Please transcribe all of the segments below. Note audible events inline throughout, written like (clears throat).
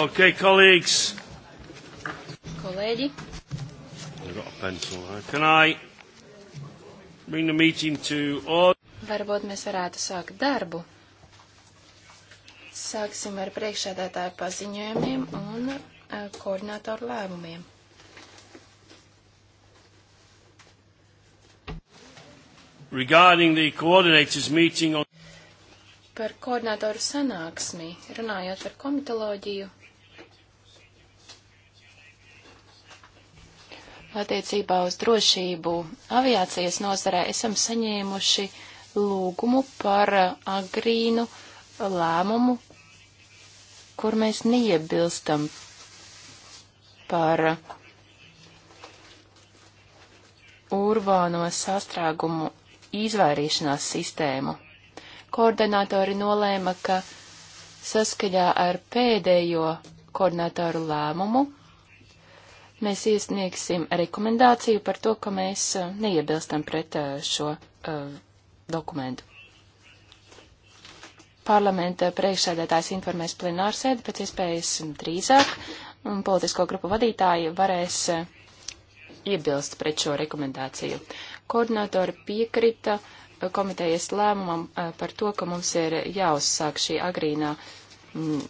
Okay, colleagues. Kolēģi. I've got a pencil. Huh? Can I bring the meeting to order? Varbūt mēs varētu sākt darbu. Sāksim ar priekšsēdētāju paziņojumiem un e, koordinātoru lēmumiem. Regarding the coordinators meeting on par koordinātoru sanāksmi, runājot par komitoloģiju, attiecībā uz drošību aviācijas nozarē esam saņēmuši lūgumu par uh, agrīnu lēmumu, kur mēs neiebilstam par uh, urbāno sastrēgumu izvairīšanās sistēmu. Koordinātori nolēma, ka saskaļā ar pēdējo koordinātoru lēmumu mēs iesniegsim rekomendāciju par to, ka mēs uh, neiebilstam pret uh, šo uh, dokumentu. Parlamenta priekšsēdētājs informēs plenārsēdi pēc iespējas drīzāk, un politisko grupu vadītāji varēs uh, iebilst pret šo rekomendāciju. Koordinātori piekrita uh, komitejas lēmumam par to, ka mums ir jāuzsāk šī agrīnā mm,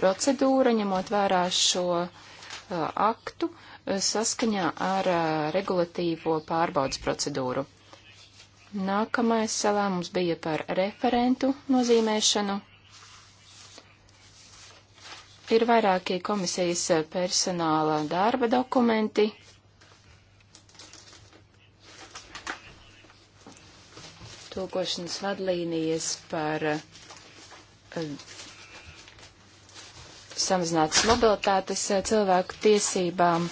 procedūra, ņemot vērā šo uh, Uh, aktu uh, saskaņā ar uh, regulatīvo pārbaudas procedūru. Nākamais lēmums bija par referentu nozīmēšanu. Ir vairākie komisijas personāla darba dokumenti. Tūkošanas vadlīnijas par samazinātas mobilitātes eh, cilvēku tiesībām,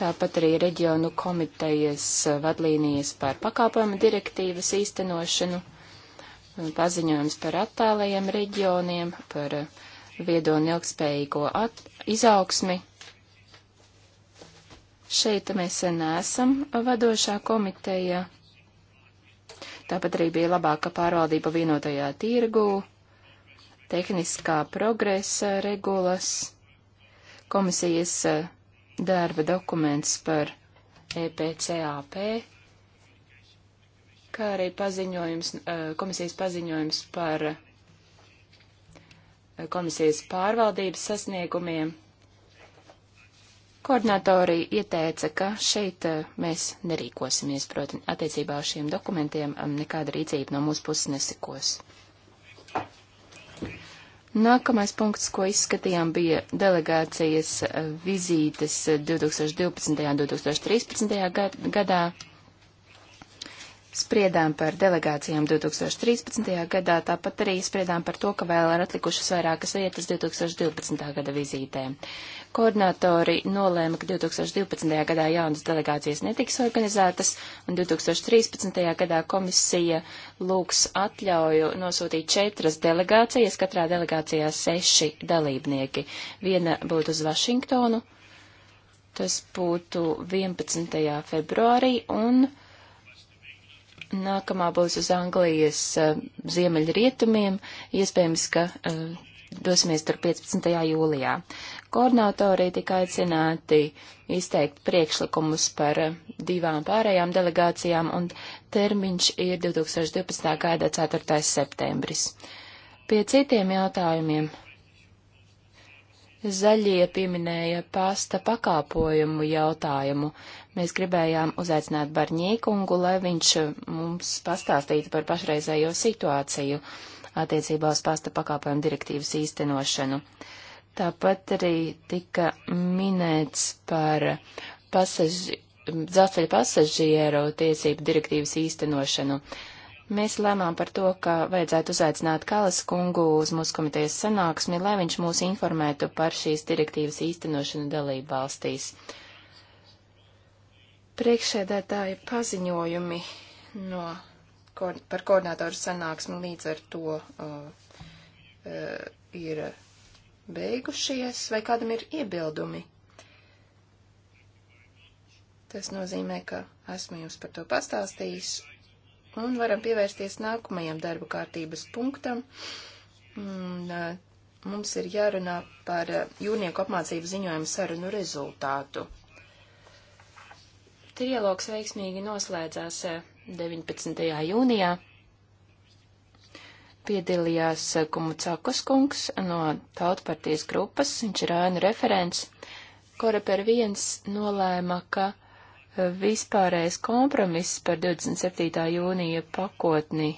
tāpat arī reģionu komitejas eh, vadlīnijas par pakāpojumu direktīvas īstenošanu, eh, paziņojums par attālajiem reģioniem, par viedo un ilgspējīgo izaugsmi. Šeit mēs neesam vadošā komiteja. Tāpat arī bija labāka pārvaldība vienotajā tirgū, tehniskā progresa regulas, komisijas eh, darba dokuments par EPCAP, kā arī paziņojums, eh, komisijas paziņojums par eh, komisijas pārvaldības sasniegumiem. Koordinatori ieteica, ka šeit mēs nerīkosimies, proti, attiecībā uz šiem dokumentiem nekāda rīcība no mūsu puses nesekos. Nākamais punkts, ko izskatījām, bija delegācijas eh, vizītes 2012. Eh, un 2013. gadā. Spriedām par delegācijām 2013. gadā, tāpat arī spriedām par to, ka vēl ir atlikušas vairākas vietas 2012. gada vizītēm. Koordinatori nolēma, ka 2012. gadā jaunas delegācijas netiks organizētas, un 2013. gadā komisija lūgs atļauju nosūtīt četras delegācijas, katrā delegācijā seši dalībnieki. Viena būtu uz Vašingtonu, tas būtu 11. februārī, un nākamā būs uz Anglijas uh, ziemeļrietumiem, iespējams, ka uh, dosimies tur 15. jūlijā. Koordinatori tika aicināti izteikt priekšlikumus par eh, divām pārējām delegācijām, un termiņš ir 2012. gada 4. septembris. Pie citiem jautājumiem zaļie pieminēja pasta pakāpojumu jautājumu. Mēs gribējām uzaicināt Barņīkungu, lai viņš eh, mums pastāstītu par pašreizējo situāciju attiecībā uz pasta pakāpojumu direktīvas īstenošanu. Tāpat arī tika minēts par pasaži, dzelzceļa pasažieru tiesību direktīvas īstenošanu. Mēs lēmām par to, ka vajadzētu uzaicināt Kalas kungu uz mūsu komitejas sanāksmi, lai viņš mūs informētu par šīs direktīvas īstenošanu dalību valstīs. Priekšēdētāja paziņojumi no ko, par koordinātoru sanāksmi līdz ar to uh, uh, ir beigušies, vai kādam ir iebildumi. Tas nozīmē, ka esmu jums par to pastāstījis, un varam pievērsties nākamajam darba kārtības punktam. Un, uh, mums ir jārunā par uh, jūrnieku apmācību ziņojumu sarunu rezultātu. Trialogs veiksmīgi noslēdzās uh, 19. jūnijā piedalījās Kumucakas kungs no tautpartijas grupas, viņš ir ēnu referents. Koreper viens nolēma, ka vispārējais kompromiss par 27. jūnija pakotni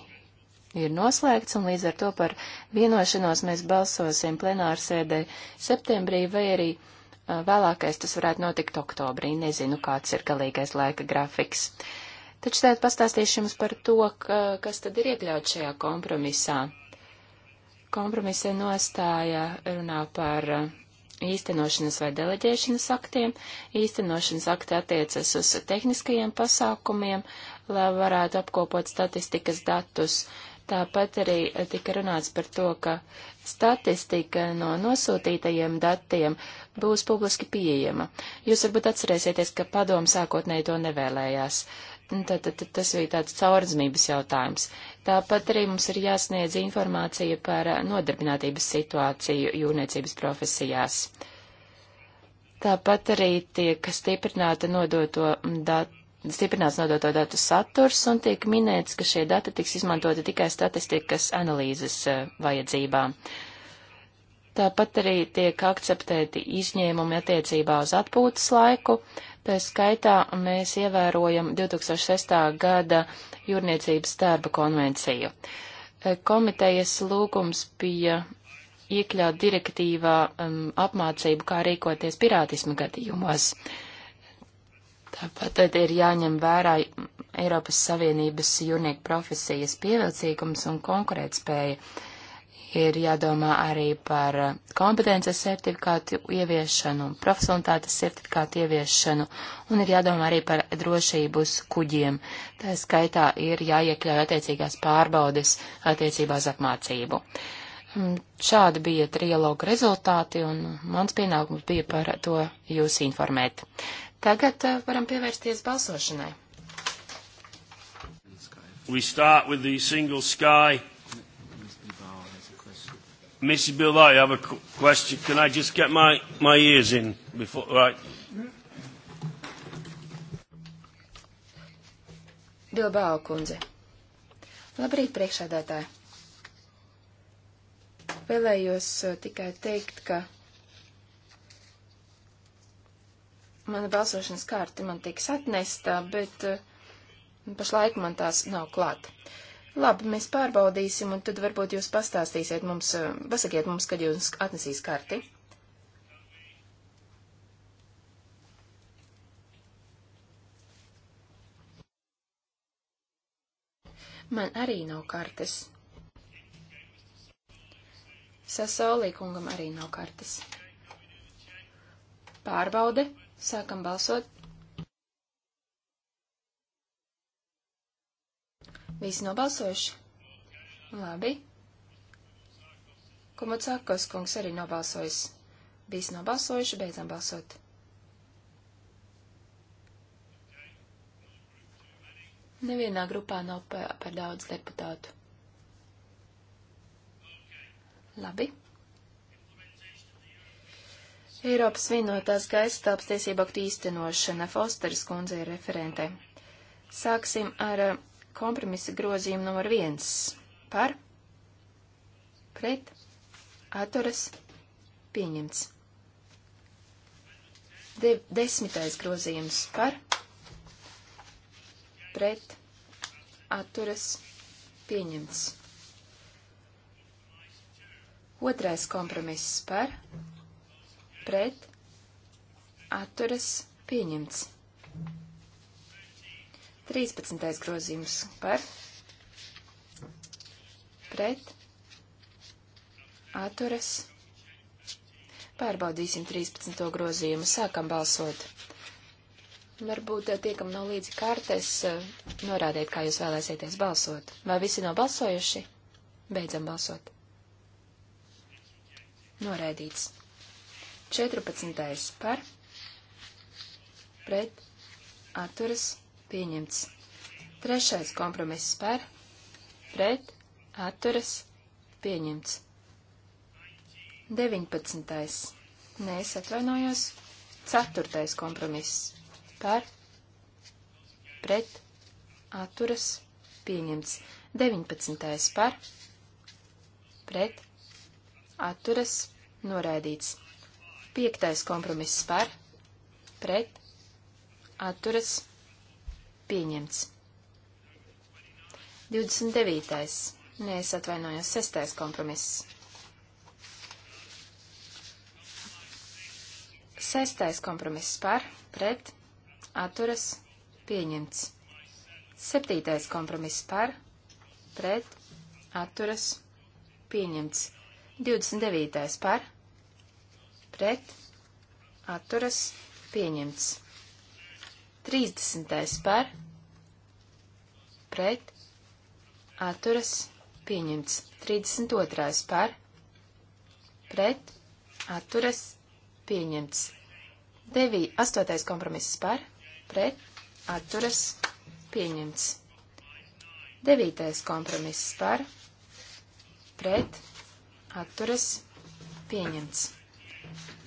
ir noslēgts, un līdz ar to par vienošanos mēs balsosim plenārsēdē septembrī vai arī vēlākais tas varētu notikt oktobrī. Nezinu, kāds ir galīgais laika grafiks. Uh, Taču tagad pastāstīšu jums par to, ka, kas tad ir iekļauts šajā kompromisā. Kompromisa nostāja runā par uh, īstenošanas vai deleģēšanas aktiem. Īstenošanas akti attiecas uz tehniskajiem pasākumiem, lai varētu apkopot statistikas datus. Tāpat arī tika runāts par to, ka statistika no nosūtītajiem datiem būs publiski pieejama. Jūs varbūt atcerēsieties, ka padomu sākotnēji to nevēlējās. Uh, Nu, tad, tad, tad tas bija tāds caurdzmības jautājums. Tāpat arī mums ir jāsniedz informācija par eh, nodarbinātības situāciju jūrniecības profesijās. Tāpat arī tiek stiprināta nodoto mm, datu. Stiprināts nodoto datu saturs un tiek minēts, ka šie dati tiks izmantoti tikai statistikas analīzes eh, vajadzībām. Tāpat arī tiek akceptēti izņēmumi attiecībā uz atpūtas laiku, uh, Tā skaitā mēs ievērojam 2006. gada jūrniecības darba konvenciju. E, komitejas lūgums bija iekļaut direktīvā um, apmācību, kā rīkoties pirātismu gadījumos. Tāpat tad ir jāņem vērā Eiropas Savienības jūrnieku profesijas pievilcīgums un konkurētspēja. Uh, ir jādomā arī par kompetences certifikātu ieviešanu, profesionalitātes certifikātu ieviešanu, un ir jādomā arī par drošības kuģiem. Tā skaitā ir jāiekļauj attiecīgās pārbaudes attiecībā uz apmācību. Šādi bija trialoga rezultāti, un mans pienākums bija par to jūs informēt. Tagad eh, varam pievērsties balsošanai. We start with the single sky Mrs. Bill, I have a question. Can I just get my, my ears in before? Right. Bilbao kundze. Labrīt, priekšādātāji. Vēlējos uh, tikai teikt, ka mana balsošanas kārta man tiks atnesta, bet uh, pašlaik man tās nav klāta. Labi, mēs pārbaudīsim, un tad varbūt jūs pastāstīsiet mums, eh, pasakiet mums, kad jūs atnesīs karti. Man arī nav kartes. Sasolī kungam arī nav kartes. Pārbaude. Sākam balsot. Visi nobalsojuši? Labi. Kumocākos kungs arī nobalsojis. Visi nobalsojuši, beidzam balsot. Nevienā grupā nav par, par daudz deputātu. Labi. Eiropas vienotās gaisa telpas tiesību aktu īstenošana Fosteris kundze ir referente. Sāksim ar kompromisa grozījumu numur viens par pret atturas pieņemts. De desmitais grozījums par pret atturas pieņemts. Otrais kompromiss par, pret, atturas, pieņemts. 13. grozījums par pret atturas. Pārbaudīsim 13. grozījumu. Sākam balsot. Varbūt eh, tiekam no līdzi kartes. Eh, norādiet, kā jūs vēlēsieties balsot. Vai visi nobalsojuši? Beidzam balsot. Noraidīts. 14. par pret atturas pieņemts. Trešais kompromiss par, pret, atturas, pieņemts. 19. Nē, es atvainojos. Ceturtais kompromiss par, pret, atturas, pieņemts. 19. par, pret, atturas, noraidīts. Piektais kompromiss par, pret, atturas, pieņemts atturas Pieņemts. 29. Nē, es atvainojos, 6. kompromiss. 6. kompromiss par, pret, atturas, pieņemts. 7. kompromiss par, pret, atturas, pieņemts. 29. par, pret, atturas, pieņemts. 30. par pret atturas pieņemts. 32. par pret atturas pieņemts. 9. 8. kompromiss par pret atturas pieņemts. 9. kompromiss par pret atturas pieņemts.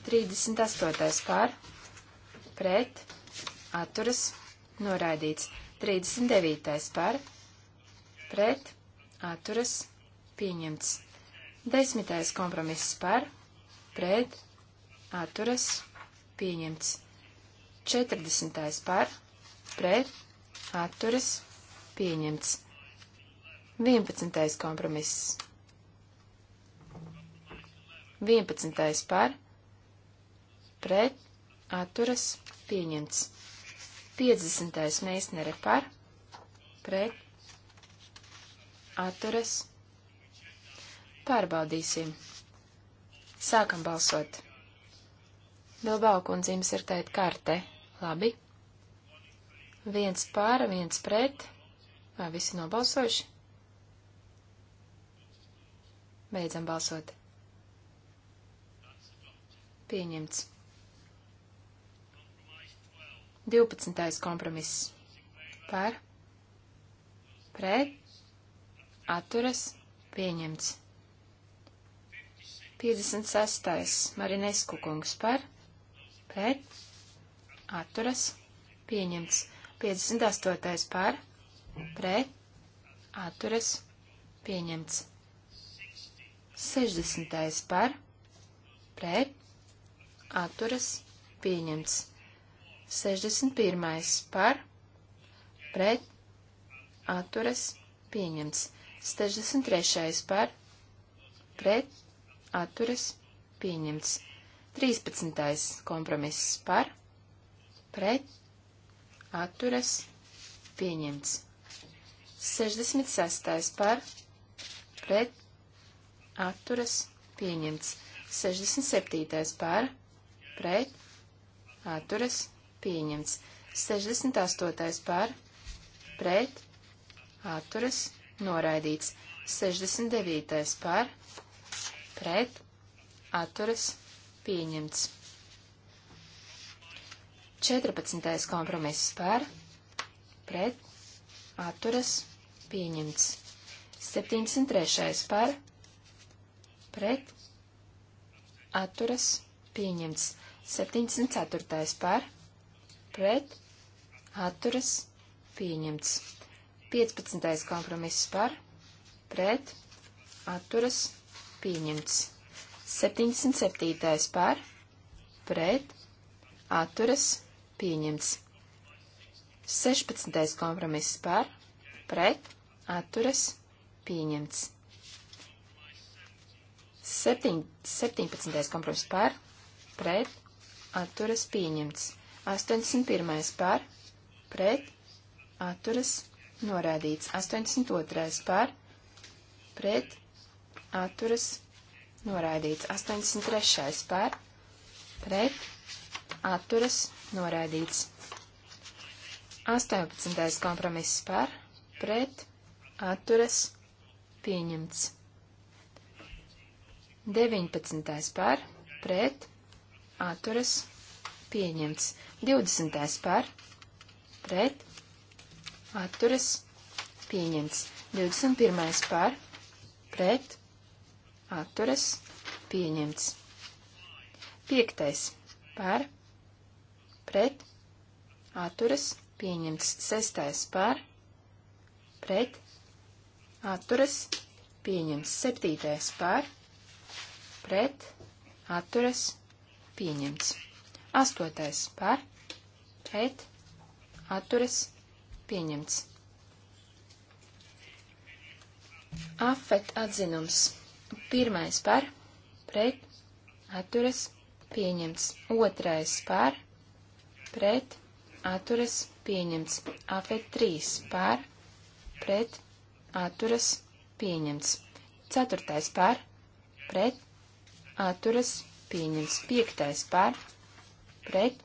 38. par pret atturas pieņemts atturas noraidīts. 39. par pret atturas pieņemts. 10. kompromiss par pret atturas pieņemts. 40. par pret atturas pieņemts. 11. kompromiss 11. par, pret, atturas, pieņemts. 50. meisnere par, pret, atturas. Pārbaudīsim. Sākam balsot. Bilbao kundze jums ir tēt karte. Labi. Viens pār, viens pret. Vai visi nobalsojuši? Beidzam balsot. Pieņemts. 12. kompromiss par pret atturas pieņemts. 56. Marinesku kungs par pret atturas pieņemts. 58. par pret atturas pieņemts. 60. par pret atturas pieņemts. 61. par, pret, atturas, pieņemts. 63. par, pret, atturas, pieņemts. 13. kompromiss par, pret, atturas, pieņemts. 66. par, pret, atturas, pieņemts. 67. par, pret, atturas, pieņemts pieņemts. 68. par, pret, atturas, noraidīts. 69. par, pret, atturas, pieņemts. 14. kompromiss par, pret, atturas, pieņemts. 73. par, pret, atturas, pieņemts. 74. par, pret, atturas, pieņemts. 15. kompromiss par, pret, atturas, pieņemts. 77. par, pret, atturas, pieņemts. 16. kompromiss par, pret, atturas, pieņemts. 7, 17. kompromiss par, pret, atturas, pieņemts. 81. par, pret, atturas, norādīts. 82. par, pret, atturas, norādīts. 83. par, pret, atturas, norādīts. 18. kompromiss par, pret, atturas, pieņemts. 19. par, pret, atturas, pieņemts. 20. par, pret, atturas, pieņemts. 21. par, pret, atturas, pieņemts. 5. par, pret, atturas, pieņemts. 6. par, pret, atturas, pieņemts. 7. par, pret, atturas, pieņemts. Astotais par, pret, atturas, pieņemts. Afet atzinums. Pirmais par, pret, atturas, pieņemts. Otrais par, pret, atturas, pieņemts. Afet 3 par, pret, atturas, pieņemts. Ceturtais par, pret, atturas, pieņemts. Piektais par, pret, pret,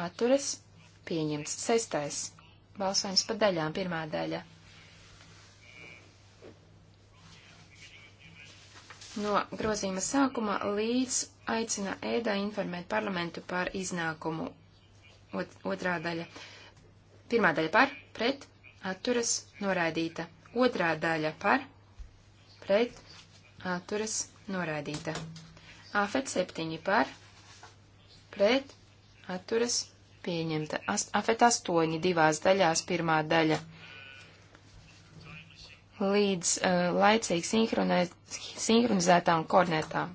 atturas, pieņemts. Sestais balsojums pa daļām, pirmā daļa. No grozījuma sākuma līdz aicina ēdā informēt parlamentu par iznākumu. Ot, otrā daļa. Pirmā daļa par, pret, atturas, noraidīta. Otrā daļa par, pret, atturas, noraidīta. Afet septiņi par, pret, atturas pieņemta. Afet 8 divās daļās pirmā daļa. Līdz uh, laicīgi sinhronizētām koordinētām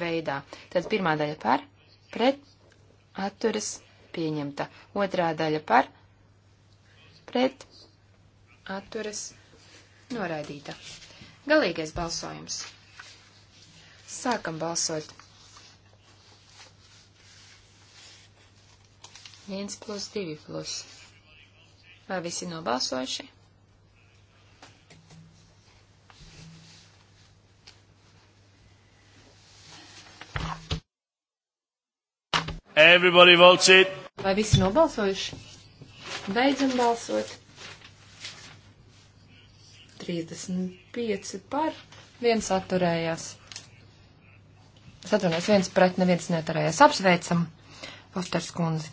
veidā. Tad pirmā daļa par, pret, atturas pieņemta. Otrā daļa par, pret, atturas noraidīta. Galīgais balsojums. Sākam balsot. 1 plus 2 plus. Vai visi nobalsojuši? Everybody votes it. Vai visi nobalsojuši? Beidzam balsot. 35 par, viens atturējās. Es atvainojos, viens pret, neviens neturējās. Apsveicam, Fosters kundzi.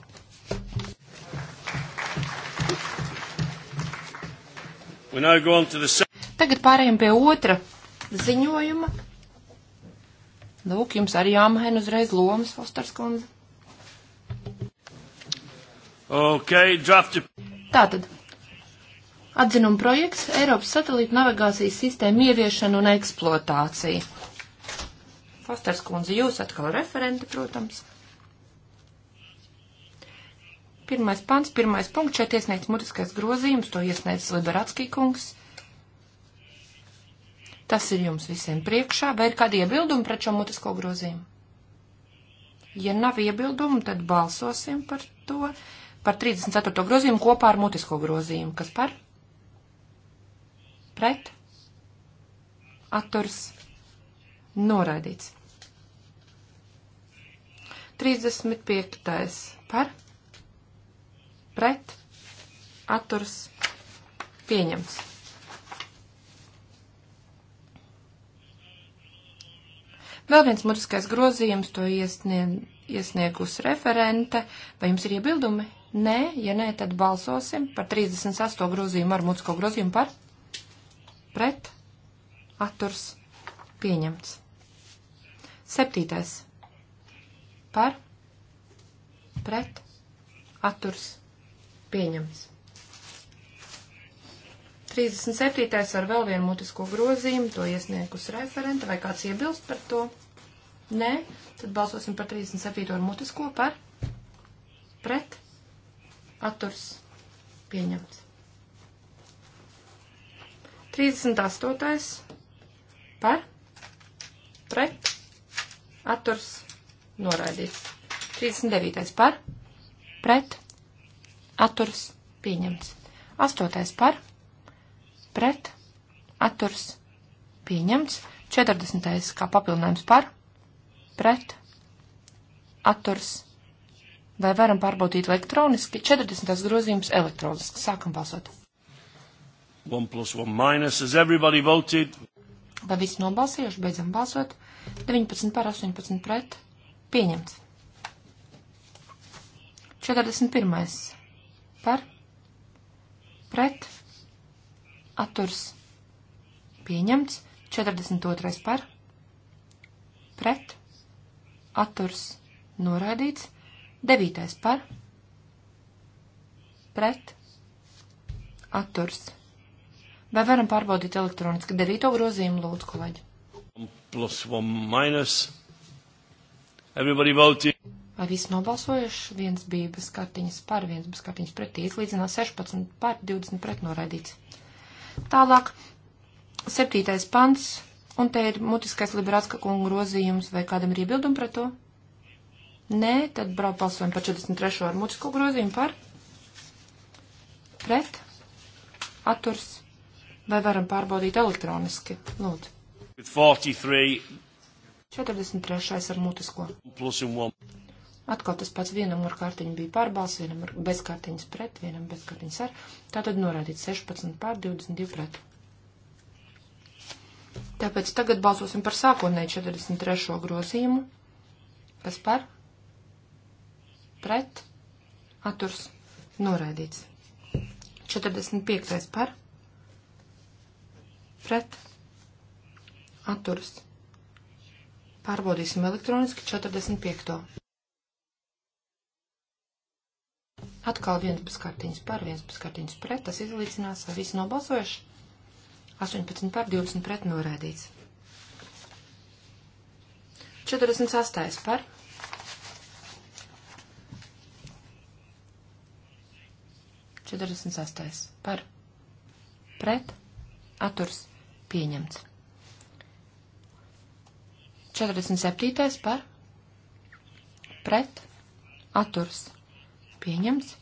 Tagad pārējiem pie otra ziņojuma. Lūk, jums arī jāmaina uzreiz lomas, Fosters kundze. Okay, drafti. Tātad. Atzinuma projekts Eiropas satelīta navigācijas sistēma ieviešana un eksploatācija. Fosters kundze, jūs atkal referenti, protams. Pirmais pants, pirmais punkts, šeit iesniegts mutiskais grozījums, to iesniedz Liberatskī kungs. Tas ir jums visiem priekšā, vai ir kādi iebildumi pret šo mutisko grozījumu? Ja nav iebildumu, tad balsosim par to, par 34. grozījumu kopā ar mutisko grozījumu. Kas par? Pret? Atturs? Noraidīts. 35. par? pret, atturs, pieņemts. Vēl viens mutiskais grozījums, to iesniedz, iesniegus referente. Vai jums ir iebildumi? Nē, ja nē, tad balsosim par 38 grozījumu ar mutisko grozījumu par pret, atturs, pieņemts. Septītais par pret, atturs, Pieņems. 37. ar vēl vienu mutisko grozījumu, to iesniegus referenta, vai kāds iebilst par to? Nē, tad balsosim par 37. ar mutisko par, pret, atturs, pieņemts. 38. par, pret, atturs, noraidīts. 39. par, pret, atturs atturs pieņemts. Astotais par, pret, atturs pieņemts. 40. kā papildinājums par, pret, atturs. Vai varam pārbaudīt elektroniski? 40. grozījums elektroniski. Sākam balsot. One plus one minus. Has everybody voted? Vai visi nobalsījuši? Beidzam balsot. 19 par 18 pret. Pieņemts. 41 par pret atturs pieņemts, 42. par pret atturs noraidīts, 9. par pret atturs. Vai varam pārbaudīt elektroniski 9. grozījumu, lūdzu, kolēģi? Plus one minus. Everybody voting. Vai visi nobalsojuši? Viens bija bez kartiņas par, viens bez kartiņas pretī. Izlīdzinās 16 par, 20 pret noraidīts. Tālāk, septītais pants, un te ir mutiskais liberātska kunga grozījums, vai kādam ir iebildumi pret to? Nē, tad brau balsojam par 43. ar mutisko grozījumu par, pret, atturs, vai varam pārbaudīt elektroniski, lūdzu. 43. 43. ar mutisko. Plus un 1. Atkal tas pats vienam ar kārtiņu bija pārbalsts, vienam ar bezkārtiņas pret, vienam bezkārtiņas ar. Tātad norādīt 16 pār 22 pret. Tāpēc tagad balsosim par sākotnēju 43. grozījumu. Kas par? Pret. Aturs. Noraidīts. 45. par. Pret. Aturs. Pārbaudīsim elektroniski 45. Atkal 11 kartiņas par, 11 kartiņas pret, tas izlīdzinās, vai visi nobalsojuši? 18 par, 20 pret norēdīts. 48 par. Četrdesmit sastais par pret atturs pieņemts. 47. par pret atturs pieņemts Pieņemts.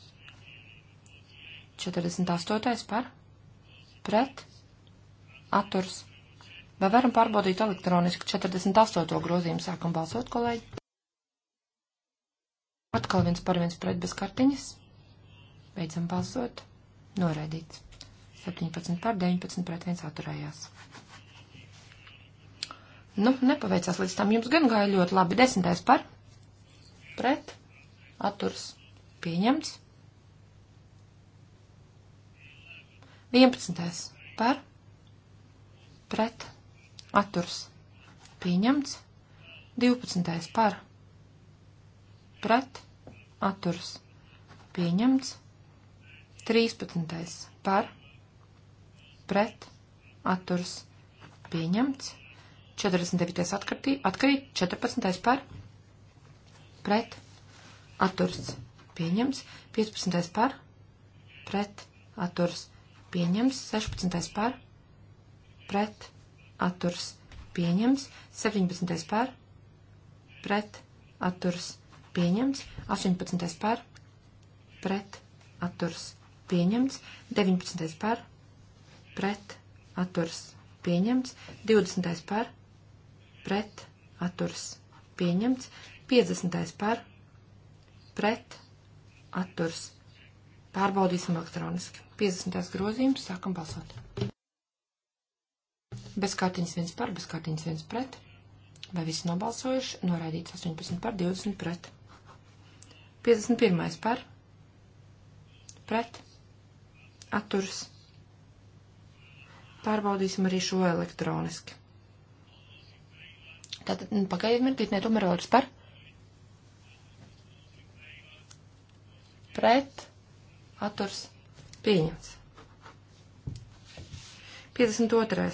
48. par. Pret. Atturs. Vai varam pārbaudīt elektroniski 48. grozījumu? Sākam balsot, kolēģi. Atkal viens par viens pret bez kartiņas. Beidzam balsot. Noraidīts. 17 par 19 pret 1 atturējās. Nu, nepaveicās līdz tam. Jums gan gāja ļoti labi. Desmitais par. Pret. Atturs. Pieņemts. 11. Par. Pret. Atturs. Pieņemts. 12. Par. Pret. Atturs. Pieņemts. 13. Par. Pret. Atturs. Pieņemts. 49. Atkartī, atkarīt. 14. Par. Pret. Atturs pieņems, 15. par, pret, atturs, pieņems, 16. par, pret, atturs, pieņems, 17. par, pret, atturs, pieņems, 18. par, pret, atturs, pieņemts, 19. par, pret, atturs, pieņemts, 20. par, pret, atturs, pieņemts, 50. par, pret, atturs. Pārbaudīsim elektroniski. 50. grozījums, sākam balsot. Bez kārtiņas viens par, bez kārtiņas viens pret. Vai visi nobalsojuši? Noraidīts 18 par, 20 pret. 51. par, pret, atturs. Pārbaudīsim arī šo elektroniski. Tātad nu, pagaidiet mirklīt, ne tomēr vairs par. pret, atturs, pieņemts. 52.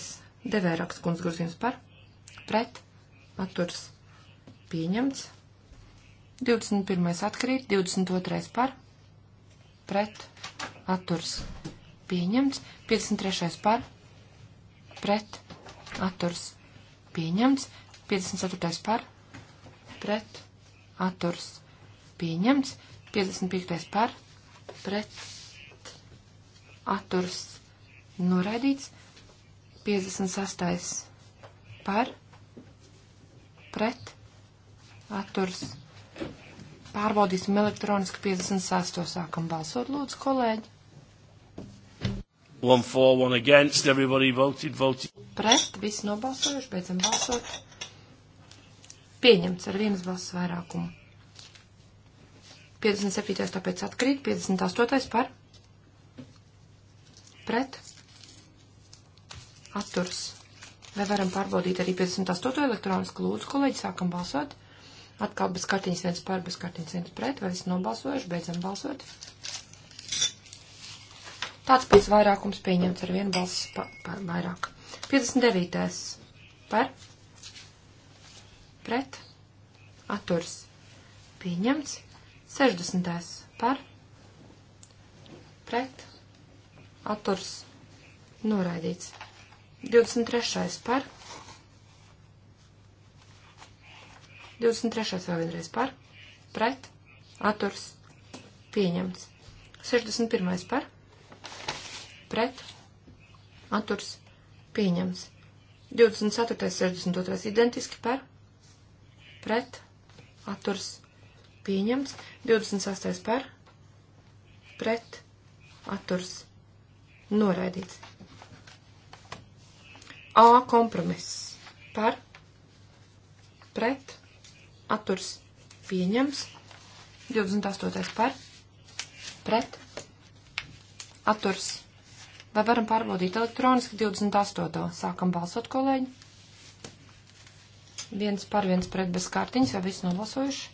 devēraks kundz grozījums par, pret, atturs, pieņemts. 21. atkrīt, 22. par, pret, atturs, pieņemts. 53. par, pret, atturs, pieņemts. 54. par, pret, atturs, pieņemts. 55. par pret atturs noraidīts. 56. par pret atturs. Pārbaudīsim elektroniski 58. sākam balsot, lūdzu, kolēģi. One for, one against, everybody voted, voted. Pret, visi nobalsojuši, beidzam balsot. Pieņemts ar vienas balss vairākumu. 57. tāpēc atkrīt, 58. par pret atturs. Vai varam pārbaudīt arī 58. elektronisku lūdzu, kolēģi, sākam balsot. Atkal bez kartiņas viens par, bez kartiņas viens pret, vai esat nobalsojuši, beidzam balsot. Tāds pats vairākums pieņemts ar vienu balsu pa, pa, vairāk. 59. par pret atturs pieņemts. 60. par pret atturs noraidīts. 23. par 23. vēl vienreiz par pret atturs pieņemts. 61. par pret atturs pieņemts. 24. 62. identiski par pret atturs pieņemts pieņemts, 28. par, pret, atturs, noraidīts. A kompromiss par, pret, atturs, pieņems, 28. par, pret, atturs. Vai varam pārbaudīt elektroniski 28. Sākam balsot, kolēģi. Viens par viens pret bez kārtiņas, vai viss nobalsojuši?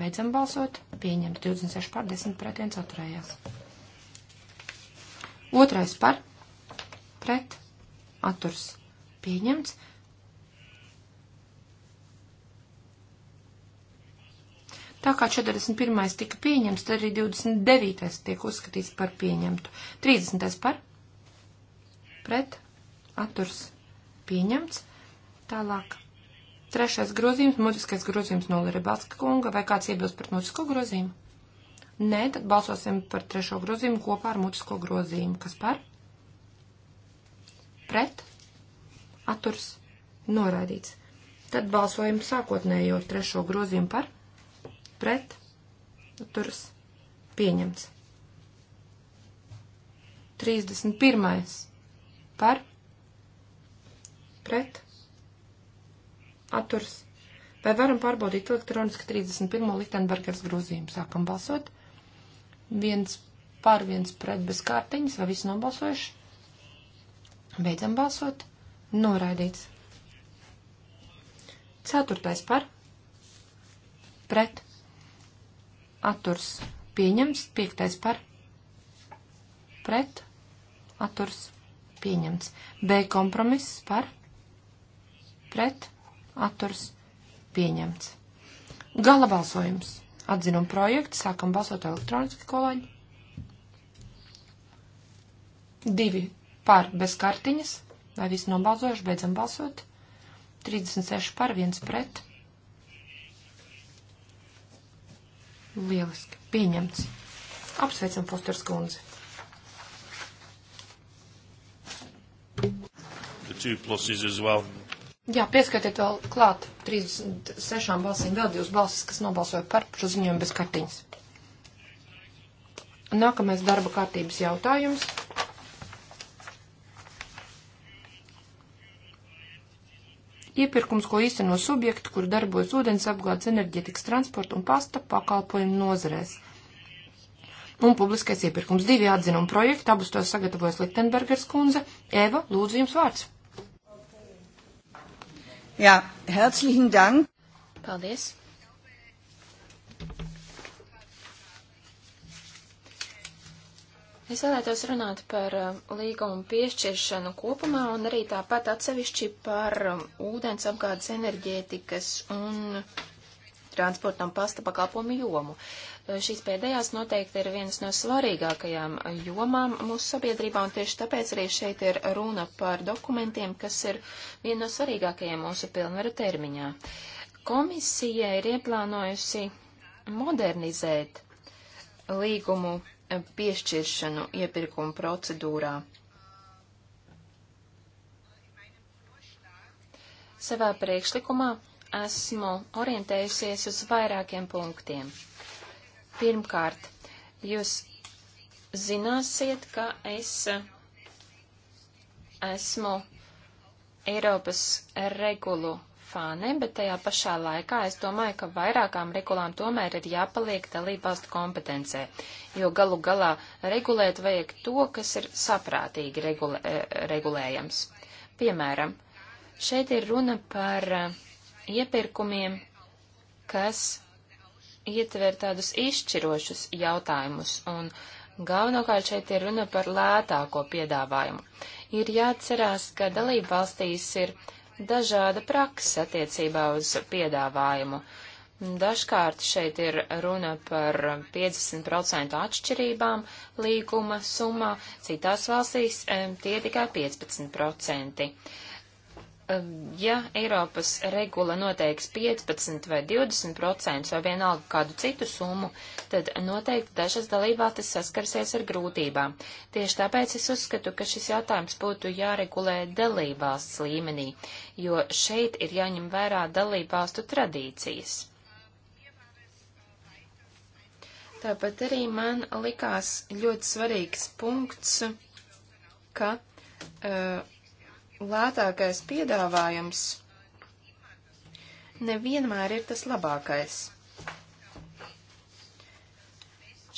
Beidzam balsot. Pieņemts 26 par 10 pret 1 atturējās. Otrais par pret atturs pieņemts. Tā kā 41. tika pieņemts, tad arī 29. tiek uzskatīts par pieņemtu. 30. par pret atturs pieņemts. Tālāk Trešais grozījums, mutiskais grozījums no Liribatska kunga, vai kāds iebilst pret mutisko grozījumu? Nē, tad balsosim par trešo grozījumu kopā ar mutisko grozījumu. Kas par? Pret? Aturs? Noraidīts. Tad balsojam sākotnējo trešo grozījumu par? Pret? Aturs? Pieņemts. 31. Par? Pret? atturs. Vai varam pārbaudīt elektroniski 31. Liktenbergers grozījumu? Sākam balsot. Viens pār, viens pret bez kārtiņas, vai visi nobalsojuši? Beidzam balsot. Noraidīts. Ceturtais par. Pret. Atturs. Pieņems. Piektais par. Pret. Atturs. Pieņemts. B kompromiss par. Pret atturs pieņemts. Gala balsojums. Atzinuma projekts. Sākam balsot elektroniski kolēģi. Divi par bez kartiņas. Vai visi nobalsojuši? Beidzam balsot. 36 par, 1 pret. Lieliski. Pieņemts. Apsveicam Fosters kundzi. The two pluses as well. Jā, pieskaitiet vēl klāt 36 balsīm, vēl divas balsis, kas nobalsoja par šo ziņojumu bez kartiņas. Nākamais darba kārtības jautājums. Iepirkums, ko īsteno subjekti, kur darbojas ūdens apgādes enerģetikas transporta un pasta pakalpojumu nozarēs. Un publiskais iepirkums divi atzinuma projekti, abus tos sagatavojas Liktenbergers kundze. Eva, lūdzu jums vārds. Jā, herzlichen dank. Paldies. Es vēlētos runāt par um, līgumu piešķiršanu kopumā un arī tāpat atsevišķi par um, ūdens apgādes enerģētikas un transporta un pasta pakalpojumu jomu. Uh, Eh, šīs pēdējās noteikti ir vienas no svarīgākajām jomām mūsu sabiedrībā, un tieši tāpēc arī šeit ir runa par dokumentiem, kas ir viena no svarīgākajiem mūsu pilnvaru termiņā. Komisija ir ieplānojusi modernizēt līgumu piešķiršanu iepirkuma procedūrā. Savā priekšlikumā esmu orientējusies uz vairākiem punktiem. Pirmkārt, jūs zināsiet, ka es esmu Eiropas regulu fāne, bet tajā pašā laikā es domāju, ka vairākām regulām tomēr ir jāpaliek dalībvalstu kompetencē, jo galu galā regulēt vajag to, kas ir saprātīgi regulē, regulējams. Piemēram, šeit ir runa par iepirkumiem, kas ietver tādus izšķirošus jautājumus, un galvenokārt šeit ir runa par lētāko piedāvājumu. Ir jāatcerās, ka dalību valstīs ir dažāda praksa attiecībā uz piedāvājumu. Dažkārt šeit ir runa par 50% atšķirībām līguma summā, citās valstīs tie tikai 15%. Ehm, ja Eiropas regula noteiks 15 vai 20 procentus vai vienalga kādu citu summu, tad noteikti dažas dalībvalstis saskarsies ar grūtībām. Tieši tāpēc es uzskatu, ka šis jautājums būtu jāregulē dalībvalsts līmenī, jo šeit ir jāņem vērā dalībvalstu tradīcijas. Tāpat arī man likās ļoti svarīgs punkts, ka uh, lētākais piedāvājums nevienmēr ir tas labākais.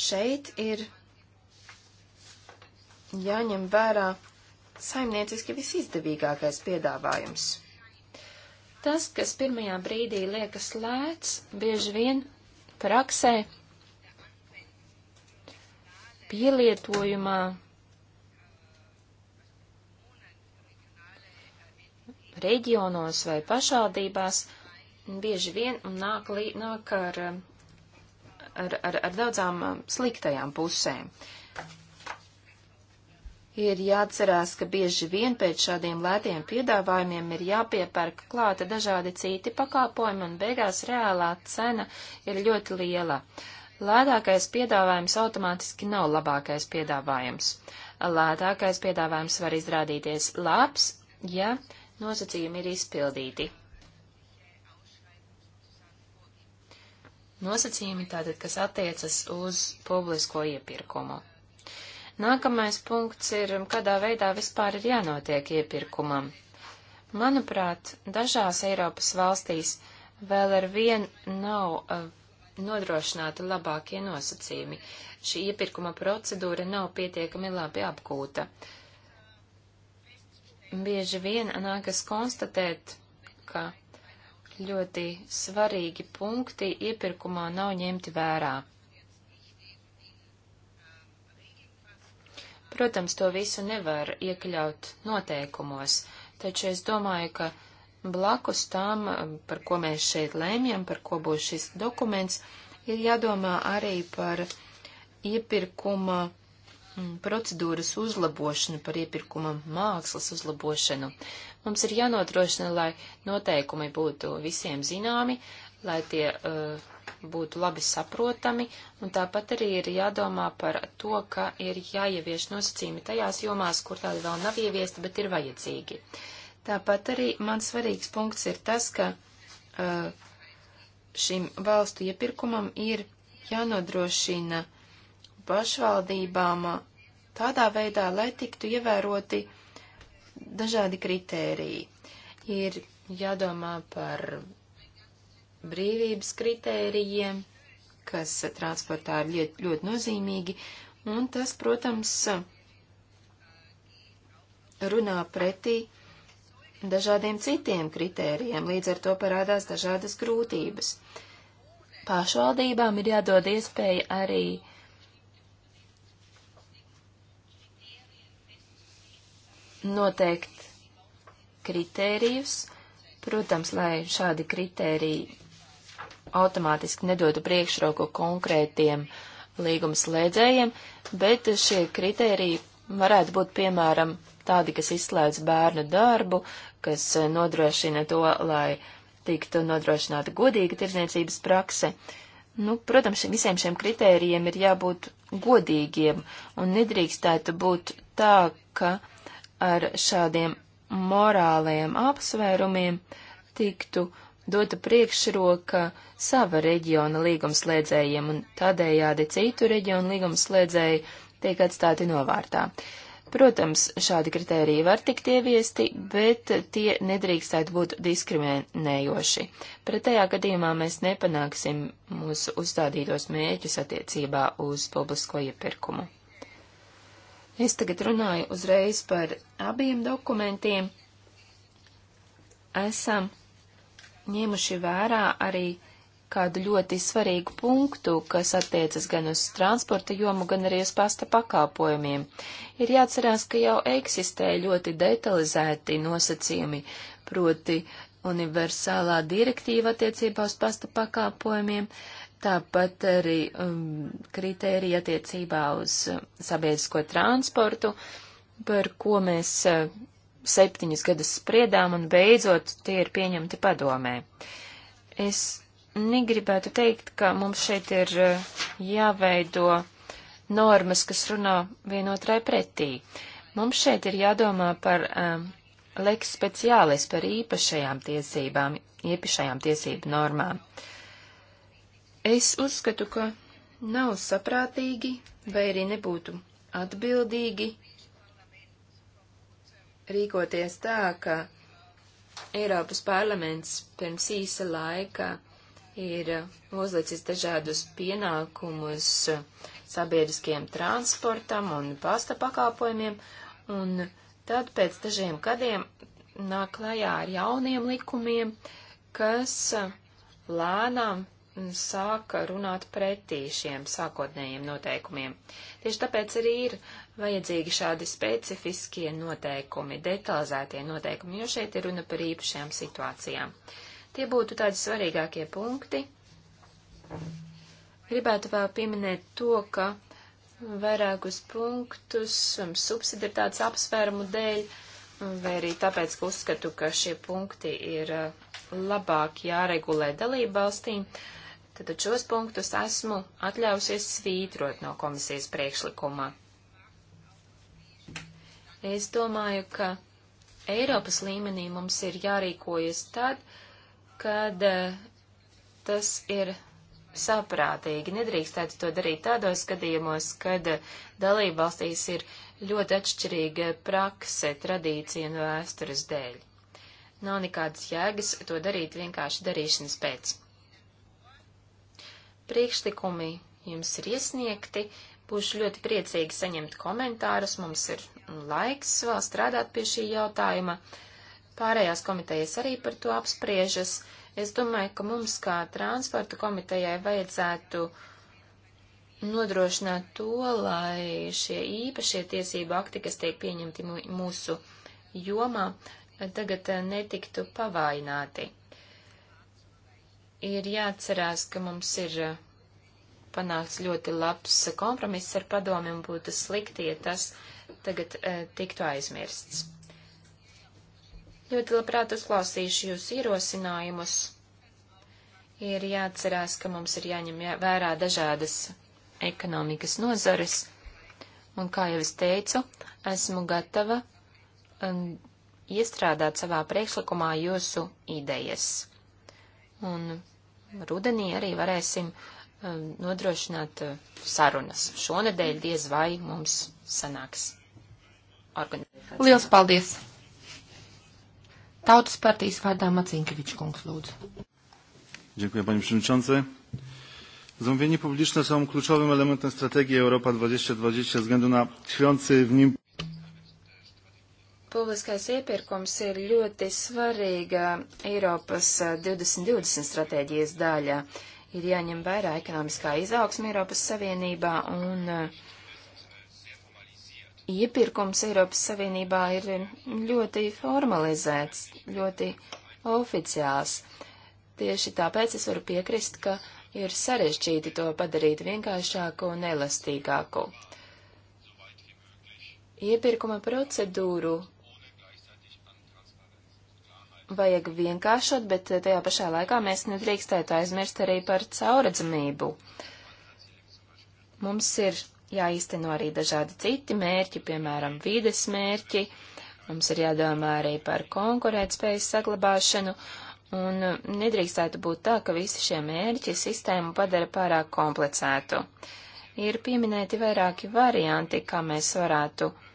Šeit ir jāņem vērā saimnieciski visizdevīgākais piedāvājums. Tas, kas pirmajā brīdī liekas lēts, bieži vien praksē pielietojumā reģionos vai pašvaldībās bieži vien nāk, lī, nāk ar, ar, ar, ar daudzām um, sliktajām pusēm. Ir jāatcerās, ka bieži vien pēc šādiem lētiem piedāvājumiem ir jāpiepērk klāta dažādi citi pakāpojumi, un beigās reālā cena ir ļoti liela. Lētākais piedāvājums automātiski nav labākais piedāvājums. Lētākais piedāvājums var izrādīties labs, ja nosacījumi ir izpildīti. Nosacījumi tātad, kas attiecas uz publisko iepirkumu. Nākamais punkts ir, kādā veidā vispār ir jānotiek iepirkumam. Manuprāt, dažās Eiropas valstīs vēl ar vien nav uh, nodrošināti labākie nosacījumi. Šī iepirkuma procedūra nav pietiekami labi apgūta. Uh, bieži vien nākas konstatēt, ka ļoti svarīgi punkti iepirkumā nav ņemti vērā. Protams, to visu nevar iekļaut noteikumos, taču es domāju, ka blakus tam, par ko mēs šeit lēmjam, par ko būs šis dokuments, ir jādomā arī par iepirkuma Mm, procedūras uzlabošanu, par iepirkuma mākslas uzlabošanu. Mums ir jānodrošina, lai noteikumi būtu visiem zināmi, lai tie uh, būtu labi saprotami, un tāpat arī ir jādomā par to, ka ir jāievieš nosacījumi tajās jomās, kur tādi vēl nav ieviesti, bet ir vajadzīgi. Tāpat arī man svarīgs punkts ir tas, ka uh, šim valstu iepirkumam ir jānodrošina pašvaldībām tādā veidā, lai tiktu ievēroti dažādi kritēriji. Ir jādomā par brīvības kritērijiem, kas transportā ir ļoti, ļoti nozīmīgi, un tas, protams, runā pretī dažādiem citiem kritērijiem, līdz ar to parādās dažādas grūtības. Pašvaldībām ir jādod iespēja arī uh, noteikt kritērijus. Protams, lai šādi kritēriji automātiski nedotu priekšroku konkrētiem līguma slēdzējiem, bet šie kritēriji varētu būt piemēram tādi, kas izslēdz bērnu darbu, kas nodrošina to, lai tiktu nodrošināta godīga tirzniecības prakse. Nu, protams, visiem šiem kritērijiem ir jābūt godīgiem un nedrīkstētu būt tā, ka uh, ar šādiem morālajiem apsvērumiem tiktu dota priekšroka sava reģiona līgumslēdzējiem, un tādējādi citu reģionu līgumslēdzēji tiek atstāti novārtā. Protams, šādi kriteriji var tikt ieviesti, bet tie nedrīkstētu būt diskriminējoši. Pretējā gadījumā mēs nepanāksim mūsu uzstādītos mēķus attiecībā uz publisko iepirkumu. Es tagad runāju uzreiz par abiem dokumentiem. Esam ņēmuši vērā arī kādu ļoti svarīgu punktu, kas attiecas gan uz transporta jomu, gan arī uz pasta pakalpojumiem. Ir jāatcerās, ka jau eksistē ļoti detalizēti nosacījumi, proti universālā direktīva attiecībā uz pasta pakalpojumiem, tāpat arī um, kritērija attiecībā uz uh, sabiedrisko transportu, par ko mēs uh, septiņus gadus spriedām un beidzot tie ir pieņemti padomē. Es negribētu teikt, ka mums šeit ir uh, jāveido normas, kas runā vienotrai pretī. Mums šeit ir jādomā par um, leks speciālis, par īpašajām tiesībām, īpašajām tiesību normām. Uh, Es uzskatu, ka nav saprātīgi vai arī nebūtu atbildīgi rīkoties tā, ka Eiropas parlaments pirms īsa laika ir uzlicis dažādus pienākumus sabiedriskajam transportam un pasta pakāpojumiem, un tad pēc dažiem gadiem nāk klajā ar jauniem likumiem, kas lēnām sāka runāt pretī šiem sākotnējiem noteikumiem. Tieši tāpēc arī ir vajadzīgi šādi specifiskie noteikumi, detalizētie noteikumi, jo šeit ir runa par īpašajām situācijām. Tie būtu tādi svarīgākie punkti. Gribētu vēl pieminēt to, ka vairākus punktus um, subsidiaritātes apsvērumu dēļ, um, vai arī tāpēc, ka uzskatu, ka šie punkti ir uh, labāk jāregulē dalību valstīm, uh, Tātad šos punktus esmu atļausies svītrot no komisijas priekšlikumā. Es domāju, ka Eiropas līmenī mums ir jārīkojas tad, kad eh, tas ir saprātīgi. Nedrīkstētu to darīt tādos gadījumos, kad eh, dalībvalstīs ir ļoti atšķirīga prakse, tradīcija un vēstures dēļ. Nav nekādas jēgas to darīt vienkārši darīšanas pēc priekšlikumi jums ir iesniegti. Būšu ļoti priecīgi saņemt komentārus. Mums ir laiks vēl strādāt pie šī jautājuma. Pārējās komitejas arī par to apspriežas. Es domāju, ka mums kā transporta komitejai vajadzētu nodrošināt to, lai šie īpašie tiesību akti, kas tiek pieņemti mūsu jomā, tagad netiktu pavaināti ir jāatcerās, ka mums ir eh, panāks ļoti labs kompromiss ar padomi un būtu slikti, ja tas tagad e, tiktu aizmirsts. Ļoti labprāt uzklausīšu jūsu ierosinājumus. Ir jāatcerās, ka mums ir jāņem vērā dažādas ekonomikas nozares, un, kā jau es teicu, esmu gatava um, iestrādāt savā priekšlikumā jūsu idejas. Un rudenī arī varēsim um, nodrošināt uh, sarunas. Šonadēļ diez vai mums sanāks. Liels paldies! Tautas partijas vārdā Macinkevičs kungs lūdzu. Dziękuję panie przewodniczący. Zamówienia publiczne są kluczowym elementem strategii Europa 2020 ze względu na tkwiący w nim Publiskais iepirkums ir ļoti svarīga Eiropas 2020 stratēģijas daļa. Ir jāņem vērā ekonomiskā izaugsme Eiropas Savienībā un iepirkums Eiropas Savienībā ir ļoti formalizēts, ļoti oficiāls. Tieši tāpēc es varu piekrist, ka ir sarežģīti to padarīt vienkāršāku un elastīgāku. Iepirkuma procedūru vajag vienkāršot, bet eh, tajā pašā laikā mēs nedrīkstētu aizmirst arī par cauradzamību. Mums ir jāīsteno arī dažādi citi mērķi, piemēram, vides mērķi, mums ir jādomā arī par konkurētspējas saglabāšanu, un eh, nedrīkstētu būt tā, ka visi šie mērķi sistēmu padara pārāk komplicētu. Ir pieminēti vairāki varianti, kā mēs varētu uh,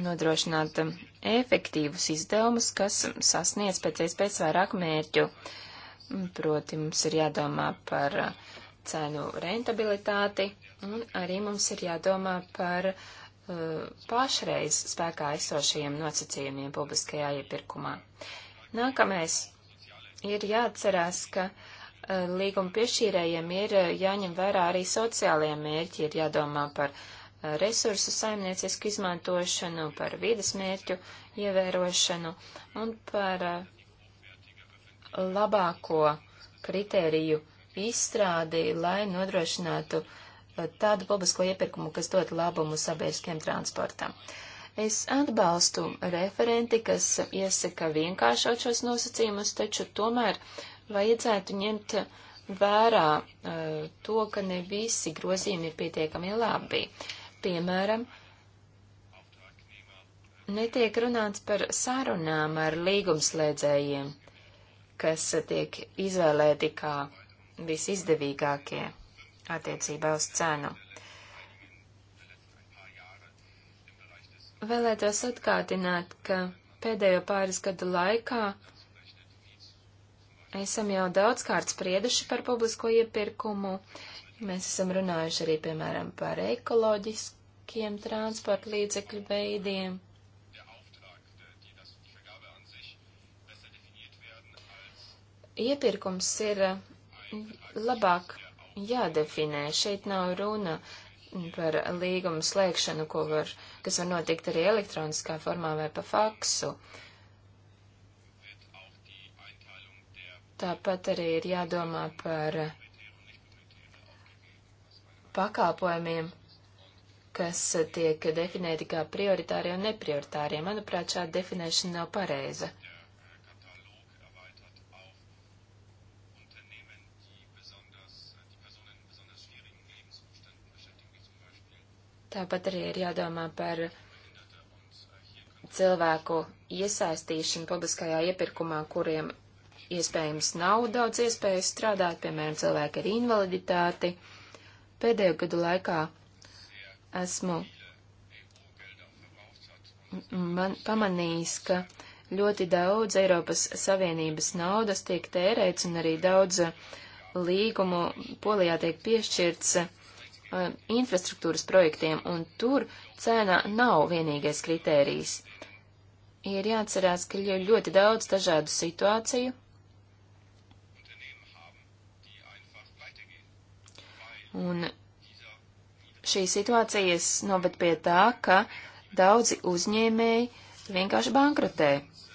nodrošināt um, efektīvus izdevumus, kas sasniedz pēc iespējas vairāk mērķu. Mm, proti mums ir jādomā par uh, cenu rentabilitāti un arī mums ir jādomā par uh, pašreiz spēkā esošajiem nosacījumiem publiskajā iepirkumā. Nākamais ir jāatcerās, ka uh, līguma piešķīrējiem ir uh, jāņem vērā arī sociālajie mērķi, ir jādomā par uh, resursu saimniecisku izmantošanu, par vides mērķu ievērošanu un par uh, labāko kritēriju izstrādi, lai nodrošinātu uh, tādu publisko iepirkumu, kas dot labumu sabiedriskiem transportam. Es atbalstu referenti, kas iesaka vienkāršot šos nosacījumus, taču tomēr vajadzētu ņemt vērā uh, to, ka ne visi grozījumi ir pietiekami labi. Uh, Piemēram, netiek runāts par sarunām ar līgumslēdzējiem, kas tiek izvēlēti kā visizdevīgākie attiecībā uz cenu. Vēlētos atkārtināt, ka pēdējo pāris gadu laikā esam jau daudzkārt sprieduši par publisko iepirkumu, uh, Mēs esam runājuši arī, piemēram, par ekoloģiskiem transporta līdzekļu veidiem. Iepirkums ir labāk jādefinē. Šeit nav runa par līgumu slēgšanu, ko var, kas var notikt arī elektroniskā formā vai pa faksu. Tāpat arī ir jādomā par pakalpojumiem, kas tiek definēti kā prioritārie un neprioritārie. Manuprāt, šāda definēšana nav pareiza. Tāpat arī ir jādomā par cilvēku iesaistīšanu publiskajā iepirkumā, kuriem iespējams nav daudz iespēju strādāt, piemēram, cilvēki ar invaliditāti. Uh, Pēdējo gadu laikā esmu man, pamanījis, ka ļoti daudz Eiropas Savienības naudas tiek tērēts un arī daudz līgumu polijā tiek piešķirts uh, infrastruktūras projektiem, un tur cēna nav vienīgais kritērijs. Ir jāatcerās, ka ir ļoti daudz dažādu situāciju, Un šī situācijas noved pie tā, ka daudzi uzņēmēji vienkārši bankrotē,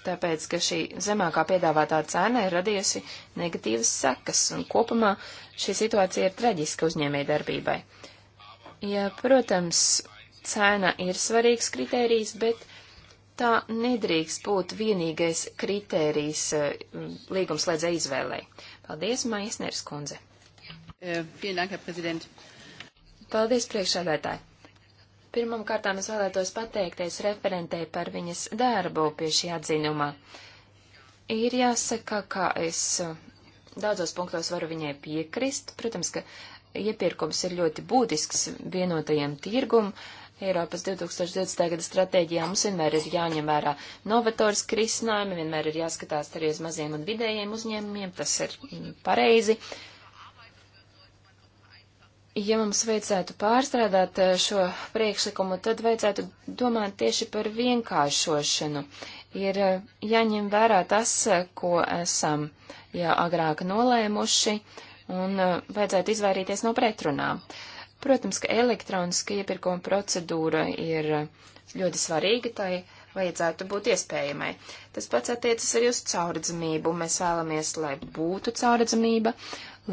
tāpēc, ka šī zemākā piedāvātā cena ir radījusi negatīvas sekas, un kopumā šī situācija ir traģiska uzņēmēji darbībai. Ja, protams, cena ir svarīgs kritērijs, bet tā nedrīkst būt vienīgais kritērijs eh, līgumslēdzē izvēlei. Paldies, Maisners kundze! Eh, Paldies, priekšsēdētāji! Pirmam kārtām es vēlētos pateikties referentei par viņas darbu pie šī atzinumā. Ir jāsaka, ka es eh, daudzos punktos varu viņai piekrist. Protams, ka iepirkums ir ļoti būtisks vienotajam tirgum. Eiropas 2020. gada stratēģijā mums vienmēr ir jāņem vērā novatoriski risinājumi, vienmēr ir jāskatās arī uz maziem un vidējiem uzņēmumiem, tas ir mm, pareizi. Uh, ja mums vajadzētu pārstrādāt eh, šo priekšlikumu, tad vajadzētu domāt tieši par vienkāršošanu. Ir eh, jāņem vērā tas, eh, ko esam jau agrāk nolēmuši, un vajadzētu izvairīties no pretrunām. Protams, ka elektroniska iepirkuma procedūra ir ļoti svarīga, tai vajadzētu būt iespējamai. Tas pats attiecas arī uz caurredzamību. Mēs vēlamies, lai būtu caurredzamība,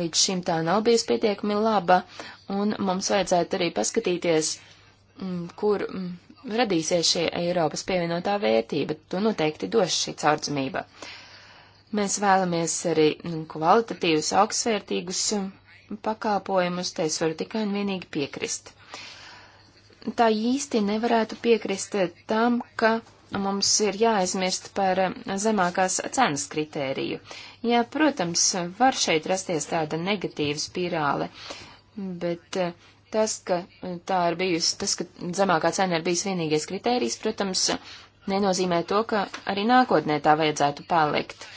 līdz šim tā nav bijusi pietiekami laba, un mums vajadzētu arī paskatīties, mm, kur mm, radīsies šī Eiropas pievienotā vērtība. To noteikti dos šī caurdzamība. Mēs vēlamies arī mm, kvalitatīvus, augstsvērtīgus pakalpojumus, te es varu tikai un vienīgi piekrist. Tā īsti nevarētu piekrist eh, tam, ka mums ir jāaizmirst par eh, zemākās cenas kritēriju. Jā, protams, var šeit rasties tāda negatīva spirāle, bet eh, tas, ka eh, tā ir bijusi, tas, ka zemākā cena ir bijis vienīgais kritērijs, protams, nenozīmē to, ka arī nākotnē tā vajadzētu palikt.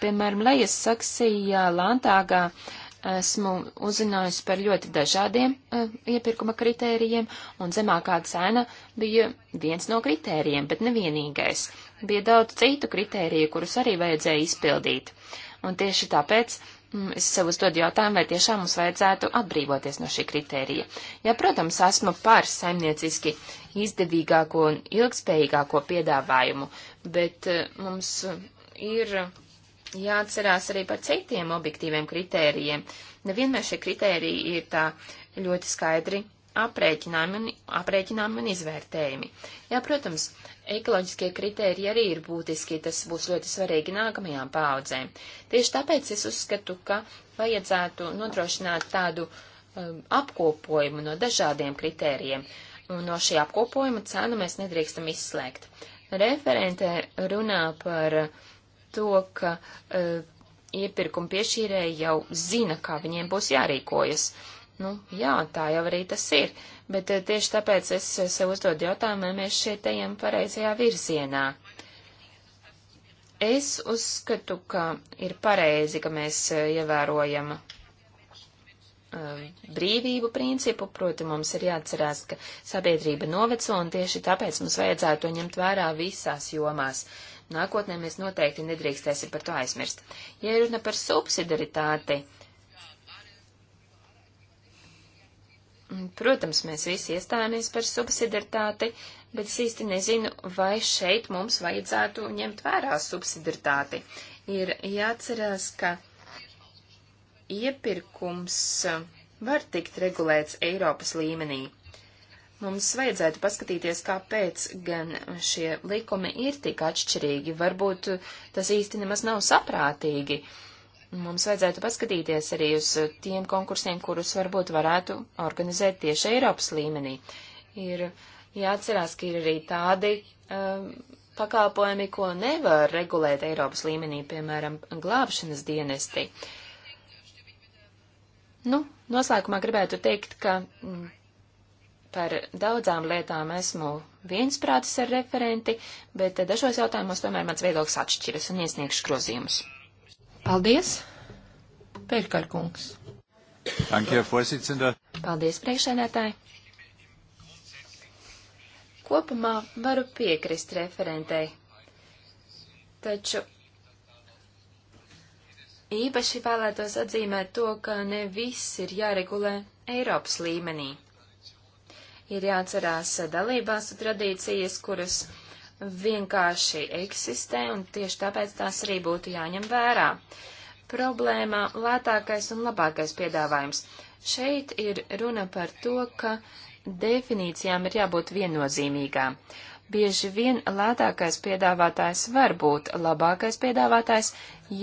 Piemēram, lejas saksija Lantāgā uh, esmu uzzinājusi par ļoti dažādiem uh, iepirkuma kritērijiem, un zemākā cena bija viens no kritērijiem, bet nevienīgais. Bija daudz citu kritēriju, kurus arī vajadzēja izpildīt. Un tieši tāpēc mm, es sev uzdodu jautājumu, vai tiešām mums vajadzētu atbrīvoties no šī kritērija. Ja, protams, esmu par saimnieciski izdevīgāko un ilgspējīgāko piedāvājumu, bet uh, mums ir. Uh, jāatcerās arī par citiem objektīviem kritērijiem. Nevienmēr šie kritēriji ir tā ļoti skaidri aprēķinājumi un, aprēķinājumi un izvērtējumi. Jā, protams, ekoloģiskie kritēriji arī ir būtiski, tas būs ļoti svarīgi nākamajām paudzēm. Tieši tāpēc es uzskatu, ka vajadzētu nodrošināt tādu um, apkopojumu no dažādiem kritērijiem, un no šī apkopojuma cenu mēs nedrīkstam izslēgt. Referente runā par uh, to, ka uh, iepirkuma piešķīrēji jau zina, kā viņiem būs jārīkojas. Nu, jā, tā jau arī tas ir, bet uh, tieši tāpēc es sev uzdodu jautājumu, vai mēs šeit ejam pareizajā virzienā. Es uzskatu, ka ir pareizi, ka mēs uh, ievērojam brīvību principu, proti mums ir jāatcerās, ka sabiedrība noveco un tieši tāpēc mums vajadzētu to ņemt vērā visās jomās. Uh, Nākotnē mēs noteikti nedrīkstēsim par to aizmirst. Ja runa par subsidaritāti, protams, mēs visi iestājāmies par subsidaritāti, bet es īsti nezinu, vai šeit mums vajadzētu ņemt vērā subsidaritāti. Ir jāatcerās, ka iepirkums var tikt regulēts Eiropas līmenī. Mums vajadzētu paskatīties, kāpēc gan šie likumi ir tik atšķirīgi. Varbūt tas īsti nemaz nav saprātīgi. Mums vajadzētu paskatīties arī uz tiem konkursiem, kurus varbūt varētu organizēt tieši Eiropas līmenī. Ir jāatcerās, ka ir arī tādi um, pakalpojumi, ko nevar regulēt Eiropas līmenī, piemēram, glābšanas dienesti. Nu, noslēgumā gribētu teikt, ka mm, Par daudzām lietām esmu viensprātis ar referenti, bet dažos jautājumos tomēr mans viedoklis atšķiras un iesniegšu grozījumus. Paldies! Pērkarkungs. Paldies, priekšsēdētāji! Kopumā varu piekrist referentei, taču īpaši vēlētos atzīmēt to, ka ne viss ir jāregulē Eiropas līmenī ir jāatcerās dalībvalstu tradīcijas, kuras vienkārši eksistē, un tieši tāpēc tās arī būtu jāņem vērā. Problēma - lētākais un labākais piedāvājums. Šeit ir runa par to, ka definīcijām ir jābūt viennozīmīgām. Bieži vien lētākais piedāvātājs var būt labākais piedāvātājs,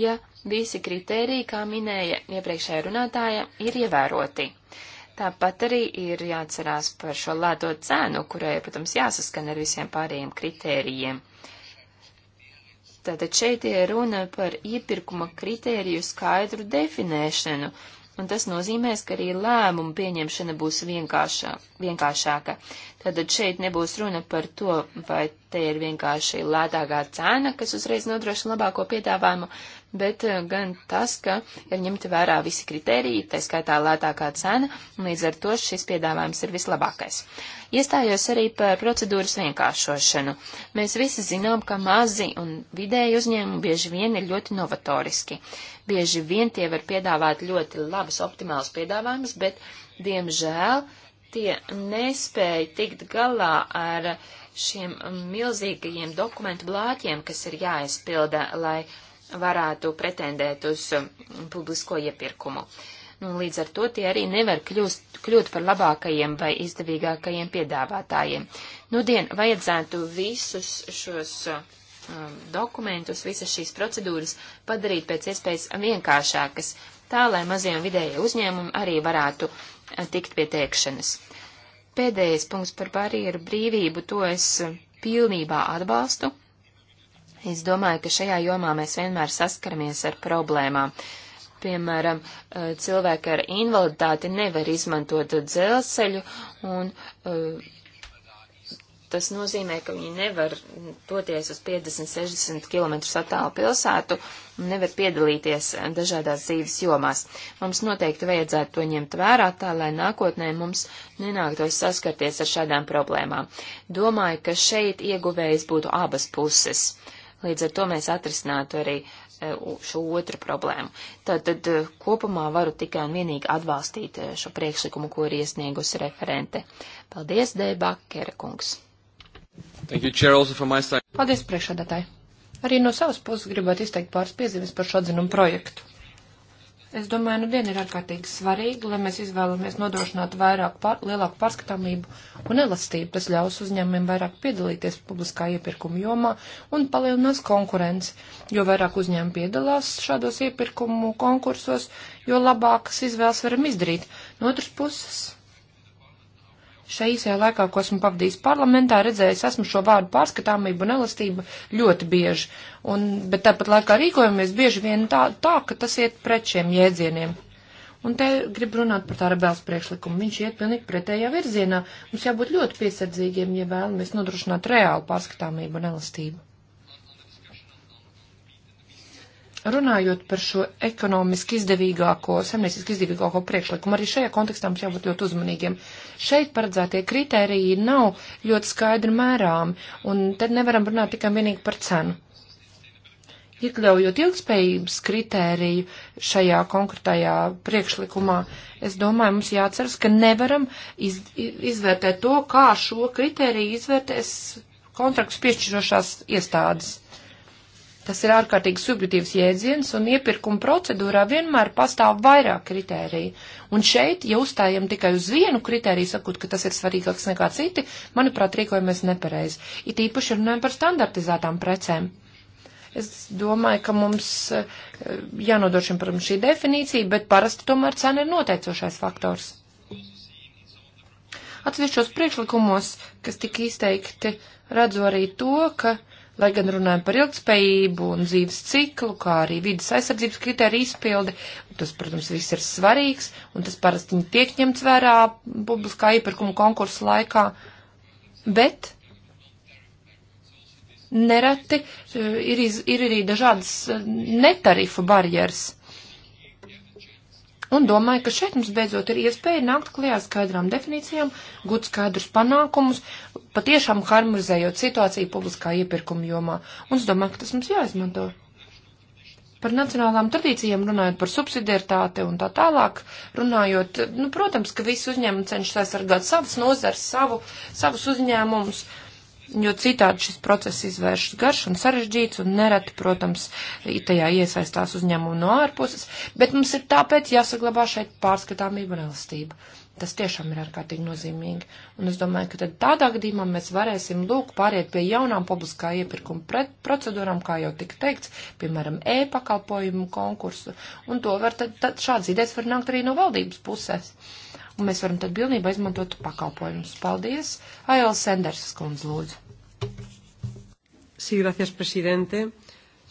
ja visi kriteriji, kā minēja iepriekšējā runātāja, ir ievēroti. Uh, Tāpat arī ir jāatcerās par šo lēto cenu, kurai, protams, jāsaskan ar visiem pārējiem kritērijiem. Tātad šeit ir runa par iepirkuma kritēriju skaidru definēšanu, un tas nozīmēs, ka arī lēmumu pieņemšana būs vienkāršā, vienkāršāka. Tātad šeit nebūs runa par to, vai te ir vienkārši lētākā cena, kas uzreiz nodrošina labāko piedāvājumu, bet eh, gan tas, ka ir ņemti vērā visi kritēriji, tā skaitā lētākā cena, un līdz ar to šis piedāvājums ir vislabākais. Iestājos arī par procedūras vienkāršošanu. Mēs visi zinām, ka mazi un vidēji uzņēmumi bieži vien ir ļoti novatoriski. Bieži vien tie var piedāvāt ļoti labus, optimālus piedāvājumus, bet, diemžēl, tie nespēja tikt galā ar šiem milzīgajiem dokumentu blāķiem, kas ir jāizpilda, lai varētu pretendēt uz um, publisko iepirkumu. Nu, līdz ar to tie arī nevar kļūst, kļūt par labākajiem vai izdevīgākajiem piedāvātājiem. Nudien vajadzētu visus šos um, dokumentus, visas šīs procedūras padarīt pēc iespējas vienkāršākas, tā lai mazie un vidējie uzņēmumi arī varētu uh, tikt pie teikšanas. Pēdējais punkts par barjeru brīvību, to es uh, pilnībā atbalstu. Es domāju, ka šajā jomā mēs vienmēr saskaramies ar problēmām. Piemēram, eh, cilvēki ar invaliditāti nevar izmantot dzelzceļu, un eh, tas nozīmē, ka viņi nevar toties uz 50-60 km attālu pilsētu un nevar piedalīties dažādās dzīves jomās. Mums noteikti vajadzētu to ņemt vērā tā, lai nākotnē mums nenāktos saskarties ar šādām problēmām. Domāju, ka šeit ieguvējis būtu abas puses. Uh, Līdz ar to mēs atrisinātu arī e, šo otru problēmu. Tātad e, kopumā varu tikai un vienīgi atbalstīt e, šo priekšlikumu, ko ir iesniegusi referente. Paldies, D. Bakera kungs. You, Chair, Paldies, priekšādātāji. Arī no savas puses gribētu izteikt pāris piezīmes par šo dzinumu projektu. Es domāju, nu diena ir ārkārtīgi svarīga, lai mēs izvēlamies nodrošināt vairāk, pār, lielāku pārskatāmību un elastību. Tas ļaus uzņēmumiem vairāk piedalīties publiskā iepirkuma jomā un palielinās konkurenci. Jo vairāk uzņēmumi piedalās šādos iepirkumu konkursos, jo labākas izvēles varam izdarīt. No otras puses, Šajā laikā, ko esmu pavadījis parlamentā, redzējis, esmu šo vārdu pārskatāmību un elastību ļoti bieži. Un, bet tāpat laikā rīkojamies bieži vien tā, tā, ka tas iet pret šiem jēdzieniem. Un te grib runāt par tādu bēlas priekšlikumu. Viņš iet pilnīgi pretējā virzienā. Mums jābūt ļoti piesardzīgiem, ja vēlamies nodrošināt reālu pārskatāmību un elastību. Runājot par šo ekonomiski izdevīgāko, saimnieciski izdevīgāko priekšlikumu, arī šajā kontekstā mums jābūt ļoti uzmanīgiem. Šeit paredzētie kritēriji nav ļoti skaidri mērām, un tad nevaram runāt tikai vienīgi par cenu. Iekļaujot ilgspējības kritēriju šajā konkrētajā priekšlikumā, es domāju, mums jāatceras, ka nevaram iz, izvērtēt to, kā šo kritēriju izvērtēs kontraktus piešķirošās iestādes Tas ir ārkārtīgi subjektīvs jēdziens, un iepirkuma procedūrā vienmēr pastāv vairāk kritēriju. Un šeit, ja uzstājam tikai uz vienu kritēriju, sakot, ka tas ir svarīgāks nekā citi, manuprāt, rīkojamies nepareizi. It īpaši runājam par standartizētām precēm. Es domāju, ka mums eh, jānodod šim, protams, šī definīcija, bet parasti tomēr cena ir noteicošais faktors. Atsevišķos priekšlikumos, kas tika izteikti, redzu arī to, ka uh, lai gan runājam par ilgspējību un dzīves ciklu, kā arī vidas aizsardzības kritēriju izpildi, tas, protams, viss ir svarīgs, un tas parasti tiek ņemts vērā publiskā iepirkuma konkursa laikā, bet nereti eh, ir, iz, ir arī dažādas eh, netarifu barjeras un domāju, ka šeit mums beidzot ir iespēja nākt klajā skaidrām definīcijām, gūt skaidrus panākumus, patiešām harmonizējot situāciju publiskā iepirkuma jomā. Un es domāju, ka tas mums jāizmanto. Par nacionālām tradīcijām runājot par subsidiaritāti un tā tālāk, runājot, nu, protams, ka visi uzņēmumi cenšas aizsargāt savas nozars, savu, savus uzņēmumus jo citādi šis process izvēršas garš un sarežģīts un nereti, protams, tajā iesaistās uzņēmumu no ārpuses, bet mums ir tāpēc jāsaglabā šeit pārskatāmība un elastība. Tas tiešām ir ārkārtīgi nozīmīgi, un es domāju, ka tad tādā gadījumā mēs varēsim lūk pāriet pie jaunām publiskā iepirkuma procedūrām, kā jau tika teikts, piemēram, e-pakalpojumu konkursu, un to var tad, tad šāds idejas var nākt arī no valdības puses. Uh, un mēs varam tad pilnībā izmantot pakalpojumus. Paldies! Aila Senders, kundze, lūdzu. Sí, gracias, presidente.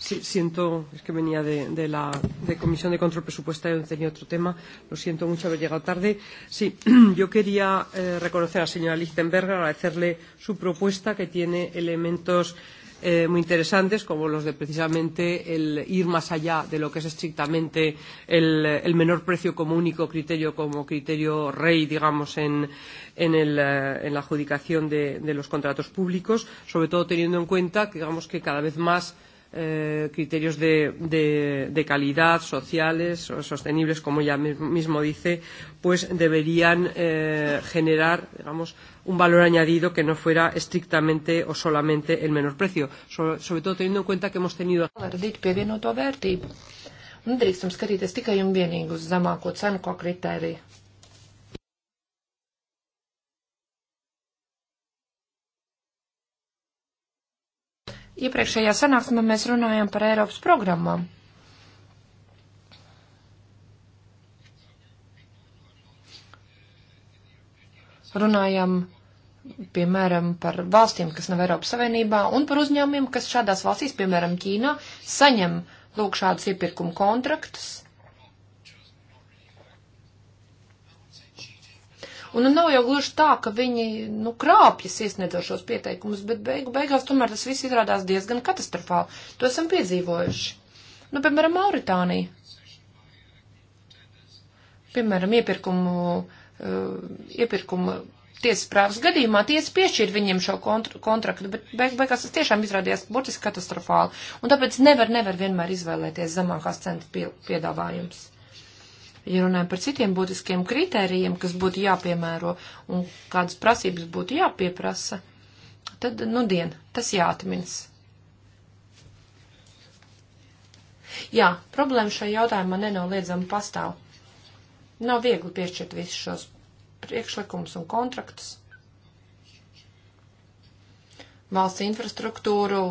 Sí, siento, es que venía de, de la de Comisión de Control Presupuestario, tenía otro tema. Lo siento mucho haber llegado tarde. Sí, (clears throat) yo quería eh, reconocer a la señora Lichtenberger, agradecerle su propuesta, que tiene elementos eh, eh, muy interesantes, como los de precisamente el ir más allá de lo que es estrictamente el, el menor precio como único criterio, como criterio rey, digamos, en, en, el, eh, en la adjudicación de, de los contratos públicos, sobre todo teniendo en cuenta que, digamos, que cada vez más eh, criterios de, de, de calidad, sociales o sostenibles, como ya mismo dice, pues deberían eh, generar, digamos, un valor añadido que no fuera estrictamente o solamente el menor precio, sobre, sobre todo teniendo en cuenta que hemos tenido. Nedrīkstam skatīties tikai un vienīgi uz zemāko cenu, ko kritēriju iepriekšējā sanāksmē mēs runājām par Eiropas programmām. Runājām, piemēram, par valstīm, kas nav Eiropas Savienībā, un par uzņēmumiem, kas šādās valstīs, piemēram, Ķīnā, saņem lūk šādus iepirkumu kontraktus Un nu, nav jau gluži tā, ka viņi nu, krāpjas iesniedzošos pieteikumus, bet beigu, beigās tomēr tas viss izrādās diezgan katastrofāli. To esam piedzīvojuši. Nu, piemēram, Mauritānija. Piemēram, iepirkumu, uh, iepirkumu tiesas prāvas gadījumā tiesa piešķīra viņiem šo kontr kontraktu, bet beig beigās tas tiešām izrādījās burtiski katastrofāli. Un tāpēc nevar, nevar vienmēr izvēlēties zemākās centra piedāvājums ja runājam par citiem būtiskiem kritērijiem, kas būtu jāpiemēro un kādas prasības būtu jāpieprasa, tad, nu, dien, tas jāatminas. Jā, problēma šajā jautājumā nenoliedzami pastāv. Nav viegli piešķirt visus šos priekšlikumus un kontraktus. Valsts infrastruktūru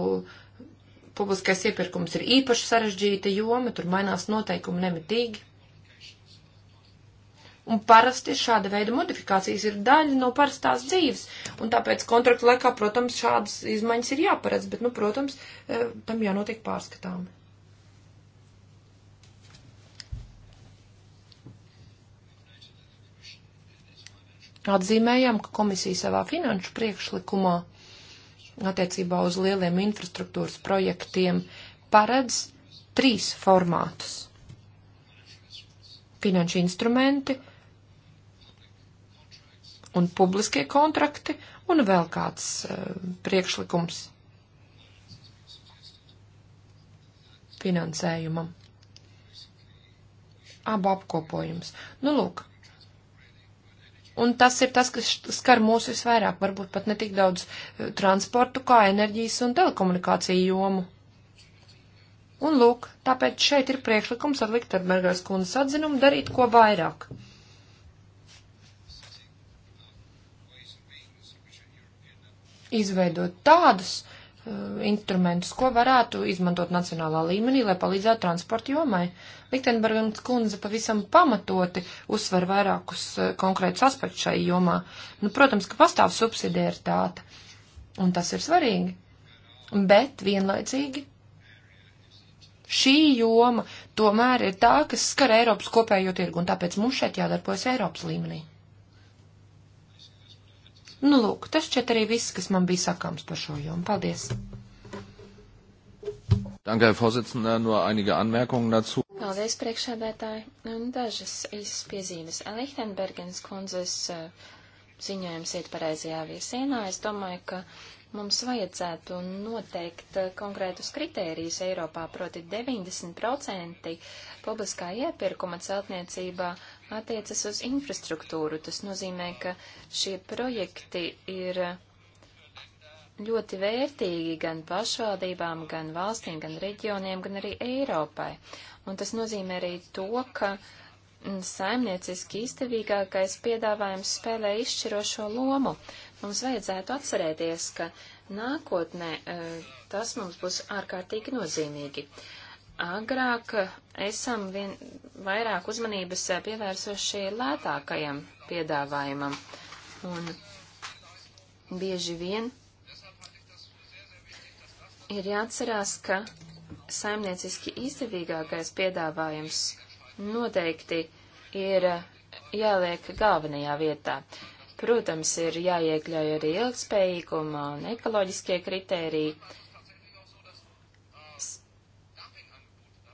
publiskais iepirkums ir īpaši sarežģīta joma, tur mainās noteikumi nemitīgi. Un parasti šāda veida modifikācijas ir daļa no parastās dzīves, un tāpēc kontrakta laikā, protams, šādas izmaiņas ir jāparedz, bet, nu, protams, e, tam jānotiek pārskatāmi. Atzīmējām, ka komisija savā finanšu priekšlikumā attiecībā uz lieliem infrastruktūras projektiem paredz trīs formātus. Finanšu instrumenti, un publiskie kontrakti un vēl kāds uh, priekšlikums finansējumam. Abu apkopojums. Nu, lūk. Un tas ir tas, kas skar mūs visvairāk, varbūt pat ne tik daudz eh, transportu kā enerģijas un telekomunikāciju jomu. Un lūk, tāpēc šeit ir priekšlikums atlikt ar Mergars kundas atzinumu darīt ko vairāk. izveidot tādus uh, instrumentus, ko varētu izmantot nacionālā līmenī, lai palīdzētu transporta jomai. Liktenbergens kundze pavisam pamatoti uzsver vairākus uh, konkrētus aspektus šai jomā. Nu, protams, ka pastāv subsidiaritāte, un tas ir svarīgi. Bet vienlaicīgi šī joma tomēr ir tā, kas skar Eiropas kopējo tirgu, un tāpēc mums šeit jādarbojas Eiropas līmenī. Nu, lūk, tas šķiet arī viss, kas man bija sakāms par šo jomu. Paldies! Danke, Herr Vorsitzender, nur einige Anmerkungen dazu. Paldies, priekšsēdētāji. Dažas īsas piezīmes. Lichtenbergens kundzes eh, ziņojums iet pareizajā virsienā. Es domāju, ka mums vajadzētu noteikt eh, konkrētus kritērijus Eiropā, proti 90% publiskā iepirkuma celtniecībā attiecas uz infrastruktūru. Tas nozīmē, ka šie projekti ir ļoti vērtīgi gan pašvaldībām, gan valstīm, gan reģioniem, gan arī Eiropai. Un tas nozīmē arī to, ka mm, saimnieciski izdevīgākais piedāvājums spēlē izšķirošo lomu. Mums vajadzētu atcerēties, ka nākotnē eh, tas mums būs ārkārtīgi nozīmīgi. Agrāk esam vien, vairāk uzmanības eh, pievērsuši lētākajam piedāvājumam. Un bieži vien ir jāatcerās, ka saimnieciski izdevīgākais piedāvājums noteikti ir eh, jāliek galvenajā vietā. Protams, ir jāiekļauj arī ilgspējīguma un ekoloģiskie kritēriji,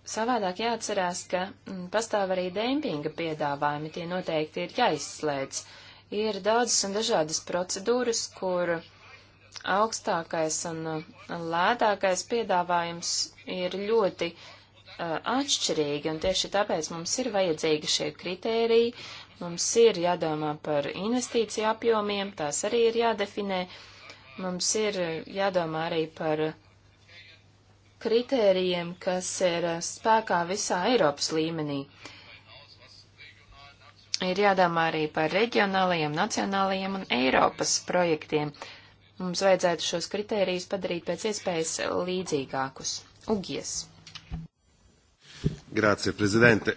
Savādāk jāatcerās, ka mm, pastāv arī dempinga piedāvājumi, tie noteikti ir jāizslēdz. Ir daudzas un dažādas procedūras, kur augstākais un uh, lētākais piedāvājums ir ļoti uh, atšķirīgi, un tieši tāpēc mums ir vajadzīgi šie kritēriji, mums ir jādomā par investīciju apjomiem, tās arī ir jādefinē, mums ir jādomā arī par uh, kritērijiem, kas ir eh, spēkā visā Eiropas līmenī. Ir jādomā arī par reģionālajiem, nacionālajiem un Eiropas projektiem. Mums vajadzētu šos kritērijus padarīt pēc iespējas līdzīgākus. Ugies. Grācie, prezidente.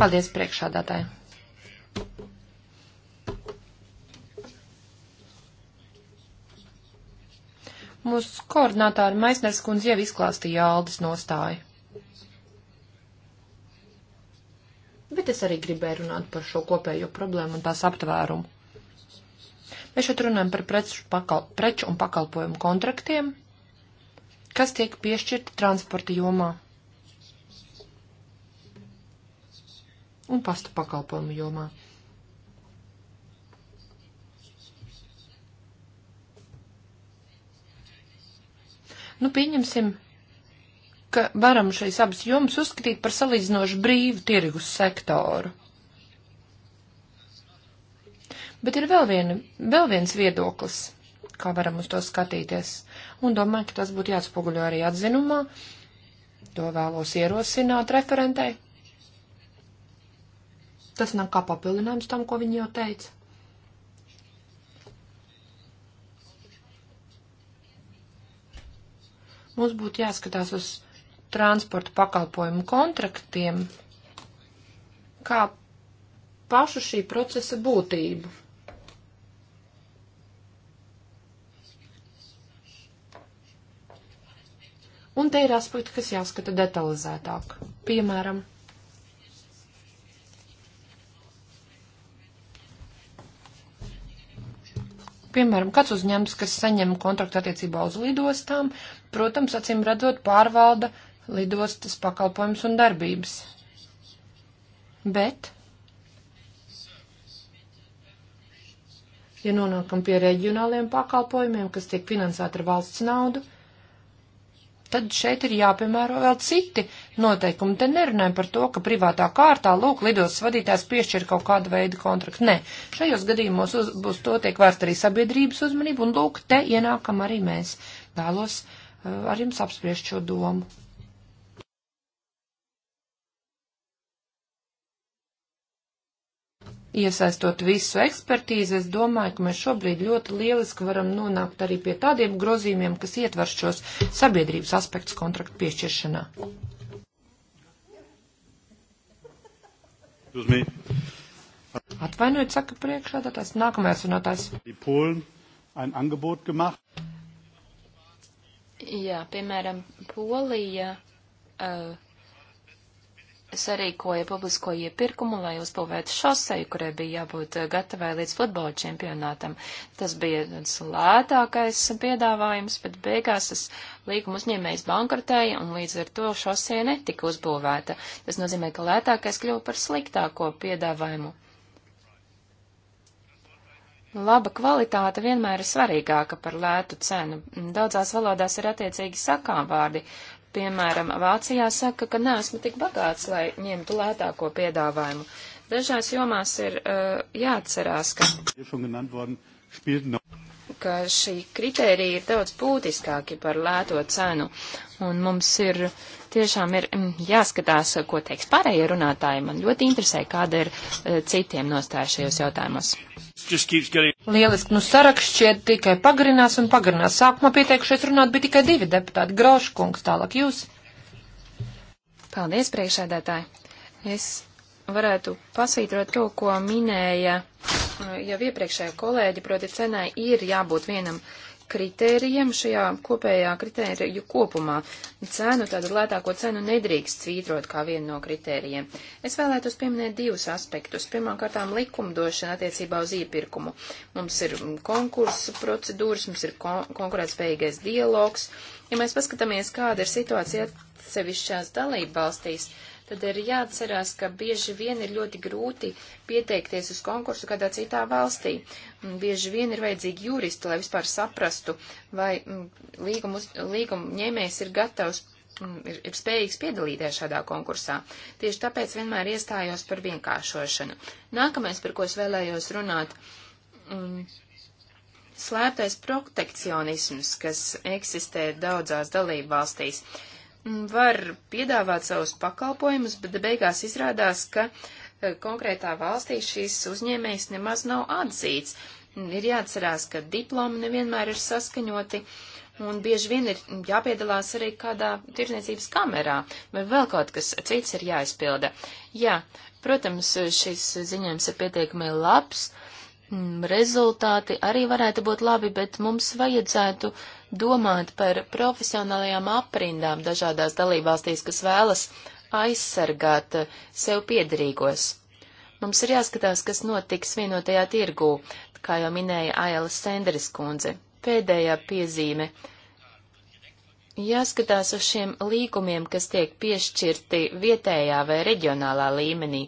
Paldies, priekšādātāji. Mūsu koordinātāri Maisners kundze jau izklāstīja Aldis nostāju. Bet es arī gribēju runāt par šo kopējo problēmu un tās aptvērumu. Mēs šeit runājam par preču, pakal, preču un pakalpojumu kontraktiem, kas tiek piešķirti transporta jomā un pastu pakalpojumu jomā. Nu, pieņemsim, ka varam šīs abas jomas uzskatīt par salīdzinoši brīvu tirgus sektoru. Bet ir vēl, viena, vēl viens viedoklis, kā varam uz to skatīties, un domāju, ka tas būtu jāatspoguļo arī atzinumā. To vēlos ierosināt referentei. Tas nav kā papildinājums tam, ko viņi jau teica. Mums būtu jāskatās uz transporta pakalpojumu kontraktiem, kā pašu šī procesa būtību. Un te ir aspekti, kas jāskata detalizētāk. Piemēram, Piemēram, kāds uzņēmums, kas saņem kontraktu attiecībā uz lidostām, protams, acīm redzot, pārvalda lidostas pakalpojums un darbības. Bet, ja nonākam pie reģionāliem pakalpojumiem, kas tiek finansēti ar valsts naudu, tad šeit ir jāpiemēro vēl citi noteikumi. Te nerunājam par to, ka privātā kārtā, lūk, lidos vadītājs piešķir kaut kādu veidu kontraktu. Nē, šajos gadījumos uz, uz to tiek vērsta arī sabiedrības uzmanība, un lūk, te ienākam arī mēs. Vēlos uh, Eh, ar jums apspriest šo domu. Iesaistot visu ekspertīzi, es domāju, ka mēs šobrīd ļoti lieliski varam nonākt arī pie tādiem grozījumiem, kas ietver šos sabiedrības aspektus kontraktu piešķiršanā. Atvainojiet, saka priekšādātājs. Nākamais runātājs. Jā, piemēram, Polija uh, sarīkoja publisko iepirkumu, lai uzbūvētu šoseju, kurai bija jābūt eh, gatavai līdz futbola čempionātam. Tas bija lētākais piedāvājums, bet beigās tas līguma uzņēmējs bankrotēja un līdz ar to šoseja netika uzbūvēta. Tas nozīmē, ka lētākais kļuva par sliktāko piedāvājumu. Laba kvalitāte vienmēr ir svarīgāka par lētu cenu. Daudzās valodās ir attiecīgi sakāvārdi. Piemēram, Vācijā saka, ka neesmu tik bagāts, lai ņemtu lētāko piedāvājumu. Dažās jomās ir uh, jāatcerās, ka, ka šī kritērija ir daudz būtiskāki par lēto cenu. Un mums ir tiešām ir mm, jāskatās, ko teiks pārējie runātāji. Man ļoti interesē, kāda ir uh, citiem nostāja šajos jautājumos. Lieliski, nu saraksts šķiet tikai pagarinās un pagarinās. Sākumā pieteikušies runāt bija tikai divi deputāti. Groškungs, tālāk jūs. Paldies, priekšēdētāji. Es varētu pasvītrot to, ko minēja uh, jau iepriekšējā kolēģi, proti cenai ir jābūt vienam kritērijiem šajā kopējā kritēriju kopumā. Cenu, tātad lētāko cenu nedrīkst svītrot kā vienu no kritērijiem. Es vēlētos pieminēt divus aspektus. Pirmkārt, likumdošana attiecībā uz iepirkumu. Mums ir konkursu procedūras, mums ir kon konkurētspējīgais dialogs. Ja mēs paskatāmies, kāda ir situācija atsevišķās dalība valstīs, uh, tad ir jāatcerās, ka bieži vien ir ļoti grūti pieteikties uz konkursu kādā citā valstī. Un bieži vien ir vajadzīgi juristi, lai vispār saprastu, vai mm, līgumu, līgumu ņēmējs ir gatavs mm, ir, ir spējīgs piedalīties šādā konkursā. Tieši tāpēc vienmēr iestājos par vienkāršošanu. Nākamais, par ko es vēlējos runāt, um, slēptais protekcionisms, kas eksistē daudzās dalību valstīs. Uh, var piedāvāt savus pakalpojumus, bet beigās izrādās, ka e, konkrētā valstī šīs uzņēmējs nemaz nav atzīts. Ir jāatcerās, ka diplomi nevienmēr ir saskaņoti, un bieži vien ir jāpiedalās arī kādā tirzniecības kamerā, vai vēl kaut kas cits ir jāizpilda. Jā, protams, šis ziņojums ir pietiekami labs, rezultāti arī varētu būt labi, bet mums vajadzētu uh, domāt par profesionālajām aprindām dažādās dalībvalstīs, kas vēlas aizsargāt sev piedarīgos. Mums ir jāskatās, kas notiks vienotajā tirgū, kā jau minēja Aila Senderis kundze. Pēdējā piezīme. Jāskatās uz šiem līgumiem, kas tiek piešķirti vietējā vai reģionālā līmenī.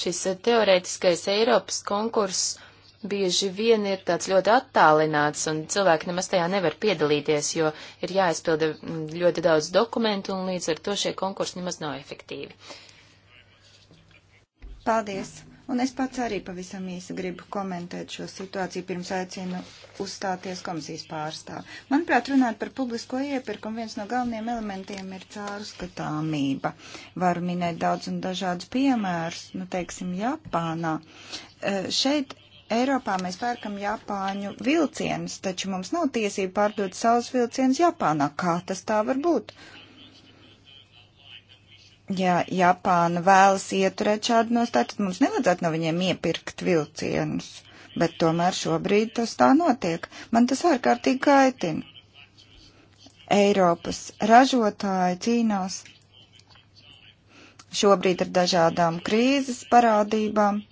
Šis teorētiskais Eiropas konkurss bieži vien ir tāds ļoti attālināts, un cilvēki nemaz tajā nevar piedalīties, jo ir jāizpilda mm, ļoti daudz dokumentu, un līdz ar to šie konkursi nemaz nav efektīvi. Paldies! Un es pats arī pavisam īsi gribu komentēt šo situāciju, pirms aicinu uzstāties komisijas pārstāv. Manuprāt, runāt par publisko iepirkumu viens no galvenajiem elementiem ir cārskatāmība. Varu minēt daudz un dažādus piemērus, nu, teiksim, Japānā. Šeit Eiropā mēs pērkam Japāņu vilcienus, taču mums nav tiesība pārdot savus vilcienus Japānā. Kā tas tā var būt? Ja Japāna vēlas ieturēt šādu nostāju, tad mums nevajadzētu no viņiem iepirkt vilcienus. Bet tomēr šobrīd tas tā notiek. Man tas ārkārtīgi kaitina. Eiropas ražotāji cīnās šobrīd ar dažādām krīzes parādībām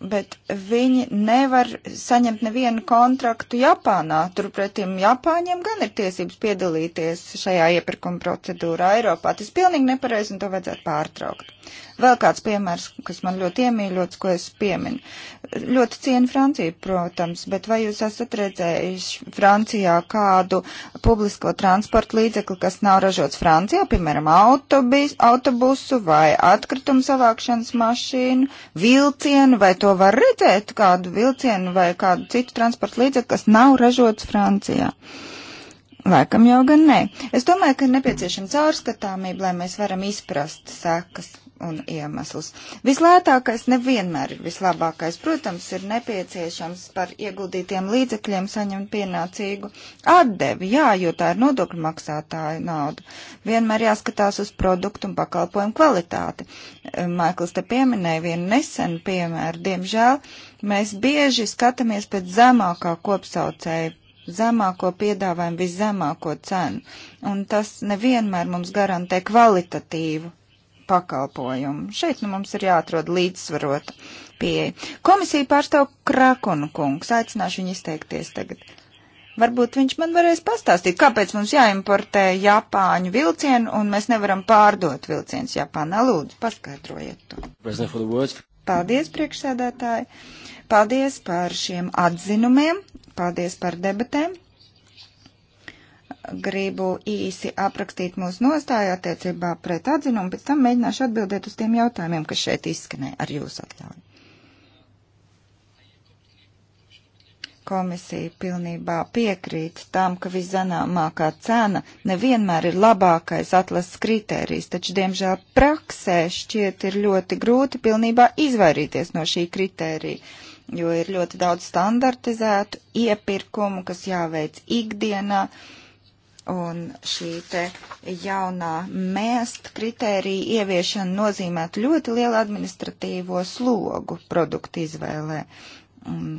bet viņi nevar saņemt nevienu kontraktu Japānā. Turpretim Japāņiem gan ir tiesības piedalīties šajā iepirkuma procedūrā Eiropā. Tas pilnīgi nepareizi un to vajadzētu pārtraukt. Vēl kāds piemērs, kas man ļoti iemīļots, ko es pieminu. Ļoti cienu Franciju, protams, bet vai jūs esat redzējuši Francijā kādu publisko transportu līdzekli, kas nav ražots Francijā, piemēram, autobis, autobusu vai atkritumu savākšanas mašīnu, vilcienu vai to to var redzēt, kādu vilcienu vai kādu citu transporta līdzekli, kas nav ražots Francijā. Laikam jau gan nē. Es domāju, ka ir nepieciešama caurskatāmība, lai mēs varam izprast sekas un iemeslus. Vislētākais nevienmēr ir vislabākais. Protams, ir nepieciešams par ieguldītiem līdzekļiem saņemt pienācīgu atdevi, jā, jo tā ir nodokļu maksātāja nauda. Vienmēr jāskatās uz produktu un pakalpojumu kvalitāti. E, Maikls te pieminēja vienu nesenu piemēru. Diemžēl mēs bieži skatāmies pēc zemākā kopsaucēja zemāko piedāvājumu, viszemāko cenu. Un tas nevienmēr mums garantē kvalitatīvu pakalpojumu. Šeit nu mums ir jāatrod līdzsvarota pieeja. Komisija pārstāv Krakonu kungs. Aicināšu viņu izteikties tagad. Varbūt viņš man varēs pastāstīt, kāpēc mums jāimportē Japāņu vilcienu un mēs nevaram pārdot vilcienus Japānā. Lūdzu, paskaidrojiet to. Paldies, priekšsēdētāji. Paldies par šiem atzinumiem. Paldies par debatēm gribu īsi aprakstīt mūsu nostāju attiecībā pret atzinumu, pēc tam mēģināšu atbildēt uz tiem jautājumiem, kas šeit izskanē ar jūsu atļauju. Komisija pilnībā piekrīt tam, ka viszināmākā cena nevienmēr ir labākais atlases kritērijs, taču, diemžēl, praksē šķiet ir ļoti grūti pilnībā izvairīties no šī kritērija jo ir ļoti daudz standartizētu iepirkumu, kas jāveic ikdienā. Uh, Un šī te jaunā mēst kritērija ieviešana nozīmētu ļoti lielu administratīvo slogu produktu izvēlē. Un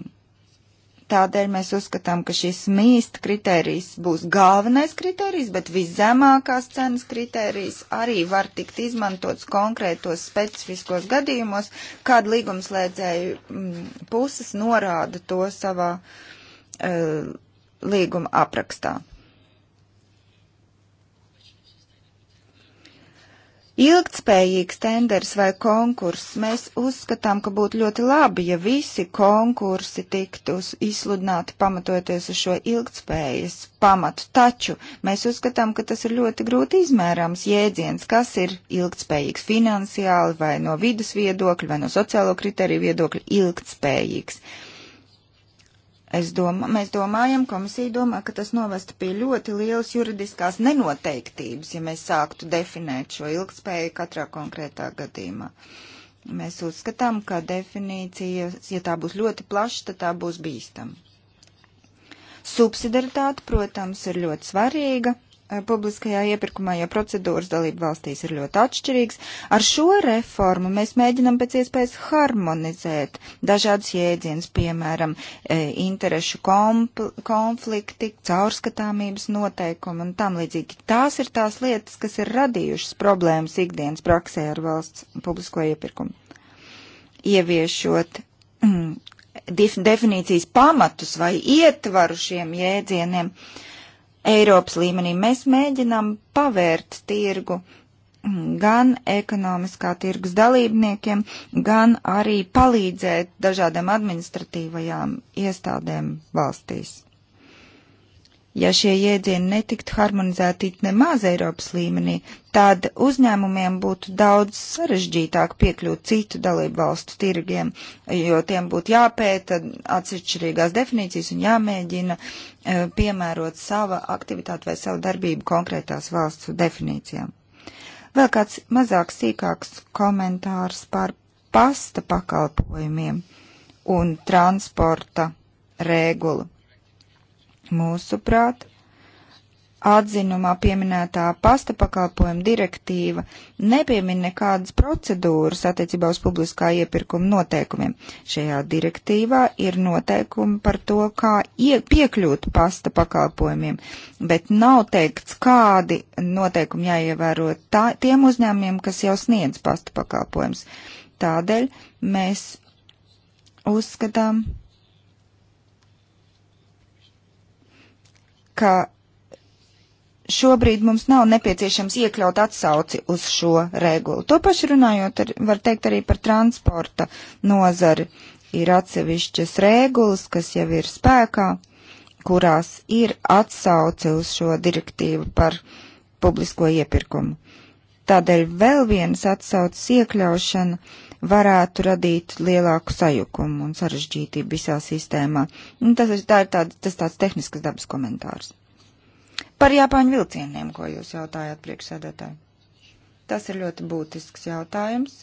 tādēļ mēs uzskatām, ka šis mīst kritērijs būs galvenais kritērijs, bet viszemākās cenas kritērijs arī var tikt izmantots konkrētos specifiskos gadījumos, kad līgumslēdzēju mm, puses norāda to savā uh, līguma aprakstā. Ilgtspējīgs tenders vai konkurss. Mēs uzskatām, ka būtu ļoti labi, ja visi konkursi tiktu izsludināti pamatojoties uz šo ilgtspējas pamatu. Taču mēs uzskatām, ka tas ir ļoti grūti izmērāms jēdziens, kas ir ilgtspējīgs finansiāli vai no vidas viedokļa vai no sociālo kriteriju viedokļa ilgtspējīgs. Uh, Es domā, mēs domājam, komisija domā, ka tas novestu pie ļoti lielas juridiskās nenoteiktības, ja mēs sāktu definēt šo ilgspēju katrā konkrētā gadījumā. Mēs uzskatām, ka definīcija, ja tā būs ļoti plaša, tad tā būs bīstama. Subsidaritāte, protams, ir ļoti svarīga publiskajā iepirkumā, jo procedūras dalību valstīs ir ļoti atšķirīgas. Ar šo reformu mēs mēģinam pēc iespējas harmonizēt dažādus jēdzienus, piemēram, e, interešu konflikti, caurskatāmības noteikumi un tam līdzīgi. Tās ir tās lietas, kas ir radījušas problēmas ikdienas praksē ar valsts publisko iepirkumu. Ieviešot mm, definīcijas pamatus vai ietvaru šiem jēdzieniem. Uh, Eiropas līmenī. Mēs mēģinām pavērt tirgu gan ekonomiskā tirgus dalībniekiem, gan arī palīdzēt dažādām administratīvajām iestādēm valstīs. Ja šie jēdzieni netiktu harmonizēti nemaz Eiropas līmenī, tad uzņēmumiem būtu daudz sarežģītāk piekļūt citu dalību valstu tirgiem, jo tiem būtu jāpēta atsevišķīgās definīcijas un jāmēģina e, piemērot sava aktivitāte vai savu darbību konkrētās valstu definīcijām. Vēl kāds mazāk sīkāks komentārs par pasta pakalpojumiem un transporta regulu Mūsuprāt, atzinumā pieminētā pasta pakalpojuma direktīva nepiemin nekādas procedūras attiecībā uz publiskā iepirkuma noteikumiem. Šajā direktīvā ir noteikumi par to, kā piekļūt pasta pakalpojumiem, bet nav teikts, kādi noteikumi jāievēro tā, tiem uzņēmumiem, kas jau sniedz pasta pakalpojums. Tādēļ mēs uzskatām, ka šobrīd mums nav nepieciešams iekļaut atsauci uz šo regulu. To pašu runājot, ar, var teikt arī par transporta nozari. Ir atsevišķas regulas, kas jau ir spēkā, kurās ir atsauce uz šo direktīvu par publisko iepirkumu. Tādēļ vēl vienas atsauces iekļaušana varētu radīt lielāku sajukumu un sarežģītību visā sistēmā. Un tas, tā ir tāds, tas tāds tehnisks dabas komentārs. Par Japāņu vilcieniem, ko jūs jautājāt priekšsēdētāji. Tas ir ļoti būtisks jautājums.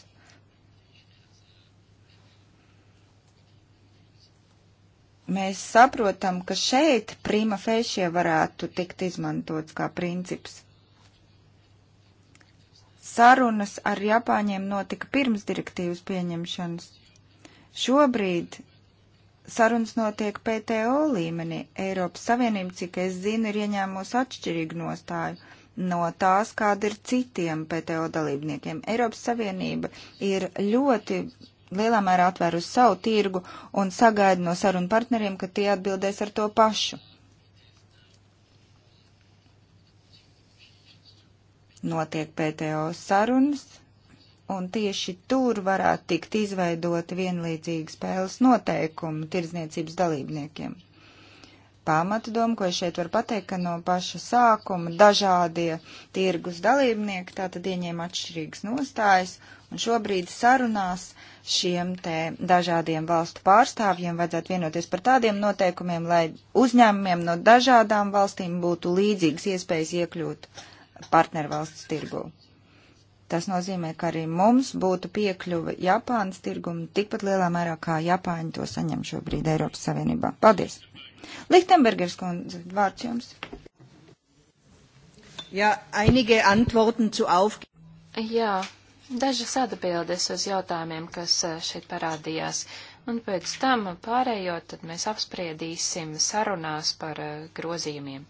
Mēs saprotam, ka šeit prima fēšie varētu tikt izmantots kā princips sarunas ar Japāņiem notika pirms direktīvas pieņemšanas. Šobrīd sarunas notiek PTO līmenī. Eiropas Savienība, cik es zinu, ir ieņēmusi atšķirīgu nostāju no tās, kāda ir citiem PTO dalībniekiem. Eiropas Savienība ir ļoti lielā mērā atvērusi savu tirgu un sagaida no sarunu partneriem, ka tie atbildēs ar to pašu. notiek PTO sarunas, un tieši tur varētu tikt izveidot vienlīdzīgi spēles noteikumi tirdzniecības dalībniekiem. Pamatu domu, ko es šeit varu pateikt, ka no paša sākuma dažādie tirgus dalībnieki tātad ieņēma atšķirīgas nostājas, un šobrīd sarunās šiem te dažādiem valstu pārstāvjiem vajadzētu vienoties par tādiem noteikumiem, lai uzņēmumiem no dažādām valstīm būtu līdzīgas iespējas iekļūt uh, partnervalsts tirgū. Tas nozīmē, ka arī mums būtu piekļuva Japānas tirgumu tikpat lielā mērā, kā Japāņi to saņem šobrīd Eiropas Savienībā. Paldies! Lichtenbergers kundze, vārds jums. Jā, einige antworten zu auf. Jā, dažas atbildes uz jautājumiem, kas eh, šeit parādījās. Un pēc tam pārējot, tad mēs apspriedīsim sarunās par eh, grozījumiem.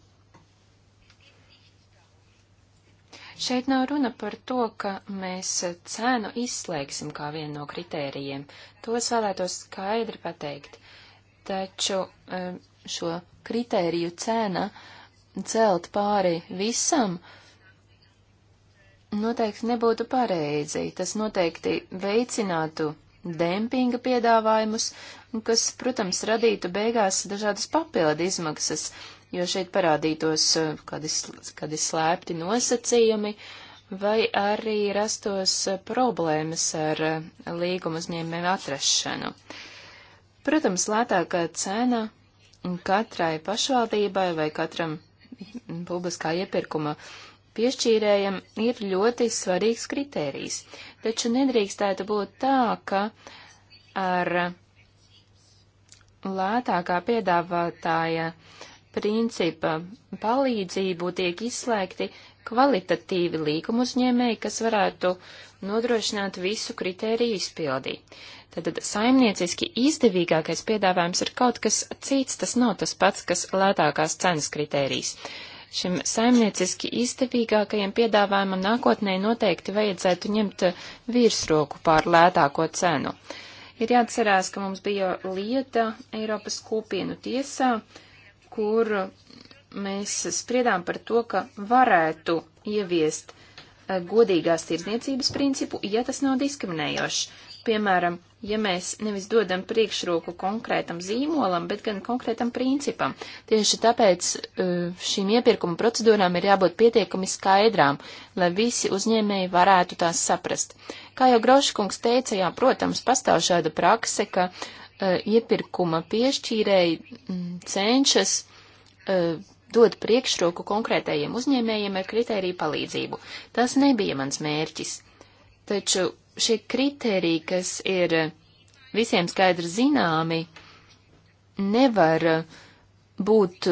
Šeit nav runa par to, ka mēs cēnu izslēgsim kā vienu no kritērijiem. To es vēlētos skaidri pateikt. Taču um, šo kritēriju cēna celt pāri visam noteikti nebūtu pareizi. Tas noteikti veicinātu dempinga piedāvājumus, kas, protams, radītu beigās dažādas papildu izmaksas jo šeit parādītos kādi, eh, kādi slēpti nosacījumi, vai arī rastos eh, problēmas ar eh, līguma uzņēmumiem atrašanu. Protams, lētākā cena katrai pašvaldībai vai katram publiskā iepirkuma piešķīrējam ir ļoti svarīgs kritērijs, taču nedrīkstētu būt tā, ka ar lētākā piedāvātāja uh, principa palīdzību tiek izslēgti kvalitatīvi līguma uzņēmēji, kas varētu nodrošināt visu kritēriju izpildi. Tātad saimnieciski izdevīgākais piedāvājums ir kaut kas cits, tas nav tas pats, kas lētākās cenas kritērijs. Šim saimnieciski izdevīgākajam piedāvājumam nākotnē noteikti vajadzētu ņemt virsroku pār lētāko cenu. Ir jāatcerās, ka mums bija lieta Eiropas kopienu tiesā, uh, kur mēs spriedām par to, ka varētu ieviest eh, godīgās tirdzniecības principu, ja tas nav diskriminējošs. Piemēram, ja mēs nevis dodam priekšroku konkrētam zīmolam, bet gan konkrētam principam. Tieši tāpēc eh, šīm iepirkuma procedūrām ir jābūt pietiekami skaidrām, lai visi uzņēmēji varētu tās saprast. Kā jau Groškungs teica, jā, protams, pastāv šāda prakse, ka uh, Uh, iepirkuma piešķīrēji mm, cenšas uh, dot priekšroku konkrētajiem uzņēmējiem ar kritēriju palīdzību. Tas nebija mans mērķis. Taču šie kritēriji, kas ir visiem skaidri zināmi, nevar uh, būt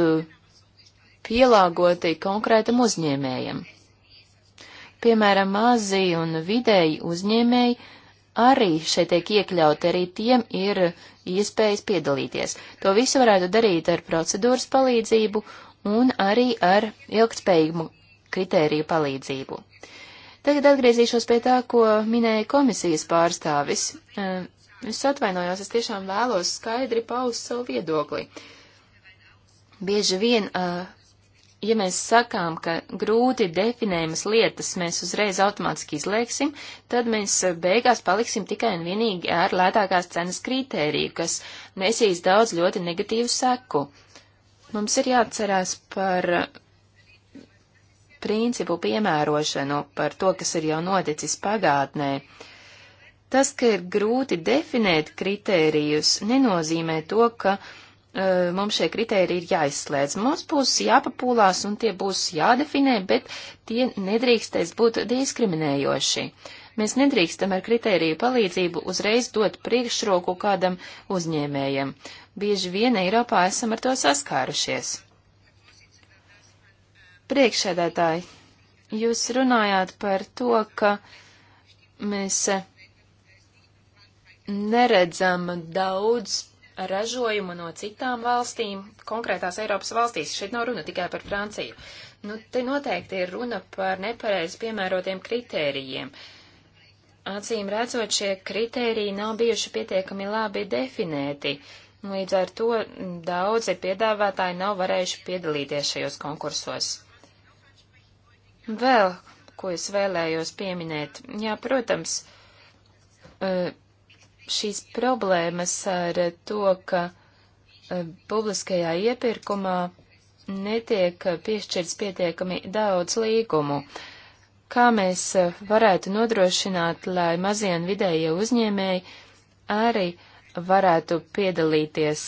pielāgoti konkrētam uzņēmējam. Piemēram, mazi un vidēji uzņēmēji arī šeit tiek iekļauti, arī tiem ir iespējas piedalīties. To visu varētu darīt ar procedūras palīdzību un arī ar ilgtspējīgumu kritēriju palīdzību. Tagad atgriezīšos pie tā, ko minēja komisijas pārstāvis. Es atvainojos, es tiešām vēlos skaidri paust savu viedokli. Bieži vien uh, ja mēs sakām, ka grūti definējamas lietas mēs uzreiz automātiski izlieksim, tad mēs eh, beigās paliksim tikai un vienīgi ar lētākās cenas kritēriju, kas nesīs daudz ļoti negatīvu seku. Mums ir jāatcerās par principu piemērošanu, par to, kas ir jau noticis pagātnē. Tas, ka ir grūti definēt kritērijus, nenozīmē to, ka uh, Eh, mums šie kriteriji ir jāizslēdz. Mums būs jāpapūlās un tie būs jādefinē, bet tie nedrīkstēs būt diskriminējoši. Mēs nedrīkstam ar kritēriju palīdzību uzreiz dot priekšroku kādam uzņēmējam. Bieži vien Eiropā esam ar to saskārušies. Priekšsēdētāji, jūs runājāt par to, ka mēs neredzam daudz ražojumu no citām valstīm, konkrētās Eiropas valstīs. Šeit nav runa tikai par Franciju. Nu, te noteikti ir runa par nepareizi piemērotiem kritērijiem. Acīm redzot, šie kritēriji nav bijuši pietiekami labi definēti. Līdz ar to daudzi piedāvātāji nav varējuši piedalīties šajos konkursos. Vēl, ko es vēlējos pieminēt, jā, protams, eh, šīs problēmas ar to, ka eh, publiskajā iepirkumā netiek eh, piešķirts pietiekami daudz līgumu. Kā mēs eh, varētu nodrošināt, lai mazie un vidējie uzņēmēji arī varētu piedalīties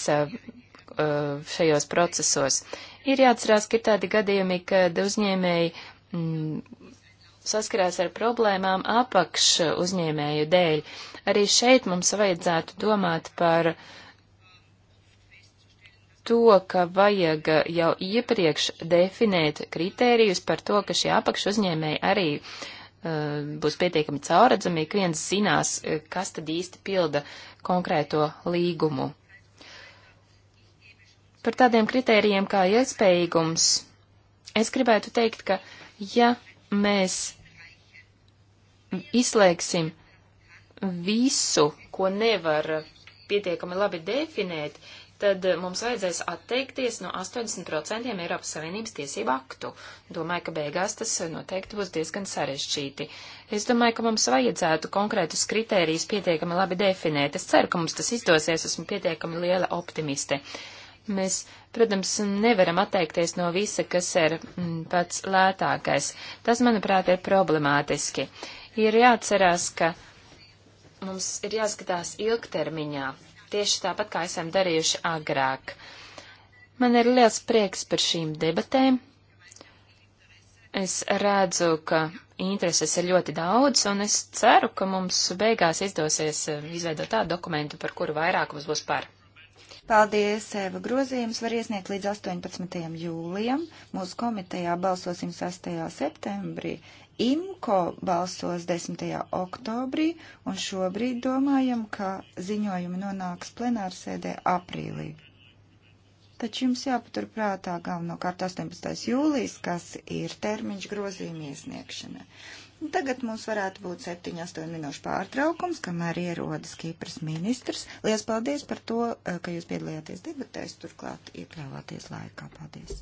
šajos procesos? Ir jāatcerās, ka ir tādi gadījumi, kad uzņēmēji mm, saskarās ar problēmām apakš uzņēmēju dēļ. Arī šeit mums vajadzētu domāt par to, ka vajag jau iepriekš definēt kritērijus par to, ka šie apakš uzņēmēji arī uh, būs pietiekami cauradzami, ik viens zinās, uh, kas tad īsti pilda konkrēto līgumu. Par tādiem kritērijiem kā iespējīgums, es gribētu teikt, ka ja mēs izslēgsim visu, ko nevar pietiekami labi definēt, tad mums vajadzēs atteikties no 80% Eiropas Savienības tiesību aktu. Domāju, ka beigās tas noteikti būs diezgan sarežģīti. Es domāju, ka mums vajadzētu konkrētus kritērijus pietiekami labi definēt. Es ceru, ka mums tas izdosies, esmu pietiekami liela optimiste. Mēs, protams, nevaram atteikties no visa, kas ir mm, pats lētākais. Tas, manuprāt, ir problemātiski. Uh, ir jāatcerās, ka mums ir jāskatās ilgtermiņā, tieši tāpat kā esam darījuši agrāk. Man ir liels prieks par šīm debatēm. Es redzu, ka intereses ir ļoti daudz, un es ceru, ka mums beigās izdosies eh, izveidot tādu dokumentu, par kuru vairākums būs par. Paldies, Eva. Grozījums var iesniegt līdz 18. jūlijam. Mūsu komitejā balsosim 6. septembrī. IMCO balsos 10. oktobrī, un šobrīd domājam, ka ziņojumi nonāks plenārsēdē aprīlī. Taču jums jāpaturprātā galvenokārt 18. jūlijas, kas ir termiņš grozījuma iesniegšana. Tagad mums varētu būt 7-8 minūšu pārtraukums, kamēr ierodas Kīpras ministrs. Lielas paldies par to, eh, ka jūs piedalījāties debatēs, turklāt iekļāvāties laikā. Paldies!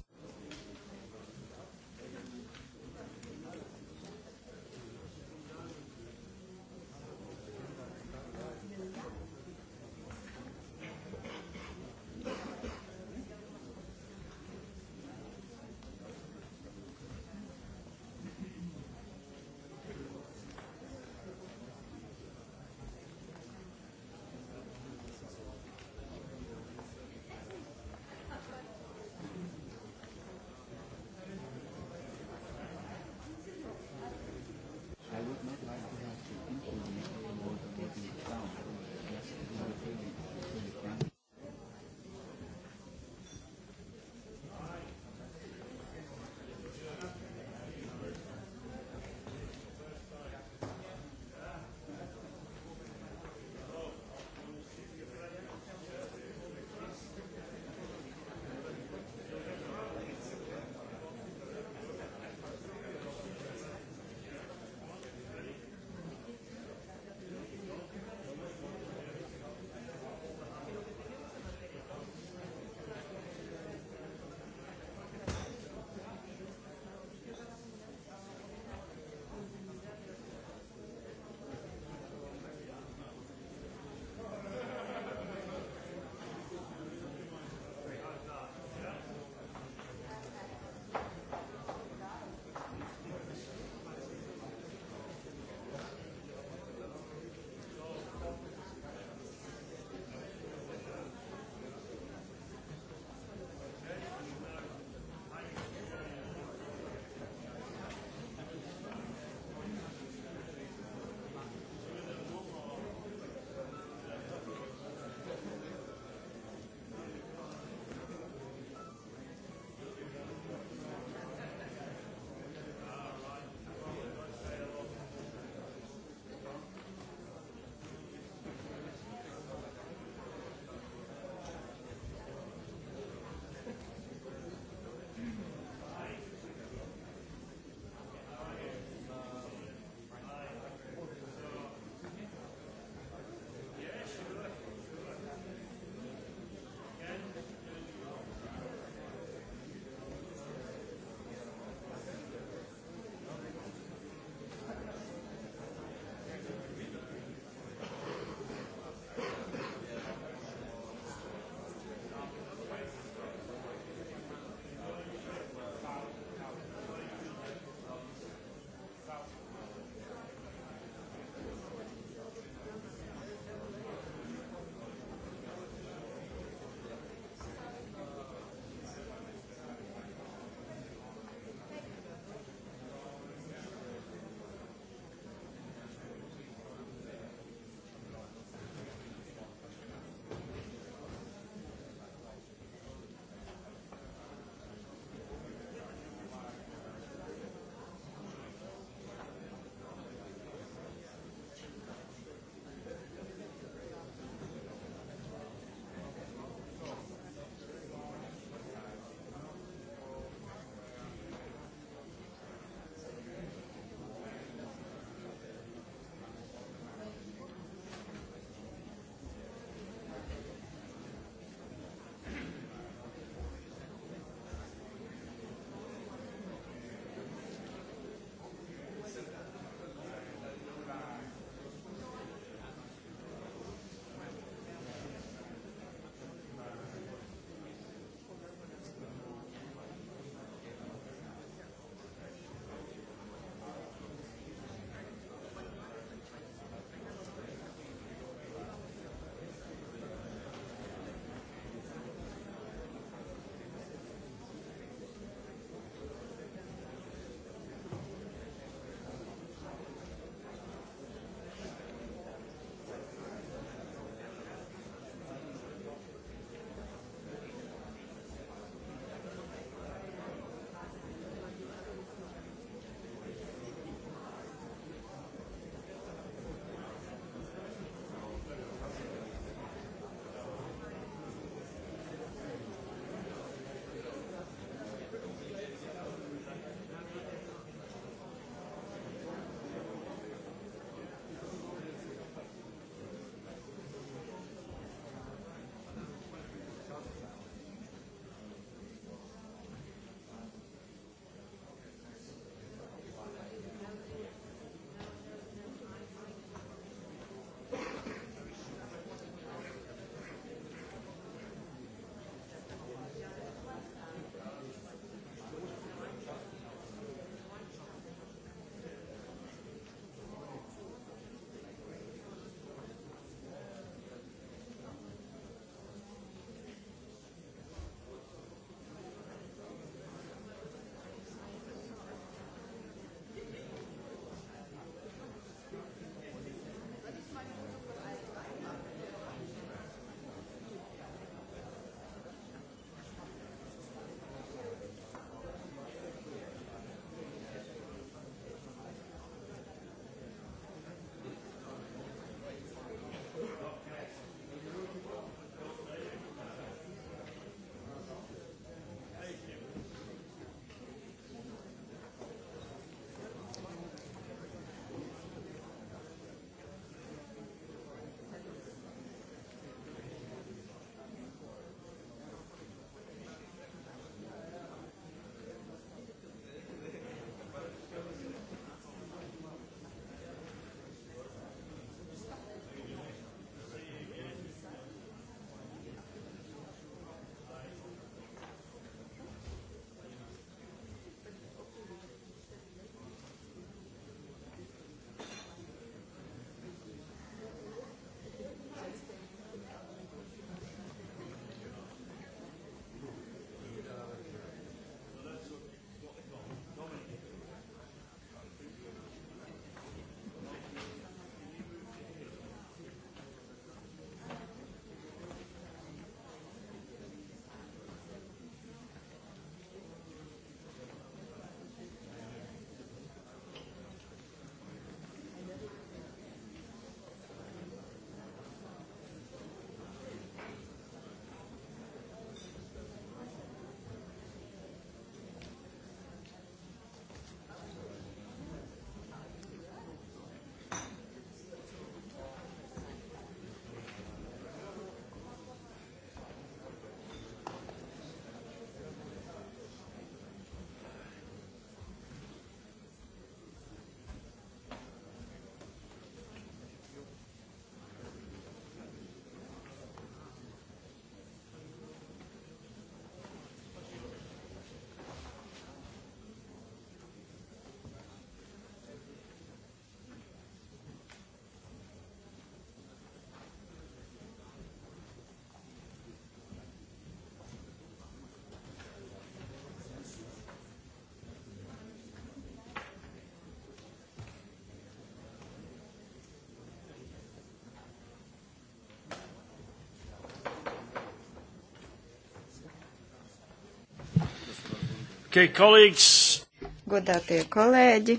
Okay, colleagues. Godātie kolēģi,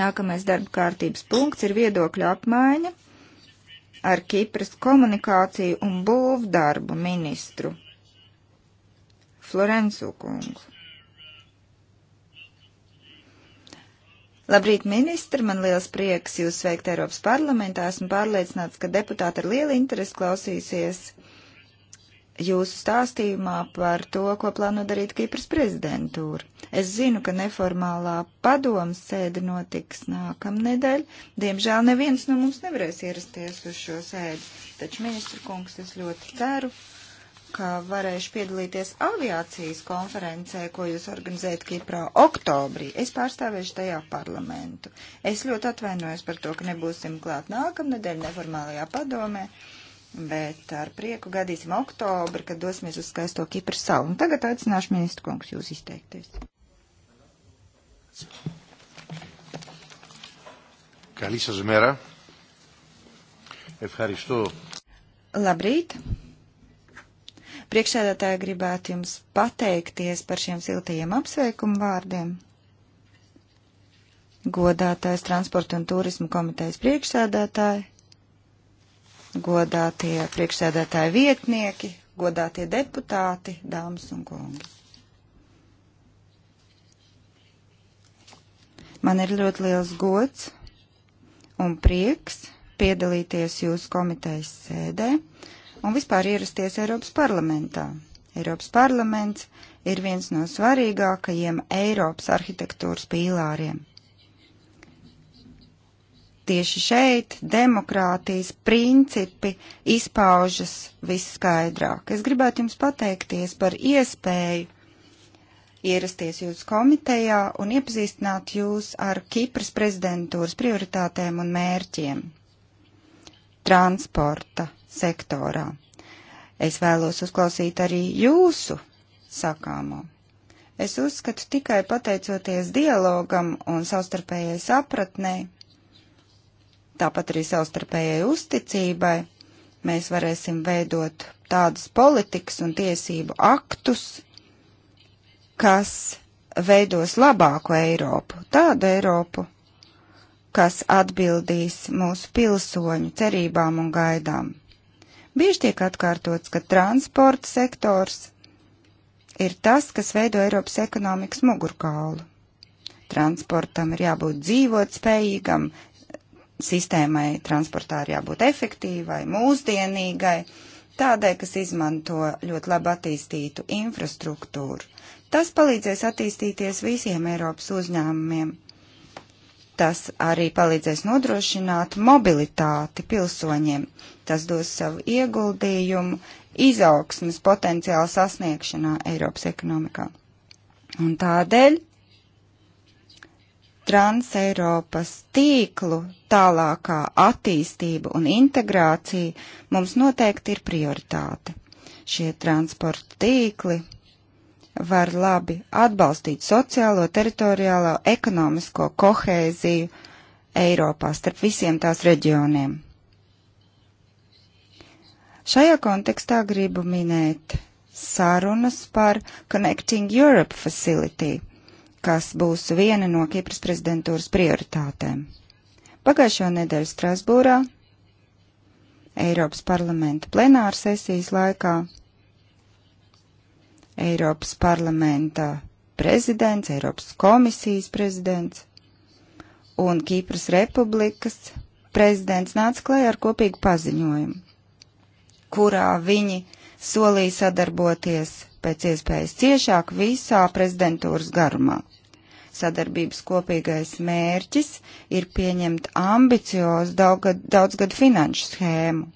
nākamais darba kārtības punkts ir viedokļu apmaiņa ar Kipras komunikāciju un būvdarbu ministru Florencu kungu. Labrīt, ministri! Man liels prieks jūs sveikt Eiropas parlamentā. Esmu pārliecināts, ka deputāti ar lielu interesi klausīsies jūsu stāstījumā par to, ko plāno darīt Kipras prezidentūra. Es zinu, ka neformālā padomas sēde notiks nākamnedēļ. Diemžēl neviens no mums nevarēs ierasties uz šo sēdi, taču ministru kungs es ļoti ceru, ka varēšu piedalīties aviācijas konferencē, ko jūs organizējat Kiprā oktobrī. Es pārstāvēšu tajā parlamentu. Es ļoti atvainojos par to, ka nebūsim klāt nākamnedēļ neformālajā padomē. Uh, Bet ar prieku gadīsim oktobri, kad dosimies uz skaisto Kipras salu. Un tagad aicināšu ministru kungs jūs izteikties. Καλή σας μέρα. Ευχαριστώ. Labrīt! Priekšsēdētāji gribētu jums pateikties par šiem siltajiem apsveikumu vārdiem. Godātais transporta un turismu komitejas priekšsēdētāji, godātie priekšsēdētāji vietnieki, godātie deputāti, dāmas un kungi. Man ir ļoti liels gods un prieks piedalīties jūsu komitejas sēdē un vispār ierasties Eiropas parlamentā. Eiropas parlaments ir viens no svarīgākajiem Eiropas arhitektūras pīlāriem. Tieši šeit demokrātijas principi izpaužas visskaidrāk. Es gribētu jums pateikties par iespēju ierasties jūsu komitejā un iepazīstināt jūs ar Kipras prezidentūras prioritātēm un mērķiem transporta sektorā. Es vēlos uzklausīt arī jūsu sakāmo. Es uzskatu tikai pateicoties dialogam un savstarpējai sapratnei, tāpat arī savstarpējai uzticībai. Mēs varēsim veidot tādas politikas un tiesību aktus, kas veidos labāku Eiropu, tādu Eiropu, kas atbildīs mūsu pilsoņu cerībām un gaidām. Bieži tiek atkārtots, ka transporta sektors ir tas, kas veido Eiropas ekonomikas mugurkaulu. Transportam ir jābūt dzīvot spējīgam, sistēmai transportā ir jābūt efektīvai, mūsdienīgai, tādai, kas izmanto ļoti labi attīstītu infrastruktūru. Tas palīdzēs attīstīties visiem Eiropas uzņēmumiem. Tas arī palīdzēs nodrošināt mobilitāti pilsoņiem. Tas dos savu ieguldījumu izaugsmas potenciāla sasniegšanā Eiropas ekonomikā. Un tādēļ Transeiropas tīklu tālākā attīstība un integrācija mums noteikti ir prioritāte. Šie transporta tīkli var labi atbalstīt sociālo, teritoriālo, ekonomisko kohēziju Eiropā starp visiem tās reģioniem. Šajā kontekstā gribu minēt sarunas par Connecting Europe Facility kas būs viena no Kipras prezidentūras prioritātēm. Pagājušo nedēļu Strasbūrā, Eiropas parlamenta plenāra sesijas laikā, Eiropas parlamenta prezidents, Eiropas komisijas prezidents un Kipras republikas prezidents nāca klajā ar kopīgu paziņojumu, kurā viņi solīja sadarboties pēc iespējas ciešāk visā prezidentūras garumā. Sadarbības kopīgais mērķis ir pieņemt ambiciozu daudzgadu daudz finanšu schēmu.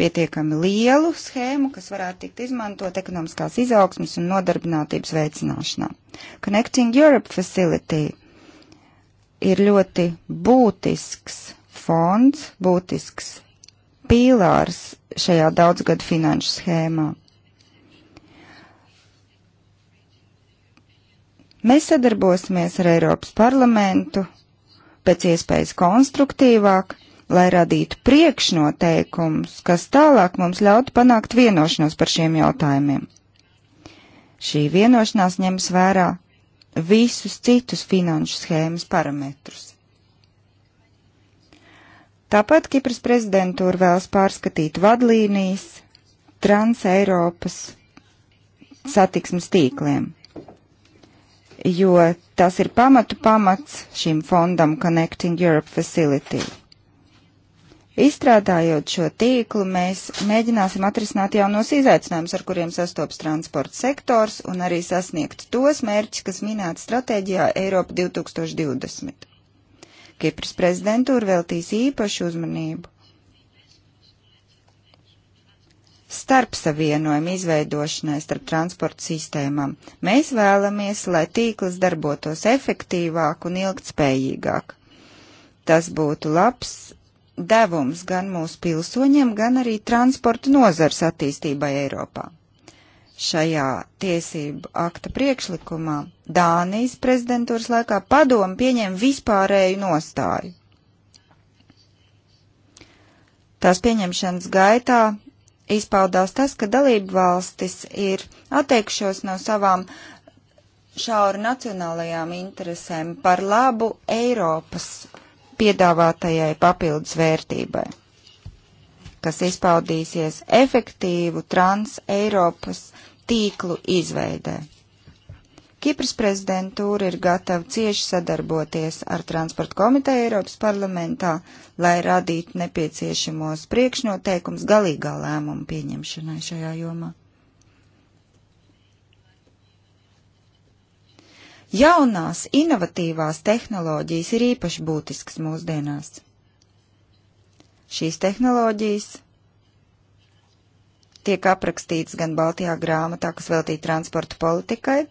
Pietiekami lielu schēmu, kas varētu tikt izmantot ekonomiskās izaugsmas un nodarbinātības veicināšanā. Connecting Europe Facility ir ļoti būtisks fonds, būtisks pīlārs šajā daudzgadu finanšu schēmā. Mēs sadarbosimies ar Eiropas parlamentu pēc iespējas konstruktīvāk, lai radītu priekšnoteikumus, kas tālāk mums ļautu panākt vienošanos par šiem jautājumiem. Šī vienošanās ņems vērā visus citus finanšu schēmas parametrus. Tāpat Kipras prezidentūra vēlas pārskatīt vadlīnijas Trans-Eiropas satiksmes tīkliem jo tas ir pamatu pamats šim fondam Connecting Europe Facility. Izstrādājot šo tīklu, mēs mēģināsim atrisināt jaunos izaicinājumus, ar kuriem sastopas transporta sektors, un arī sasniegt tos mērķus, kas minēti stratēģijā Eiropa 2020. Kipras prezidentūra veltīs īpašu uzmanību starpsavienojumu izveidošanai starp transporta sistēmām. Mēs vēlamies, lai tīkls darbotos efektīvāk un ilgtspējīgāk. Tas būtu labs devums gan mūsu pilsoņiem, gan arī transporta nozars attīstībai Eiropā. Šajā tiesību akta priekšlikumā Dānijas prezidentūras laikā padomu pieņem vispārēju nostāju. Tās pieņemšanas gaitā izpaudās tas, ka dalību valstis ir atteikšos no savām šauru nacionālajām interesēm par labu Eiropas piedāvātajai papildus vērtībai, kas izpaudīsies efektīvu trans Eiropas tīklu izveidē. Kipras prezidentūra ir gatava cieši sadarboties ar transporta komiteju Eiropas parlamentā, lai radītu nepieciešamos priekšnoteikums galīgā lēmuma pieņemšanai šajā jomā. Jaunās, inovatīvās tehnoloģijas ir īpaši būtiskas mūsdienās. Šīs tehnoloģijas tiek aprakstītas gan Baltijā grāmatā, kas veltīta transporta politikai,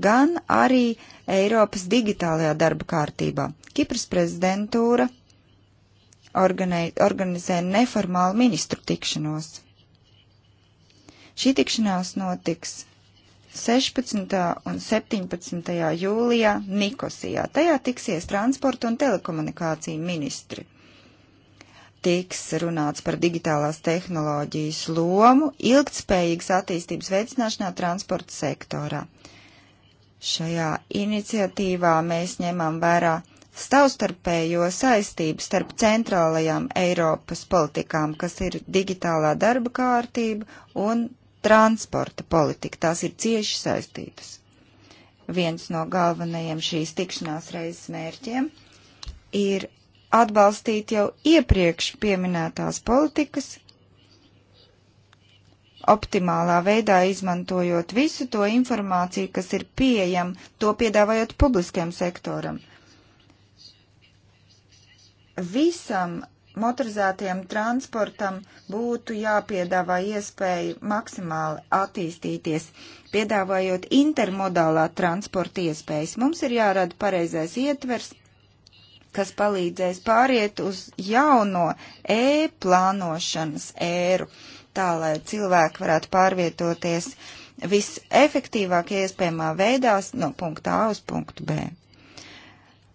gan arī Eiropas digitālajā darba kārtībā. Kipras prezidentūra organizē neformālu ministru tikšanos. Šī tikšanās notiks 16. un 17. jūlijā Nikosijā. Tajā tiksies transporta un telekomunikāciju ministri. Tiks runāts par digitālās tehnoloģijas lomu ilgtspējīgas attīstības veicināšanā transporta sektorā. Šajā iniciatīvā mēs ņemam vērā savstarpējo saistību starp centrālajām Eiropas politikām, kas ir digitālā darba kārtība un transporta politika. Tās ir cieši saistītas. Viens no galvenajiem šīs tikšanās reizes mērķiem ir atbalstīt jau iepriekš pieminētās politikas, optimālā veidā izmantojot visu to informāciju, kas ir pieejama, to piedāvājot publiskajam sektoram. Visam motorizētajam transportam būtu jāpiedāvā iespēja maksimāli attīstīties, piedāvājot intermodālā transporta iespējas. Mums ir jārada pareizais ietvers, kas palīdzēs pāriet uz jauno e-plānošanas ēru. E tā, lai cilvēki varētu pārvietoties visefektīvākajā iespējamā veidā no punkta A uz punktu B.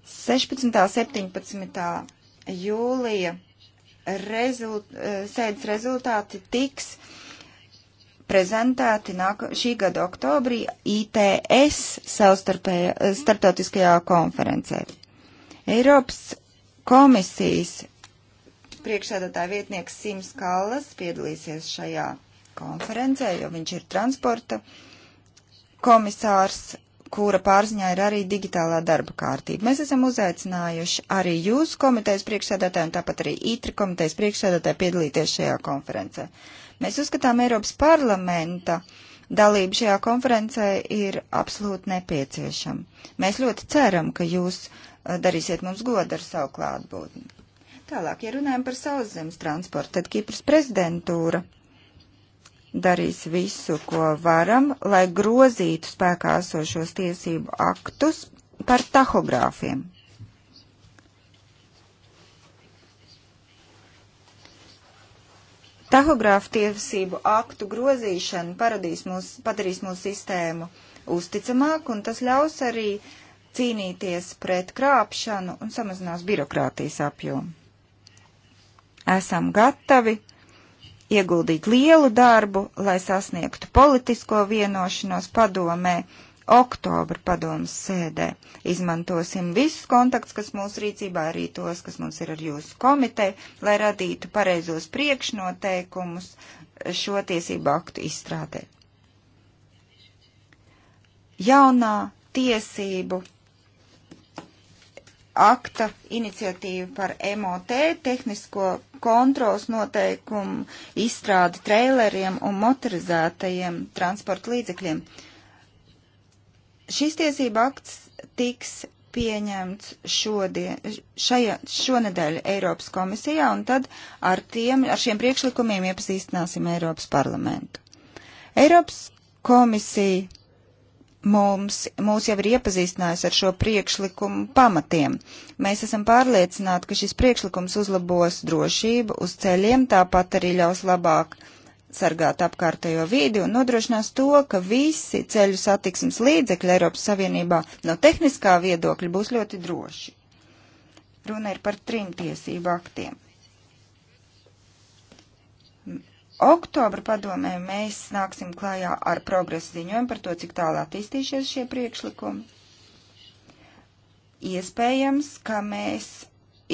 16. 17. jūlija rezult, eh, sēdes rezultāti tiks prezentēti nāk, šī gada oktobrī ITS savstarpējā eh, starptautiskajā konferencē. Eiropas komisijas priekšsēdētāja vietnieks Sims Kallas piedalīsies šajā konferencē, jo viņš ir transporta komisārs, kura pārziņā ir arī digitālā darba kārtība. Mēs esam uzaicinājuši arī jūsu komitejas priekšsēdētāju un tāpat arī ITRI komitejas priekšsēdētāju piedalīties šajā konferencē. Mēs uzskatām Eiropas parlamenta dalību šajā konferencē ir absolūti nepieciešama. Mēs ļoti ceram, ka jūs eh, darīsiet mums godu ar savu klātbūtni. Tālāk, ja runājam par sauszemes transportu, tad Kipras prezidentūra darīs visu, ko varam, lai grozītu spēkā esošos tiesību aktus par tahogrāfiem. Tahogrāfu tiesību aktu grozīšana mūs, padarīs mūsu sistēmu uzticamāku, un tas ļaus arī cīnīties pret krāpšanu un samazinās birokrātijas apjomu esam gatavi ieguldīt lielu darbu, lai sasniegtu politisko vienošanos padomē oktobra padomas sēdē. Izmantosim visus kontaktus, kas mūsu rīcībā, arī tos, kas mums ir ar jūsu komiteju, lai radītu pareizos priekšnoteikumus šo tiesību aktu izstrādē. Jaunā tiesību akta iniciatīva par MOT, tehnisko kontrols noteikumu izstrādi traileriem un motorizētajiem transporta līdzekļiem. Šis tiesība akts tiks pieņemts šodien, šajā, šonedēļ Eiropas komisijā, un tad ar, tiem, ar šiem priekšlikumiem iepazīstināsim Eiropas parlamentu. Eiropas komisija mums, mūs jau ir iepazīstinājusi ar šo priekšlikumu pamatiem. Mēs esam pārliecināti, ka šis priekšlikums uzlabos drošību uz ceļiem, tāpat arī ļaus labāk sargāt apkārtējo vīdi un nodrošinās to, ka visi ceļu satiksmes līdzekļi Eiropas Savienībā no tehniskā viedokļa būs ļoti droši. Runa ir par trim tiesību aktiem. Oktobra padomē mēs nāksim klājā ar progresu ziņojumu par to, cik tālāk attīstīšies šie priekšlikumi. Iespējams, ka mēs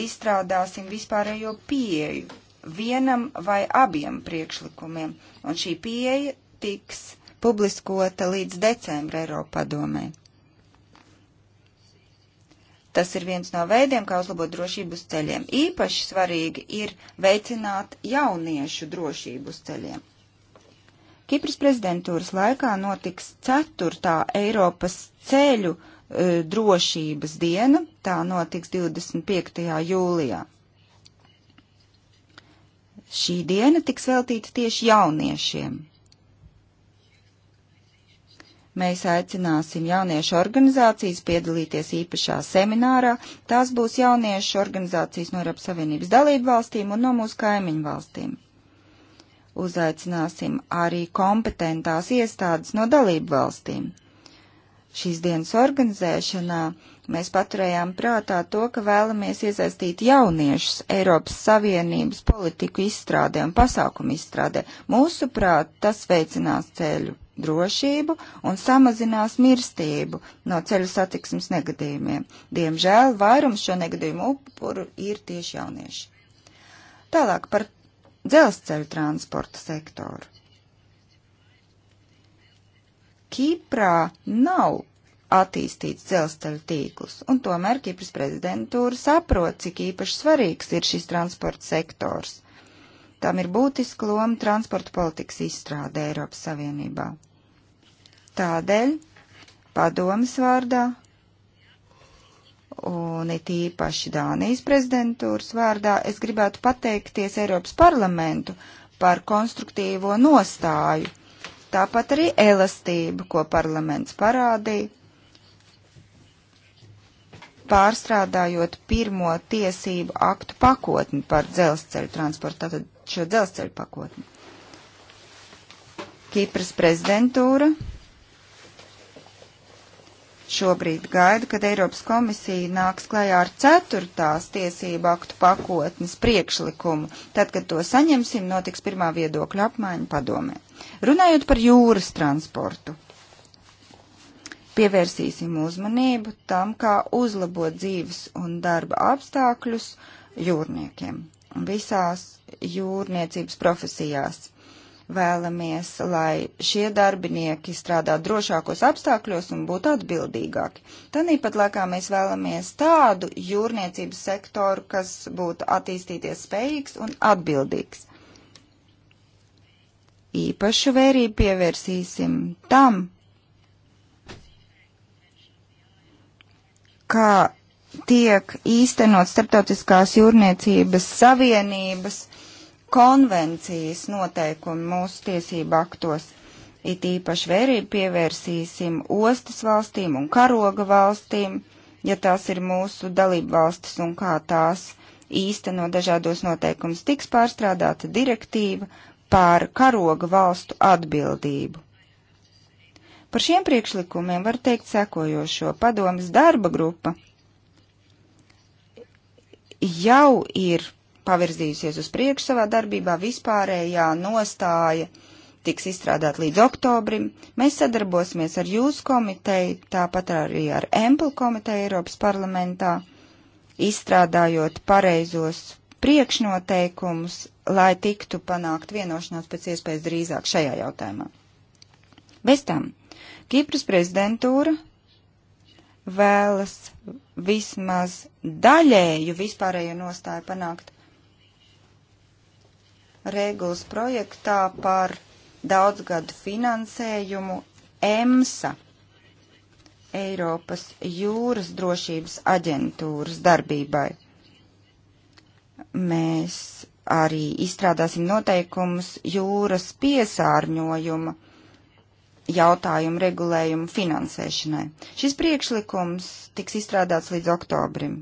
izstrādāsim vispārējo pieeju vienam vai abiem priekšlikumiem, un šī pieeja tiks publiskota līdz decembra Eiropa padomē. Tas ir viens no veidiem, kā uzlabot drošību uz ceļiem. Īpaši svarīgi ir veicināt jauniešu drošību uz ceļiem. Kipras prezidentūras laikā notiks 4. Eiropas ceļu e, drošības diena. Tā notiks 25. jūlijā. Šī diena tiks veltīta tieši jauniešiem. Mēs aicināsim jauniešu organizācijas piedalīties īpašā seminārā. Tās būs jauniešu organizācijas no Eiropas Savienības dalību valstīm un no mūsu kaimiņu valstīm. Uzaicināsim arī kompetentās iestādes no dalību valstīm. Šīs dienas organizēšanā mēs paturējām prātā to, ka vēlamies iesaistīt jauniešus Eiropas Savienības politiku izstrādē un pasākumu izstrādē. Mūsuprāt, tas veicinās ceļu drošību un samazinās mirstību no ceļu satiksmes negadījumiem. Diemžēl vairums šo negadījumu upuru ir tieši jaunieši. Tālāk par dzelzceļu transporta sektoru. Kiprā nav attīstīts dzelzceļa tīkls, un tomēr Kipras prezidentūra saprot, cik īpaši svarīgs ir šis transporta sektors. Tam ir būtiska loma transporta politikas izstrādē Eiropas Savienībā. Tādēļ padomas vārdā un it īpaši Dānijas prezidentūras vārdā es gribētu pateikties Eiropas parlamentu par konstruktīvo nostāju, tāpat arī elastību, ko parlaments parādīja, pārstrādājot pirmo tiesību aktu pakotni par dzelzceļu transportu. Tātad šo dzelzceļu pakotni. Kipras prezidentūra šobrīd gaida, kad Eiropas komisija nāks klajā ar ceturtās tiesību aktu pakotnes priekšlikumu. Tad, kad to saņemsim, notiks pirmā viedokļa apmaiņa padomē. Runājot par jūras transportu, pievērsīsim uzmanību tam, kā uzlabot dzīves un darba apstākļus jūrniekiem visās jūrniecības profesijās. Vēlamies, lai šie darbinieki strādā drošākos apstākļos un būtu atbildīgāki. Tanīpat laikā mēs vēlamies tādu jūrniecības sektoru, kas būtu attīstīties spējīgs un atbildīgs. Īpašu vērību pievērsīsim tam, kā tiek īstenot starptautiskās jūrniecības savienības konvencijas noteikumi mūsu tiesību aktos. It īpaši vērību pievērsīsim ostas valstīm un karoga valstīm, ja tās ir mūsu dalību valstis un kā tās īsteno dažādos noteikumus tiks pārstrādāta direktīva pār karoga valstu atbildību. Par šiem priekšlikumiem var teikt sekojošo padomas darba grupa jau ir pavirzījusies uz priekšu savā darbībā, vispārējā nostāja tiks izstrādāt līdz oktobrim. Mēs sadarbosimies ar jūsu komiteju, tāpat arī ar Emplu komiteju Eiropas parlamentā, izstrādājot pareizos priekšnoteikumus, lai tiktu panākt vienošanās pēc iespējas drīzāk šajā jautājumā. Bez tam, Kipras prezidentūra vēlas vismaz daļēju vispārējo nostāju panākt regulas projektā par daudzgadu finansējumu EMSA, Eiropas jūras drošības aģentūras darbībai. Mēs arī izstrādāsim noteikumus jūras piesārņojuma jautājumu regulējumu finansēšanai. Šis priekšlikums tiks izstrādāts līdz oktobrim.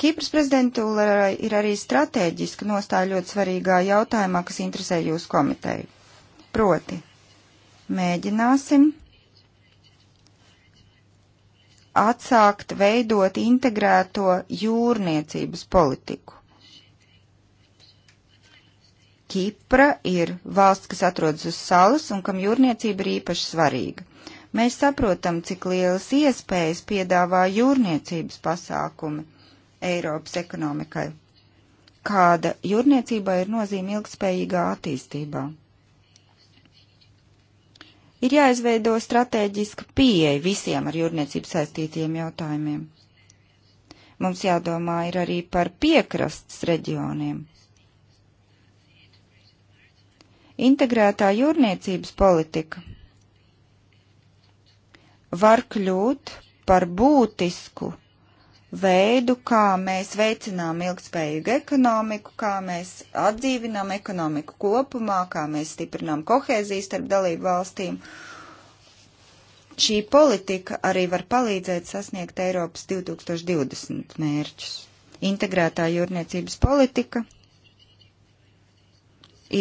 Kipras prezidentūra ir arī strateģiski nostāja ļoti svarīgā jautājumā, kas interesē jūsu komiteju. Proti, mēģināsim atsākt veidot integrēto jūrniecības politiku. Kipra ir valsts, kas atrodas uz salas un kam jūrniecība ir īpaši svarīga. Mēs saprotam, cik lielas iespējas piedāvā jūrniecības pasākumi Eiropas ekonomikai? Kāda jūrniecībai ir nozīme ilgspējīgā attīstībā? Ir jāizveido strateģiska pieeja visiem ar jūrniecību saistītiem jautājumiem. Mums jādomā ir arī par piekrastes reģioniem. Integrētā jūrniecības politika var kļūt par būtisku veidu, kā mēs veicinām ilgspējīgu ekonomiku, kā mēs atdzīvinām ekonomiku kopumā, kā mēs stiprinām kohēzijas starp dalību valstīm. Šī politika arī var palīdzēt sasniegt Eiropas 2020 mērķus. Integrētā jūrniecības politika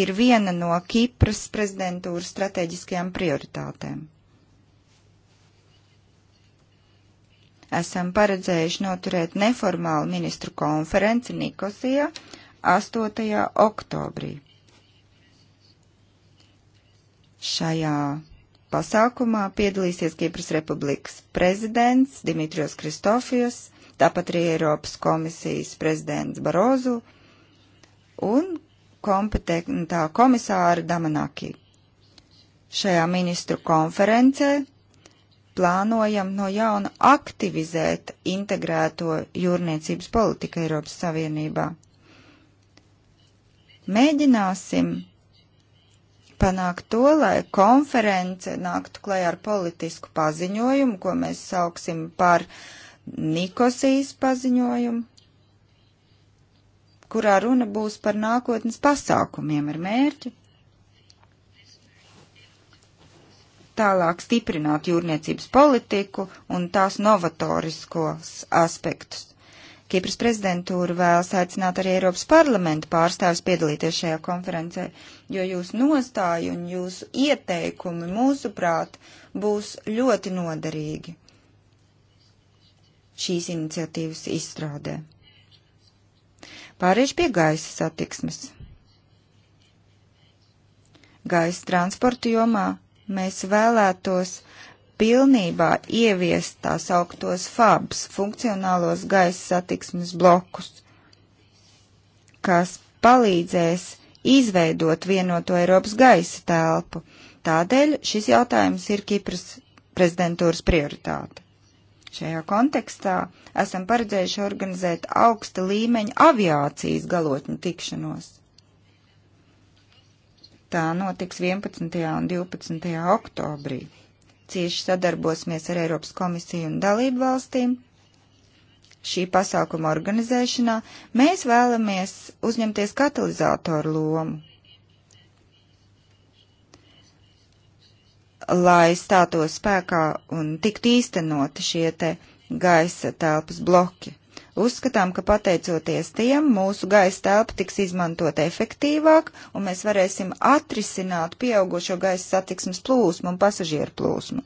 ir viena no Kipras prezidentūras strateģiskajām prioritātēm. esam paredzējuši noturēt neformālu ministru konferenci Nikosijā 8. oktobrī. Šajā pasākumā piedalīsies Kipras Republikas prezidents Dimitrijos Kristofijos, tāpat arī Eiropas komisijas prezidents Barozu un kompetentā komisāra Damanaki. Šajā ministru konferencē plānojam no jauna aktivizēt integrēto jūrniecības politiku Eiropas Savienībā. Mēģināsim panākt to, lai konference nāktu klajā ar politisku paziņojumu, ko mēs sauksim par Nikosijas paziņojumu, kurā runa būs par nākotnes pasākumiem ar mērķi tālāk stiprināt jūrniecības politiku un tās novatoriskos aspektus. Kipras prezidentūra vēlas aicināt arī Eiropas parlamentu pārstāvis piedalīties šajā konferencē, jo jūsu nostāju un jūsu ieteikumi, mūsuprāt, būs ļoti noderīgi šīs iniciatīvas izstrādē. Pāriešu pie gaisa satiksmes. Gaisa transporta jomā Mēs vēlētos pilnībā ieviest tās augtos fabs, funkcionālos gaisa satiksmes blokus, kas palīdzēs izveidot vienoto Eiropas gaisa telpu. Tādēļ šis jautājums ir Kipras prezidentūras prioritāte. Šajā kontekstā esam paredzējuši organizēt augsta līmeņa aviācijas galotņu tikšanos. Tā notiks 11. un 12. oktobrī. Cieši sadarbosimies ar Eiropas komisiju un dalību valstīm. Šī pasākuma organizēšanā mēs vēlamies uzņemties katalizatoru lomu, lai stātos spēkā un tiktu īstenoti šie te gaisa telpas bloki. Uzskatām, ka pateicoties tiem, mūsu gaisa telpa tiks izmantot efektīvāk, un mēs varēsim atrisināt pieaugušo gaisa satiksmes plūsmu un pasažieru plūsmu.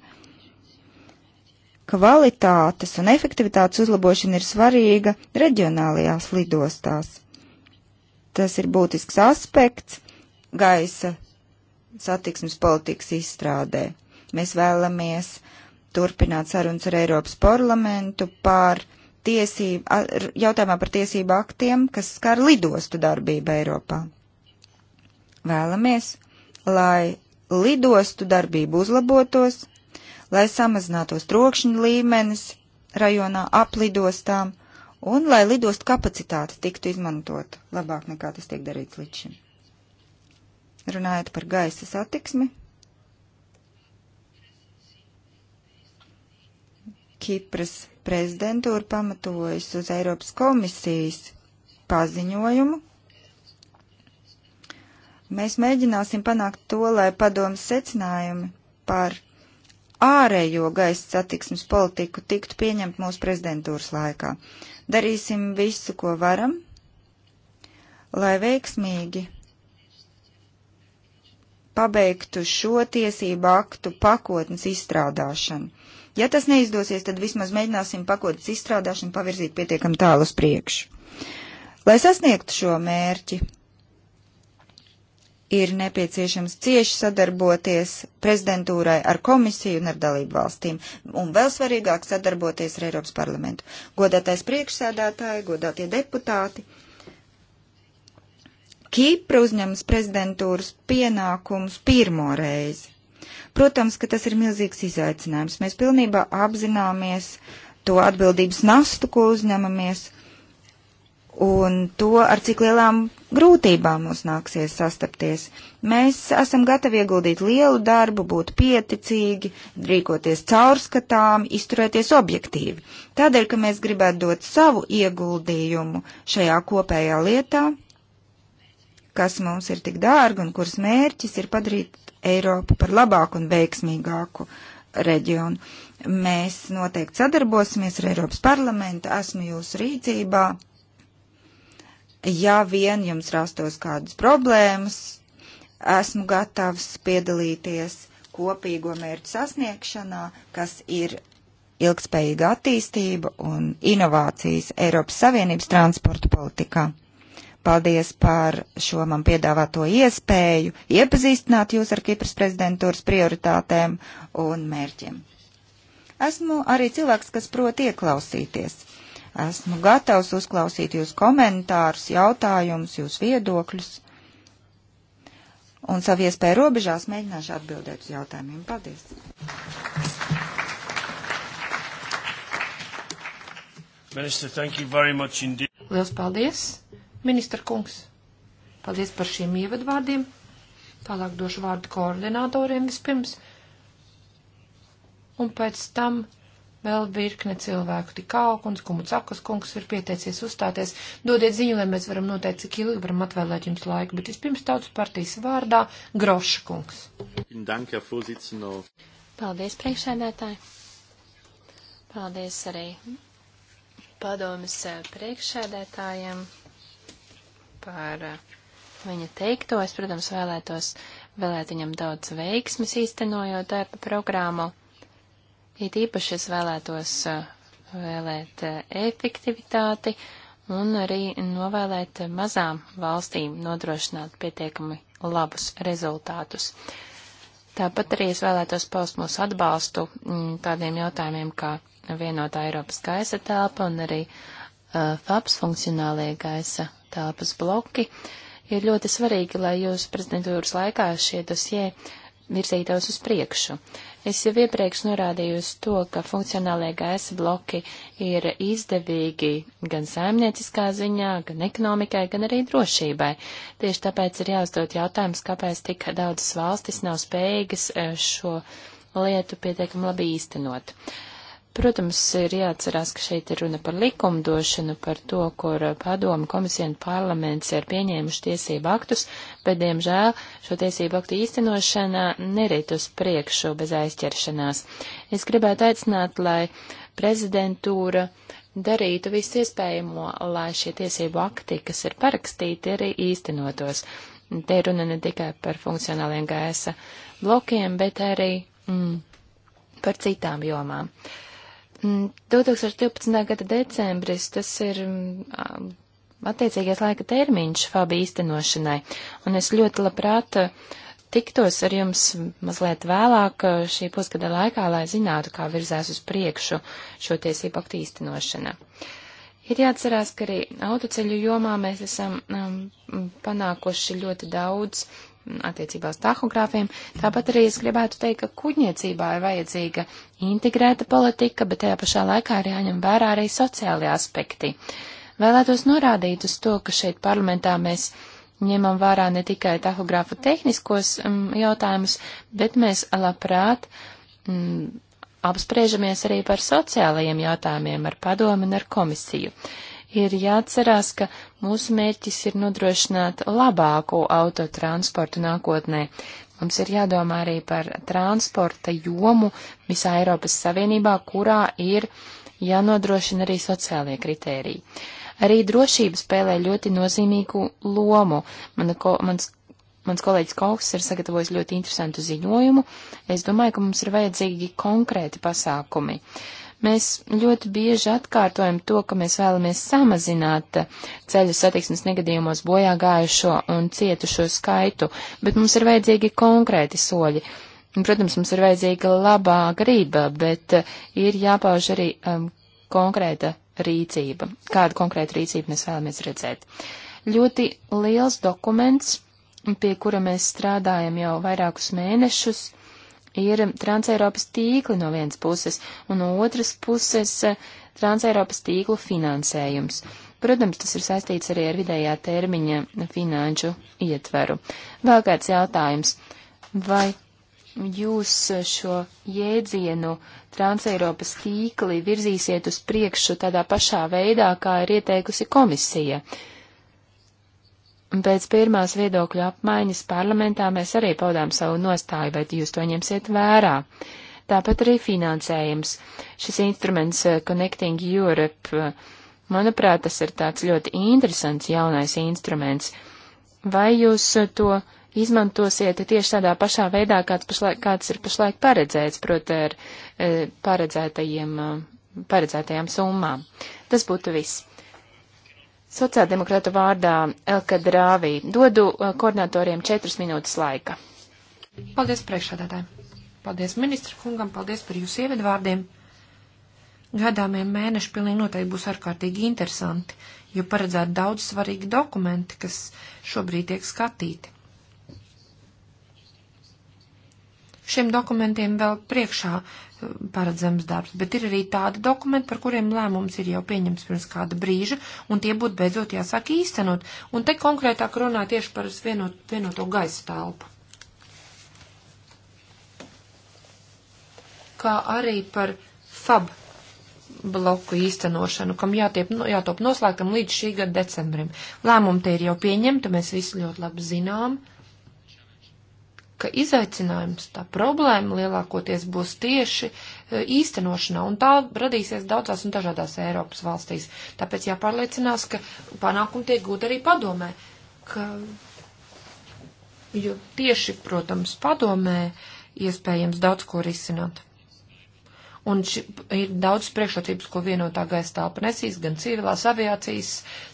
Kvalitātes un efektivitātes uzlabošana ir svarīga reģionālajās lidostās. Tas ir būtisks aspekts gaisa satiksmes politikas izstrādē. Mēs vēlamies turpināt sarunas ar Eiropas parlamentu par tiesību, jautājumā par tiesību aktiem, kas skar lidostu darbību Eiropā. Vēlamies, lai lidostu darbība uzlabotos, lai samazinātos trokšņa līmenis rajonā aplidostām un lai lidostu kapacitāte tiktu izmantot labāk nekā tas tiek darīts līdz šim. Runājot par gaisa satiksmi, Kipras prezidentūra pamatojas uz Eiropas komisijas paziņojumu. Mēs mēģināsim panākt to, lai padomas secinājumi par ārējo gaisa satiksmes politiku tiktu pieņemt mūsu prezidentūras laikā. Darīsim visu, ko varam, lai veiksmīgi pabeigtu šo tiesību aktu pakotnes izstrādāšanu. Ja tas neizdosies, tad vismaz mēģināsim pakotnes izstrādāšanu pavirzīt pietiekam tālu uz priekšu. Lai sasniegtu šo mērķi, ir nepieciešams cieši sadarboties prezidentūrai ar komisiju un ar dalību valstīm, un vēl svarīgāk sadarboties ar Eiropas parlamentu. Godātais priekšsēdētāji, godātie deputāti. Kīpra uzņemas prezidentūras pienākums pirmo reizi. Protams, ka tas ir milzīgs izaicinājums. Mēs pilnībā apzināmies to atbildības nastu, ko uzņemamies, un to, ar cik lielām grūtībām mums nāksies sastapties. Mēs esam gatavi ieguldīt lielu darbu, būt pieticīgi, rīkoties caurskatām, izturēties objektīvi. Tādēļ, ka mēs gribētu dot savu ieguldījumu šajā kopējā lietā, kas mums ir tik dārga un kuras mērķis ir padarīt Eiropu par labāku un veiksmīgāku reģionu. Mēs noteikti sadarbosimies ar Eiropas parlamentu, esmu jūsu rīcībā. Ja vien jums rastos kādas problēmas, esmu gatavs piedalīties kopīgo mērķu sasniegšanā, kas ir ilgspējīga attīstība un inovācijas Eiropas Savienības transporta politikā. Paldies par šo man piedāvāto iespēju iepazīstināt jūs ar Kipras prezidentūras prioritātēm un mērķiem. Esmu arī cilvēks, kas prot ieklausīties. Esmu gatavs uzklausīt jūs komentārus, jautājumus, jūs viedokļus. Un savu iespēju robežās mēģināšu atbildēt uz jautājumiem. Paldies! Minister, thank you very much indeed. Liels paldies! Ministra kungs, paldies par šiem ievadvārdiem. Tālāk došu vārdu koordinatoriem vispirms. Un pēc tam vēl virkne cilvēku. Tikau kungs, Kumucakas kungs ir pieteicies uzstāties. Dodiet ziņu, lai mēs varam noteikt, cik ilgi varam atvēlēt jums laiku, bet vispirms tautas partijas vārdā Groša kungs. Paldies, priekšsēdētāji. Paldies arī padomas eh, priekšsēdētājiem par eh, viņa teikto. Es, protams, vēlētos vēlēt viņam daudz veiksmes īstenojot darba programmu. It īpaši es vēlētos eh, vēlēt eh, efektivitāti un arī novēlēt mazām valstīm nodrošināt pietiekami labus rezultātus. Tāpat arī es vēlētos paust mūsu atbalstu mm, tādiem jautājumiem kā vienotā Eiropas gaisa telpa un arī uh, FAPS funkcionālie gaisa telpas bloki. Ir ļoti svarīgi, lai jūs prezidentūras laikā šie dosie virzītos uz priekšu. Es jau iepriekš norādīju uz to, ka funkcionālie gaisa bloki ir izdevīgi gan saimnieciskā ziņā, gan ekonomikai, gan arī drošībai. Tieši tāpēc ir jāuzdod jautājums, kāpēc tik daudzas valstis nav spējīgas eh, šo lietu pietiekami labi īstenot. Uh, Protams, ir jāatcerās, ka šeit ir runa par likumdošanu, par to, kur padomu komisija un parlaments ir pieņēmuši tiesību aktus, bet, diemžēl, šo tiesību aktu īstenošana nerit uz priekšu bez aizķeršanās. Es gribētu aicināt, lai prezidentūra darītu visu iespējamo, lai šie tiesību akti, kas ir parakstīti, arī īstenotos. Te runa ne tikai par funkcionāliem gaisa blokiem, bet arī mm, par citām jomām. Uh, 2012. Mm, gada decembris, tas ir mm, attiecīgais laika termiņš FAB īstenošanai, un es ļoti labprāt tiktos ar jums mazliet vēlāk šī pusgada laikā, lai zinātu, kā virzās uz priekšu šo tiesību aktu īstenošana. Ir jāatcerās, ka arī autoceļu jomā mēs esam um, panākuši ļoti daudz attiecībā uz tahogrāfiem. Tāpat arī es gribētu teikt, ka kuģniecībā ir vajadzīga integrēta politika, bet tajā pašā laikā ir jāņem vērā arī sociālie aspekti. Vēlētos norādīt uz to, ka šeit parlamentā mēs ņemam vērā ne tikai tahogrāfu tehniskos um, jautājumus, bet mēs labprāt um, apspriežamies arī par sociālajiem jautājumiem ar padomu un ar komisiju. Uh, ir jāatcerās, ka mūsu mērķis ir nodrošināt labāku autotransportu nākotnē. Mums ir jādomā arī par transporta jomu visā Eiropas Savienībā, kurā ir jānodrošina arī sociālie kritēriji. Arī drošība spēlē ļoti nozīmīgu lomu. Mana ko, mans Mans kolēģis Koks ir sagatavojis ļoti interesantu ziņojumu. Es domāju, ka mums ir vajadzīgi konkrēti pasākumi. Uh, Mēs ļoti bieži atkārtojam to, ka mēs vēlamies samazināt ceļu satiksmes negadījumos bojā gājušo un cietušo skaitu, bet mums ir vajadzīgi konkrēti soļi. Protams, mums ir vajadzīga labā grība, bet eh, ir jāpauž arī um, konkrēta rīcība. Kādu konkrētu rīcību mēs vēlamies redzēt? Ļoti liels dokuments, pie kura mēs strādājam jau vairākus mēnešus ir Transeiropas tīkli no vienas puses, un no otras puses eh, Transeiropas tīklu finansējums. Protams, tas ir saistīts arī ar vidējā termiņa finanšu ietveru. Vēl kāds jautājums. Vai jūs eh, šo jēdzienu Transeiropas tīkli virzīsiet uz priekšu tādā pašā veidā, kā ir ieteikusi komisija? Uh, Pēc pirmās viedokļu apmaiņas parlamentā mēs arī paudām savu nostāju, vai jūs to ņemsiet vērā. Tāpat arī finansējums. Šis instruments eh, Connecting Europe, eh, manuprāt, tas ir tāds ļoti interesants jaunais instruments. Vai jūs eh, to izmantosiet tieši tādā pašā veidā, kāds, pašlaik, kāds ir pašlaik paredzēts, proti ar e, paredzētajiem, paredzētajām summām. Tas būtu viss. Sociāldemokrātu vārdā Elka Drāvī. Dodu uh, koordinatoriem četras minūtes laika. Paldies priekšādātājiem. Paldies ministra kungam, paldies par jūsu ievedvārdiem. Gadāmie mēneši pilnīgi noteikti būs ārkārtīgi interesanti, jo paredzēt daudz svarīgi dokumenti, kas šobrīd tiek skatīti. Šiem dokumentiem vēl priekšā eh, paredzams darbs, bet ir arī tādi dokumenti, par kuriem lēmums ir jau pieņems pirms kāda brīža, un tie būtu beidzot jāsāk īstenot. Un te konkrētāk runā tieši par vienot, vienoto gaisa telpu. Kā arī par FAB bloku īstenošanu, kam jātiep, jātop noslēgtam līdz šī gada decembrim. Lēmumi te ir jau pieņemti, mēs visi ļoti labi zinām. Uh, ka izaicinājums, tā problēma lielākoties būs tieši e, īstenošanā, un tā radīsies daudzās un dažādās Eiropas valstīs. Tāpēc jāpārliecinās, ka panākumi tiek gūti arī padomē, ka, jo tieši, protams, padomē iespējams daudz ko risināt. Un ši, ir daudz priekšrocības, ko vienotā gaisa telpa nesīs gan civilās aviācijas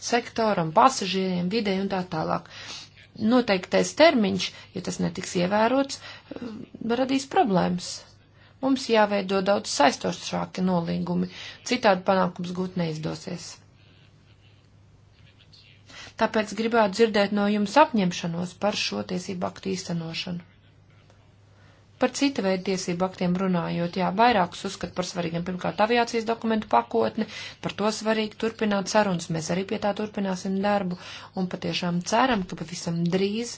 sektoram, pasažieriem, videi un tā tālāk. Uh, noteiktais termiņš, ja tas netiks ievērots, eh, radīs problēmas. Mums jāveido daudz saistošāki nolīgumi, citādi panākums gūt neizdosies. Tāpēc gribētu dzirdēt no jums apņemšanos par šo tiesību aktu īstenošanu. Par cita veida tiesību aktiem runājot, jā, vairākus uzskat par svarīgiem. Pirmkārt, aviācijas dokumentu pakotni, par to svarīgi turpināt sarunas. Mēs arī pie tā turpināsim darbu un patiešām ceram, ka pavisam drīz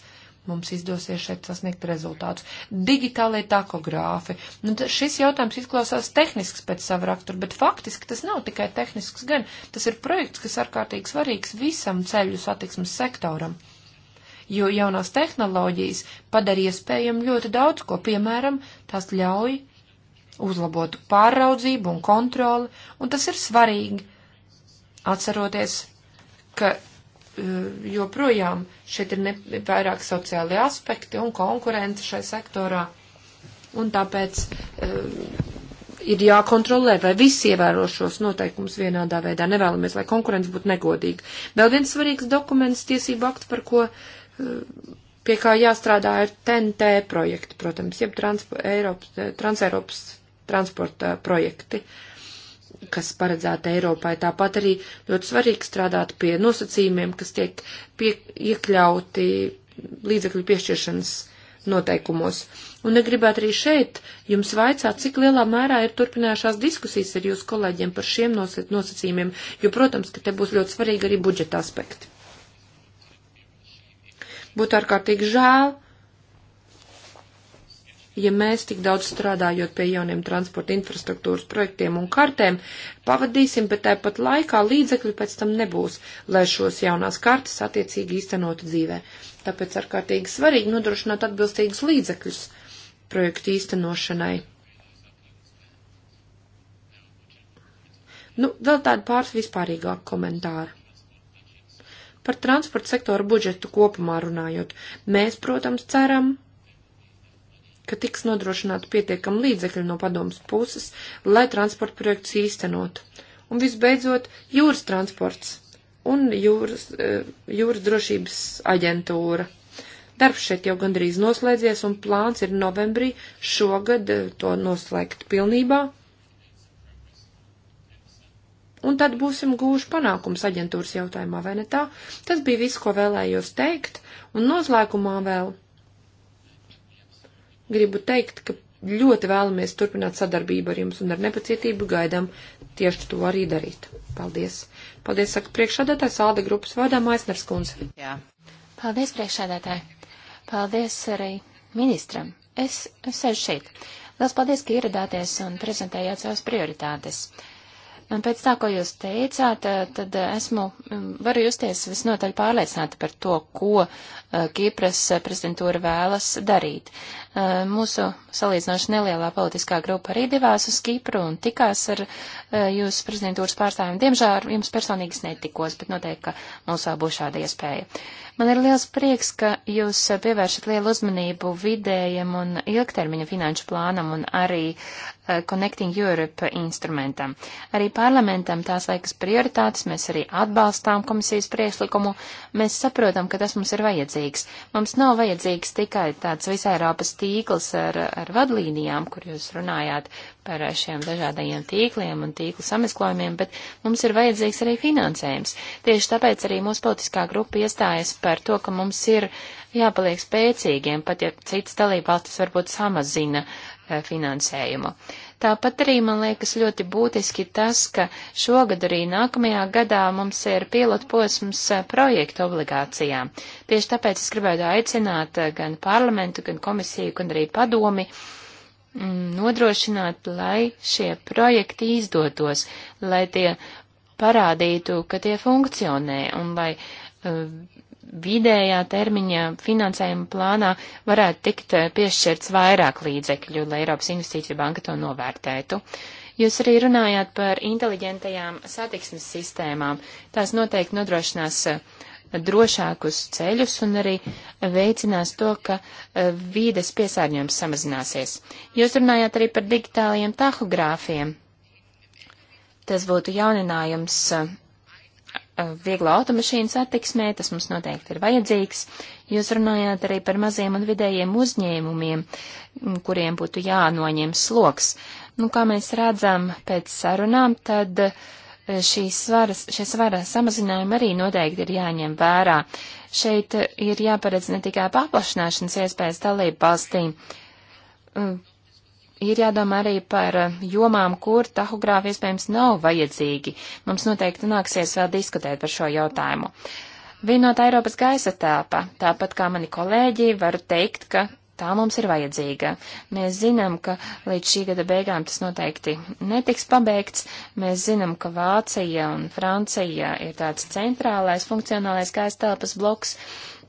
mums izdosies šeit sasniegt rezultātus. Digitālie takogrāfi. Nu, šis jautājums izklausās tehnisks pēc sava rakstura, bet faktiski tas nav tikai tehnisks gan. Tas ir projekts, kas ārkārtīgi svarīgs visam ceļu satiksmes sektoram jo jaunās tehnoloģijas padara iespējam ļoti daudz, ko, piemēram, tās ļauj uzlabot pārraudzību un kontroli, un tas ir svarīgi, atceroties, ka e, joprojām šeit ir ne, vairāk sociālie aspekti un konkurence šai sektorā, un tāpēc e, ir jākontrolē, vai visi ievēro šos noteikumus vienādā veidā. Nevēlamies, lai konkurence būtu negodīga. Vēl viens svarīgs dokuments, tiesību akts, par ko pie kā jāstrādā ir TNT projekti, protams, jeb transpo, Eiropas, eh, Transeiropas transporta eh, projekti, kas paredzēta Eiropai. Tāpat arī ļoti svarīgi strādāt pie nosacījumiem, kas tiek pie, iekļauti līdzekļu piešķiršanas noteikumos. Un negribētu arī šeit jums vaicāt, cik lielā mērā ir turpinājušās diskusijas ar jūsu kolēģiem par šiem nosacījumiem, jo, protams, ka te būs ļoti svarīgi arī budžeta aspekti. Būtu ārkārtīgi žēl, ja mēs tik daudz strādājot pie jauniem transporta infrastruktūras projektiem un kartēm, pavadīsim, bet tāpat laikā līdzekļi pēc tam nebūs, lai šos jaunās kartes attiecīgi īstenotu dzīvē. Tāpēc ārkārtīgi svarīgi nodrošināt atbilstīgus līdzekļus projektu īstenošanai. Nu, vēl tādu pāris vispārīgāku komentāru. Par transporta sektoru budžetu kopumā runājot, mēs, protams, ceram, ka tiks nodrošināta pietiekama līdzekļa no padomas puses, lai transporta projektus īstenotu. Un visbeidzot, jūras transports un jūras, e, jūras drošības aģentūra. Darbs šeit jau gandrīz noslēdzies, un plāns ir novembrī šogad e, to noslēgt pilnībā un tad būsim gūši panākums aģentūras jautājumā, vai ne tā? Tas bija viss, ko vēlējos teikt, un noslēgumā vēl gribu teikt, ka ļoti vēlamies turpināt sadarbību ar jums un ar nepacietību gaidām tieši to arī darīt. Paldies! Paldies, saka priekšādātājs Alda grupas vārdā Maisners kundze. Jā. Paldies, priekšādātāji! Paldies arī ministram! Es, es sēžu šeit. Liels paldies, ka ieradāties un prezentējāt savas prioritātes. Uh, Un pēc tā, ko jūs teicāt, eh, tad eh, esmu, mm, varu justies visnotaļ pārliecināta par to, ko eh, Kīpras prezidentūra vēlas darīt. Mūsu salīdzinoši nelielā politiskā grupa arī devās uz Kīpru un tikās ar jūsu prezidentūras pārstāvjiem. Diemžēl ar jums personīgi netikos, bet noteikti, ka mums vēl būs šāda iespēja. Man ir liels prieks, ka jūs pievēršat lielu uzmanību vidējam un ilgtermiņa finanšu plānam un arī Uh, Connecting Europe instrumentam. Arī parlamentam tās liekas prioritātes, mēs arī atbalstām komisijas prieslikumu, mēs saprotam, ka tas mums ir vajadzīgs. Mums nav vajadzīgs tikai tāds visai Eiropas tīkls ar, ar vadlīnijām, kur jūs runājāt par šiem dažādajiem tīkliem un tīklu samesklojumiem, bet mums ir vajadzīgs arī finansējums. Tieši tāpēc arī mūsu politiskā grupa iestājas par to, ka mums ir jāpaliek spēcīgiem, pat ja citas dalībvalstis varbūt samazina E, finansējumu. Tāpat arī man liekas ļoti būtiski tas, ka šogad arī nākamajā gadā mums ir pilotposms e, projektu obligācijām. Tieši tāpēc es gribētu aicināt e, gan parlamentu, gan komisiju, gan arī padomi mm, nodrošināt, lai šie projekti izdotos, lai tie parādītu, ka tie funkcionē un lai vidējā termiņā finansējuma plānā varētu tikt eh, piešķirts vairāk līdzekļu, lai Eiropas investīciju banka to novērtētu. Jūs arī runājāt par inteliģentajām satiksmes sistēmām. Tās noteikti nodrošinās eh, drošākus ceļus un arī veicinās to, ka eh, vīdes piesārņojums samazināsies. Jūs runājāt arī par digitālajiem tahogrāfiem. Tas būtu jauninājums Uh, vieglo automašīnu satiksmē, tas mums noteikti ir vajadzīgs. Jūs runājāt arī par maziem un vidējiem uzņēmumiem, kuriem būtu jānoņem sloks. Nu, kā mēs redzam pēc sarunām, tad uh, šīs svaras, šie svara samazinājumi arī noteikti ir jāņem vērā. Šeit ir jāparedz ne tikai paplašināšanas iespējas dalību valstīm, uh, ir jādomā arī par eh, jomām, kur tahogrāfi iespējams nav vajadzīgi. Mums noteikti nāksies vēl diskutēt par šo jautājumu. Vienotā Eiropas gaisa telpa, tāpat kā mani kolēģi, varu teikt, ka tā mums ir vajadzīga. Mēs zinām, ka līdz šī gada beigām tas noteikti netiks pabeigts. Mēs zinām, ka Vācija un Francija ir tāds centrālais funkcionālais gaisa telpas bloks.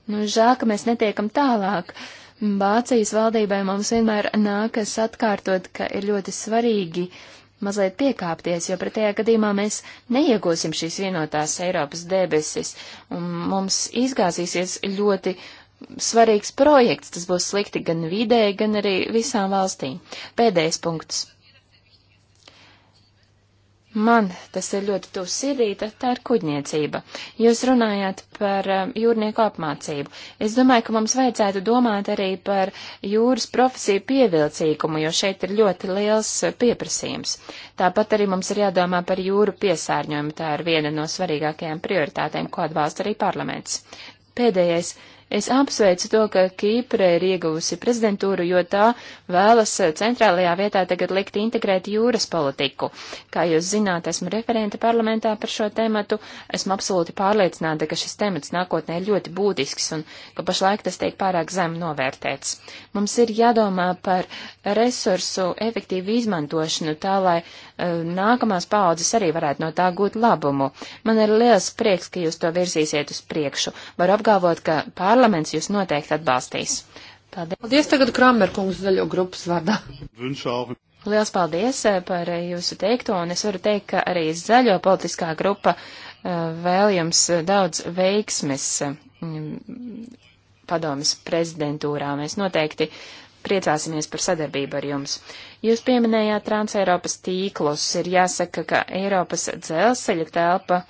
Nu, žēl, ka mēs netiekam tālāk. Uh, Vācijas valdībai mums vienmēr nākas atkārtot, ka ir ļoti svarīgi mazliet piekāpties, jo pretējā gadījumā mēs neiegūsim šīs vienotās Eiropas debesis, un mums izgāzīsies ļoti svarīgs projekts, tas būs slikti gan vidē, gan arī visām valstīm. Pēdējais punkts. Man tas ir ļoti tūs sirdī, tad tā ir kuģniecība. Jūs runājāt par um, jūrnieku apmācību. Es domāju, ka mums vajadzētu domāt arī par jūras profesiju pievilcīgumu, jo šeit ir ļoti liels uh, pieprasījums. Tāpat arī mums ir jādomā par jūru piesārņojumu. Tā ir viena no svarīgākajām prioritātēm, ko atbalsta arī parlaments. Pēdējais Es apsveicu to, ka Kīpre ir ieguvusi prezidentūru, jo tā vēlas eh, centrālajā vietā tagad likt integrēt jūras politiku. Kā jūs zināt, esmu referente parlamentā par šo tematu. Esmu absolūti pārliecināta, ka šis temats nākotnē ir ļoti būtisks un ka pašlaik tas tiek pārāk zem novērtēts. Mums ir jādomā par resursu efektīvu izmantošanu tā, lai uh, nākamās paaudzes arī varētu no tā gūt labumu. Man ir liels prieks, ka jūs to virzīsiet uz priekšu. Varu apgalvot, ka pārliecināta parlaments jūs noteikti atbalstīs. Paldies. Paldies tagad Kramerkungs zaļo grupas vārdā. Liels paldies eh, par eh, jūsu teikto, un es varu teikt, ka arī zaļo politiskā grupa eh, vēl jums daudz veiksmes mm, padomas prezidentūrā. Mēs noteikti priecāsimies par sadarbību ar jums. Jūs pieminējāt Transeiropas tīklus, ir jāsaka, ka Eiropas dzelzceļa telpa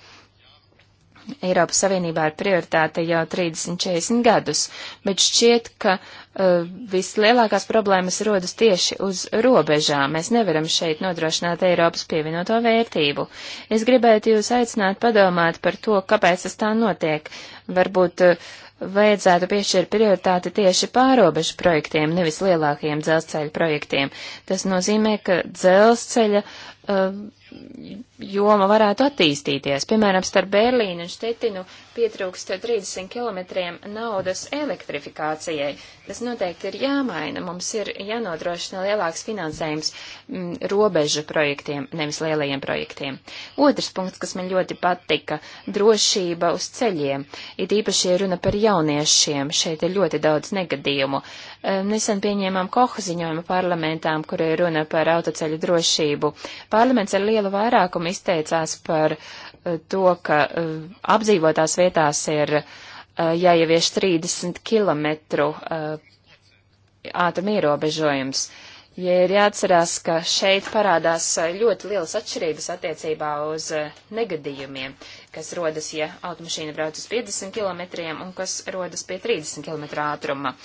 Eiropas Savienībā ir prioritāte jau 30-40 gadus, bet šķiet, ka uh, vislielākās problēmas rodas tieši uz robežām. Mēs nevaram šeit nodrošināt Eiropas pievienoto vērtību. Es gribētu jūs aicināt padomāt par to, kāpēc tas tā notiek. Varbūt uh, vajadzētu piešķirt prioritāti tieši pārobežu projektiem, nevis lielākajiem dzelzceļa projektiem. Tas nozīmē, ka dzelzceļa uh, joma varētu attīstīties. Piemēram, starp Berlīnu un Štetinu pietrūkst 30 kilometriem naudas elektrifikācijai. Tas noteikti ir jāmaina. Mums ir jānodrošina lielāks finansējums m, mm, robežu projektiem, nevis lielajiem projektiem. Otrs punkts, kas man ļoti patika - drošība uz ceļiem. It īpaši ir runa par jauniešiem. Šeit ir ļoti daudz negadījumu. Nesen pieņēmām koha ziņojumu parlamentām, kur ir runa par autoceļu drošību. Parlaments ar lielu vairākumu izteicās par uh, to, ka eh, apdzīvotās vietās ir eh, jāievieš 30 km ātruma ierobežojums. Ja ir jāatcerās, ka šeit parādās eh, ļoti lielas atšķirības attiecībā uz negadījumiem, kas rodas, ja automašīna brauc uz 50 km un kas rodas pie 30 km ātruma.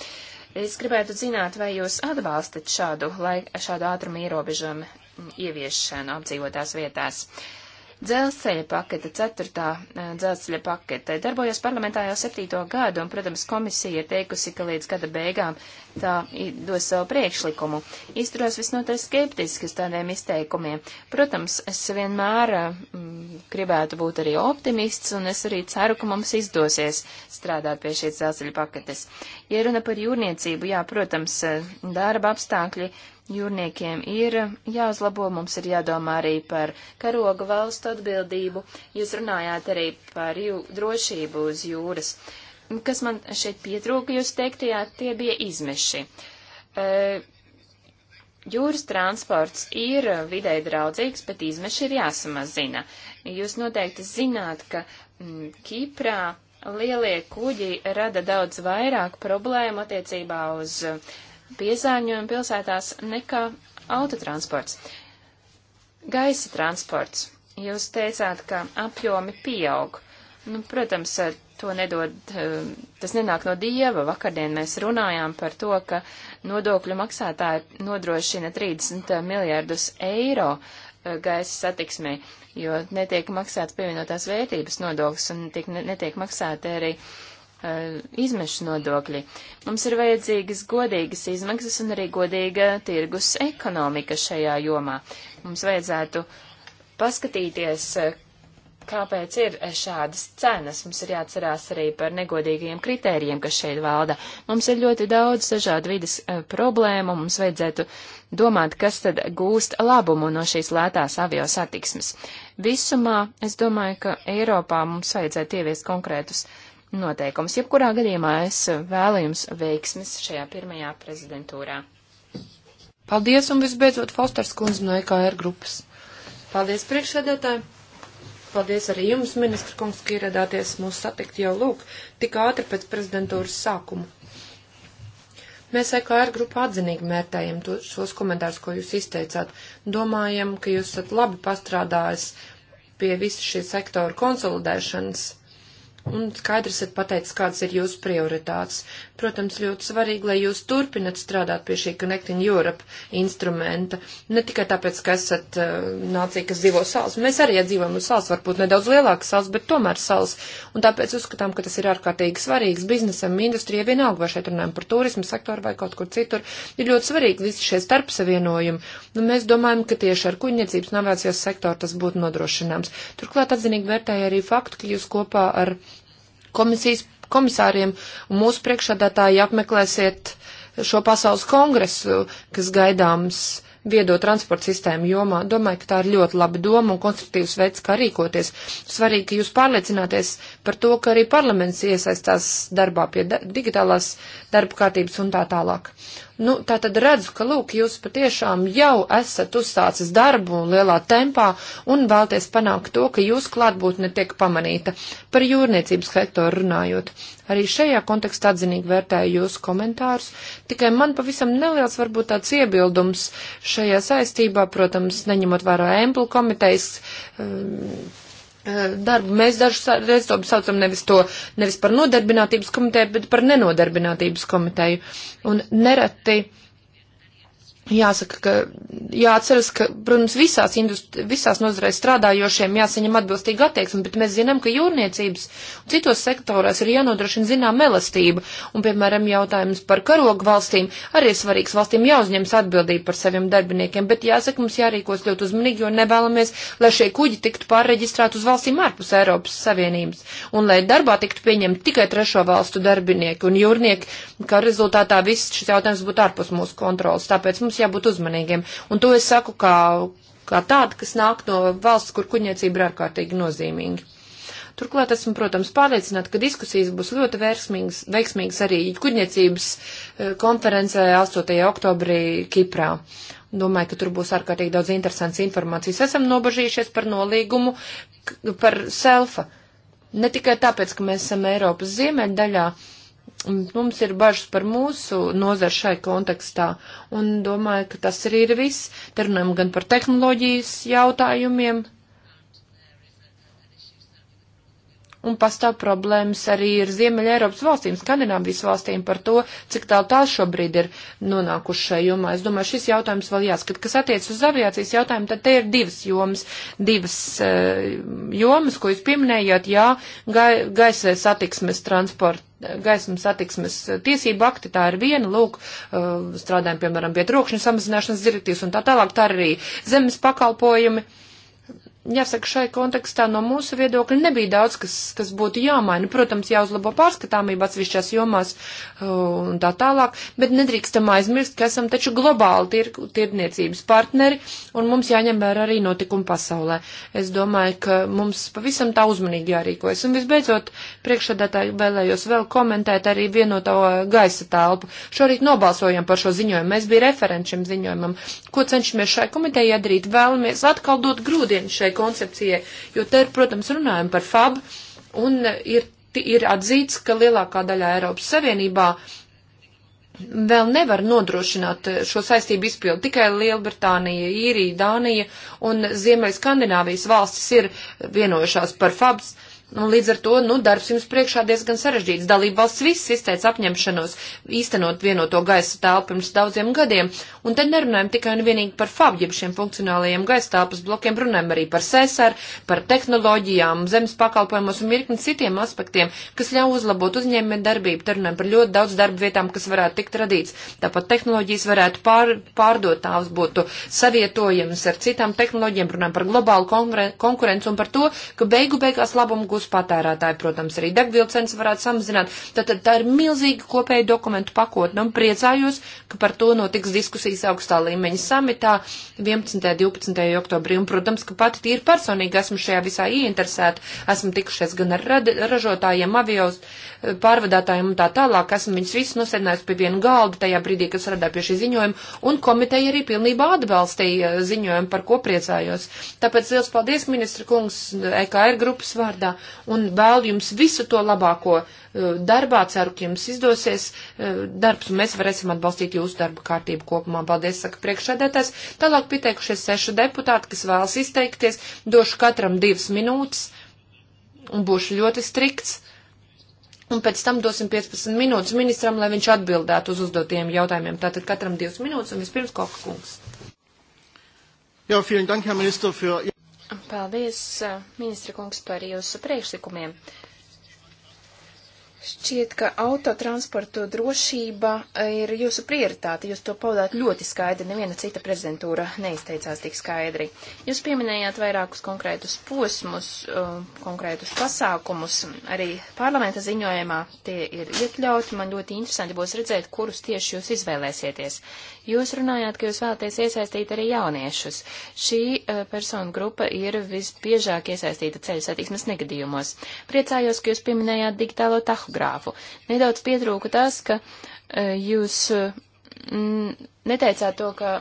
Es gribētu zināt, vai jūs atbalstat šādu, lai, šādu ātruma ierobežojumu mm, ieviešanu apdzīvotās vietās. Uh, Dzelzceļa pakete, ceturtā eh, dzelzceļa pakete, darbojos parlamentā jau septīto gadu, un, protams, komisija ir teikusi, ka līdz gada beigām tā dos savu priekšlikumu. Izturos visnotaļ skeptiski uz tādiem izteikumiem. Protams, es vienmēr mm, gribētu būt arī optimists, un es arī ceru, ka mums izdosies strādāt pie šīs dzelzceļa paketes. Ja runa par jūrniecību, jā, protams, darba apstākļi jūrniekiem ir jāuzlabo, mums ir jādomā arī par karoga valstu atbildību. Jūs runājāt arī par jū, drošību uz jūras. Uh, kas man šeit pietrūka jūs teiktajāt, tie bija izmeši. E, jūras transports ir videi draudzīgs, bet izmeši ir jāsamazina. Jūs noteikti zināt, ka m, mm, Kiprā lielie kuģi rada daudz vairāk problēmu attiecībā uz piesārņojumu pilsētās nekā autotransports. Gaisa transports. Jūs teicāt, ka apjomi pieaug. Nu, protams, eh, to nedod, eh, tas nenāk no dieva. Vakardien mēs runājām par to, ka nodokļu maksātāji nodrošina 30 miljārdus eiro eh, gaisa satiksmē, jo netiek maksāts pievienotās vērtības nodoklis un tiek, netiek maksāti arī uh, izmešu nodokļi. Mums ir vajadzīgas godīgas izmaksas un arī godīga tirgus ekonomika šajā jomā. Mums vajadzētu paskatīties, kāpēc ir šādas cenas. Mums ir jāatcerās arī par negodīgajiem kritērijiem, kas šeit valda. Mums ir ļoti daudz dažādu vidas uh, problēmu, mums vajadzētu domāt, kas tad gūst labumu no šīs lētās avio satiksmes. Visumā es domāju, ka Eiropā mums vajadzētu ieviest konkrētus noteikumus. Jebkurā gadījumā es vēlu jums veiksmes šajā pirmajā prezidentūrā. Paldies un visbeidzot Fosters kundze no EKR grupas. Paldies priekšsēdētāji! Paldies arī jums, ministra kungs, ka ieradāties mūs satikt jau lūk, tik ātri pēc prezidentūras sākuma. Mēs EKR grupā atzinīgi mērtējam to, šos komentārus, ko jūs izteicāt. Domājam, ka jūs esat labi pastrādājis pie visu šī sektoru konsolidēšanas un skaidrs ir pateicis, kādas ir jūsu prioritātes. Protams, ļoti svarīgi, lai jūs turpinat strādāt pie šī Connecting Europe instrumenta, ne tikai tāpēc, ka esat uh, nācija, kas dzīvo salas. Mēs arī ja dzīvojam uz salas, varbūt nedaudz lielākas salas, bet tomēr salas, un tāpēc uzskatām, ka tas ir ārkārtīgi svarīgs biznesam, industrijai vienalga, vai šeit runājam par turismu sektoru vai kaut kur citur. Ir ļoti svarīgi visi šie starpsavienojumi, un nu, mēs domājam, ka tieši ar kuģniecības navācijas sektoru tas būtu nodrošināms. Turklāt atzinīgi vērtēja arī faktu, ka jūs kopā ar komisijas komisāriem un mūsu priekšādātāji apmeklēsiet šo pasaules kongresu, kas gaidāms viedo transporta sistēmu jomā. Domāju, ka tā ir ļoti laba doma un konstruktīvs veids, kā rīkoties. Svarīgi, ka jūs pārliecināties par to, ka arī parlaments iesaistās darbā pie da digitālās darba kārtības un tā tālāk. Nu, tā tad redzu, ka, lūk, jūs patiešām jau esat uzsācis darbu lielā tempā un vēlties panākt to, ka jūs klātbūtne tiek pamanīta. Par jūrniecības hektoru runājot. Arī šajā kontekstā atzinīgi vērtēju jūsu komentārus, tikai man pavisam neliels varbūt tāds iebildums šajā saistībā, protams, neņemot vērā Emplu komitejas um, Eh, darbu. Mēs dažreiz to saucam nevis, to, nevis par nodarbinātības komiteju, bet par nenodarbinātības komiteju. Un nereti uh, Jāsaka, ka jāatceras, ka, protams, visās, visās nozarēs strādājošiem jāsaņem atbilstīga attieksme, bet mēs zinām, ka jūrniecības un citos sektorās ir jānodrošina zinām elastība, un, piemēram, jautājums par karogu valstīm arī ir svarīgs. Valstīm jāuzņems atbildība par saviem darbiniekiem, bet jāsaka, mums jārīkos ļoti uzmanīgi, jo nevēlamies, lai šie kuģi tiktu pārreģistrēti uz valstīm ārpus Eiropas Savienības, un lai darbā tiktu pieņemti tikai trešo valstu darbinieki un jūrnieki, kā rezultātā viss šis jautājums būtu ārpus mūsu kontrolas. Tāpēc mums mums jābūt uzmanīgiem. Un to es saku kā, kā tādu, kas nāk no valsts, kur kuģniecība ir ārkārtīgi nozīmīga. Turklāt esmu, protams, pārliecināta, ka diskusijas būs ļoti veiksmīgas, veiksmīgas arī kuģniecības e, konferencē 8. oktobrī Kiprā. Domāju, ka tur būs ārkārtīgi daudz interesants informācijas. Esam nobažījušies par nolīgumu, par selfa. Ne tikai tāpēc, ka mēs esam Eiropas ziemeļdaļā, daļā mums ir bažas par mūsu nozaru šai kontekstā, un domāju, ka tas arī ir viss. Te runājam gan par tehnoloģijas jautājumiem, un pastāv problēmas arī ar Ziemeļa Eiropas valstīm, Skandināvijas valstīm par to, cik tālu tās šobrīd ir nonākuši šai jomā. Es domāju, šis jautājums vēl jāskat. Kas attiec uz aviācijas jautājumu, tad te ir divas jomas, divas uh, jomas, ko jūs pieminējāt, jā, ga gaisa satiksmes transporta gaismas satiksmes tiesība akti, tā ir viena, lūk, eh, strādājam, piemēram, pie trokšņa samazināšanas direktīvas un tā tālāk, tā ir arī zemes pakalpojumi. Uh, jāsaka, šai kontekstā no mūsu viedokļa nebija daudz, kas, kas būtu jāmaina. Protams, jāuzlabo pārskatāmība atsevišķās jomās uh, un tā tālāk, bet nedrīkstam aizmirst, ka esam taču globāli tir, tirniecības partneri un mums jāņem vērā arī notikumi pasaulē. Es domāju, ka mums pavisam tā uzmanīgi jārīkojas. Un visbeidzot, priekšsēdētāji vēlējos vēl komentēt arī vienoto gaisa telpu. Šorīt nobalsojam par šo ziņojumu. Mēs bija referenčiem ziņojumam. Ko cenšamies šai komitejai darīt? Vēlamies atkal dot grūdienu šai koncepcijai, jo te, protams, runājam par FAB un ir, ir atzīts, ka lielākā daļā Eiropas Savienībā vēl nevar nodrošināt šo saistību izpildu. Tikai Lielbritānija, Īrija, Dānija un Ziemeļskandināvijas valstis ir vienojušās par FABS. Uh, Un līdz ar to, nu, darbs jums priekšā diezgan sarežģīts. Dalībvalsts viss izteica apņemšanos īstenot vienoto gaisa telpu pirms daudziem gadiem, un te nerunājam tikai un vienīgi par FAB, jeb šiem funkcionālajiem gaisa telpas blokiem, runājam arī par SESAR, par tehnoloģijām, zemes pakalpojumos un virkni citiem aspektiem, kas ļauj uzlabot uzņēmumiem darbību. Te runājam par ļoti daudz darba vietām, kas varētu tikt radīts. Tāpat tehnoloģijas varētu pār, pārdot, tās būtu savietojamas ar citām tehnoloģijām, runājam par globālu konkurenci un par to, ka beigu beigās labumu būs patērētāji, protams, arī degvielcenas varētu samazināt. Tātad tā ir milzīga kopēja dokumentu pakotne un priecājos, ka par to notiks diskusijas augstā līmeņa samitā 11. un 12. oktobrī. Un, protams, ka pati tīri personīgi esmu šajā visā ieinteresēta. Esmu tikušies gan ar ražotājiem, avios eh, pārvadātājiem un tā tālāk. Esmu viņus visus nosēdinājusi pie viena galda tajā brīdī, kad strādāju pie šī ziņojuma. Un komiteja arī pilnībā atbalstīja eh, ziņojumu, par ko priecājos. Tāpēc liels paldies, ministra kungs, EKR grupas vārdā un vēl jums visu to labāko uh, darbā. Ceru, ka jums izdosies uh, darbs un mēs varēsim atbalstīt jūsu darba kārtību kopumā. Paldies, saka priekšsēdētājs. Tālāk pieteikušies seši deputāti, kas vēlas izteikties. Došu katram divas minūtes un būšu ļoti strikts. Un pēc tam dosim 15 minūtes ministram, lai viņš atbildētu uz uzdotiem jautājumiem. Tātad katram 2 minūtes un vispirms Koka kungs. Jā, vielen dank, Herr Minister, für... Paldies, ministra kungs, par jūsu priekšlikumiem. Šķiet, ka autotransportu drošība ir jūsu prioritāte. Jūs to paudāt ļoti skaidri, neviena cita prezidentūra neizteicās tik skaidri. Jūs pieminējāt vairākus konkrētus posmus, um, konkrētus pasākumus. Arī parlamenta ziņojumā tie ir iekļauti. Man ļoti interesanti būs redzēt, kurus tieši jūs izvēlēsieties. Jūs runājāt, ka jūs vēlaties iesaistīt arī jauniešus. Šī uh, persona grupa ir visbiežāk iesaistīta ceļu satiksmes negadījumos. Priecājos, ka jūs pieminējāt digitālo tahogrāfu. Nedaudz pietrūka tas, ka uh, jūs mm, neteicāt to, ka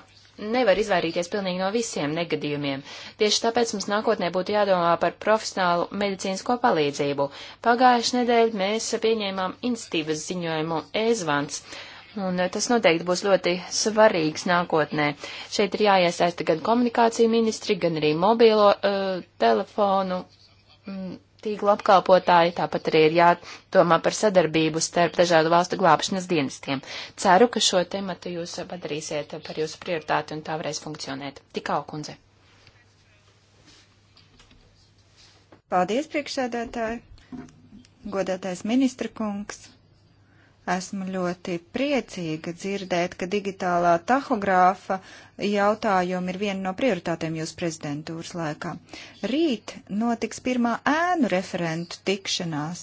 nevar izvairīties pilnīgi no visiem negadījumiem. Tieši tāpēc mums nākotnē būtu jādomā par profesionālu medicīnisko palīdzību. Pagājuši nedēļ mēs pieņēmām institīvas ziņojumu e-zvans. Un eh, tas noteikti būs ļoti svarīgs nākotnē. Šeit ir jāiesaista gan komunikāciju ministri, gan arī mobilo uh, telefonu mm, tīklu apkalpotāji, tāpat arī ir jādomā par sadarbību starp dažādu valstu glābšanas dienestiem. Ceru, ka šo tematu jūs padarīsiet par jūsu prioritāti un tā varēs funkcionēt. Tikā, kundze. Paldies, priekšsēdētāji, godātais ministra kungs. Esmu ļoti priecīga dzirdēt, ka digitālā tahogrāfa jautājumi ir viena no prioritātēm jūsu prezidentūras laikā. Rīt notiks pirmā ēnu referentu tikšanās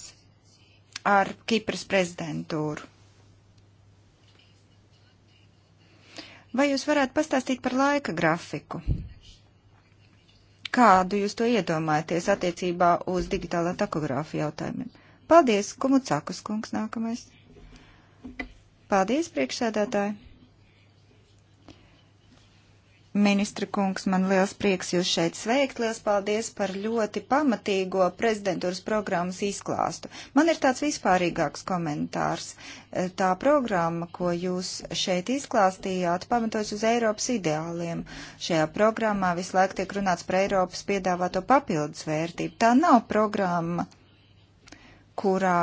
ar Kipras prezidentūru. Vai jūs varētu pastāstīt par laika grafiku? Kādu jūs to iedomājaties attiecībā uz digitālā takogrāfa jautājumiem? Paldies, Kumucakus kungs nākamais. Paldies, priekšsēdētāji! Ministra kungs, man liels prieks jūs šeit sveikt. Liels paldies par ļoti pamatīgo prezidentūras programmas izklāstu. Man ir tāds vispārīgāks komentārs. Tā programma, ko jūs šeit izklāstījāt, pamatojas uz Eiropas ideāliem. Šajā programmā visu laiku tiek runāts par Eiropas piedāvāto papildus vērtību. Tā nav programma, kurā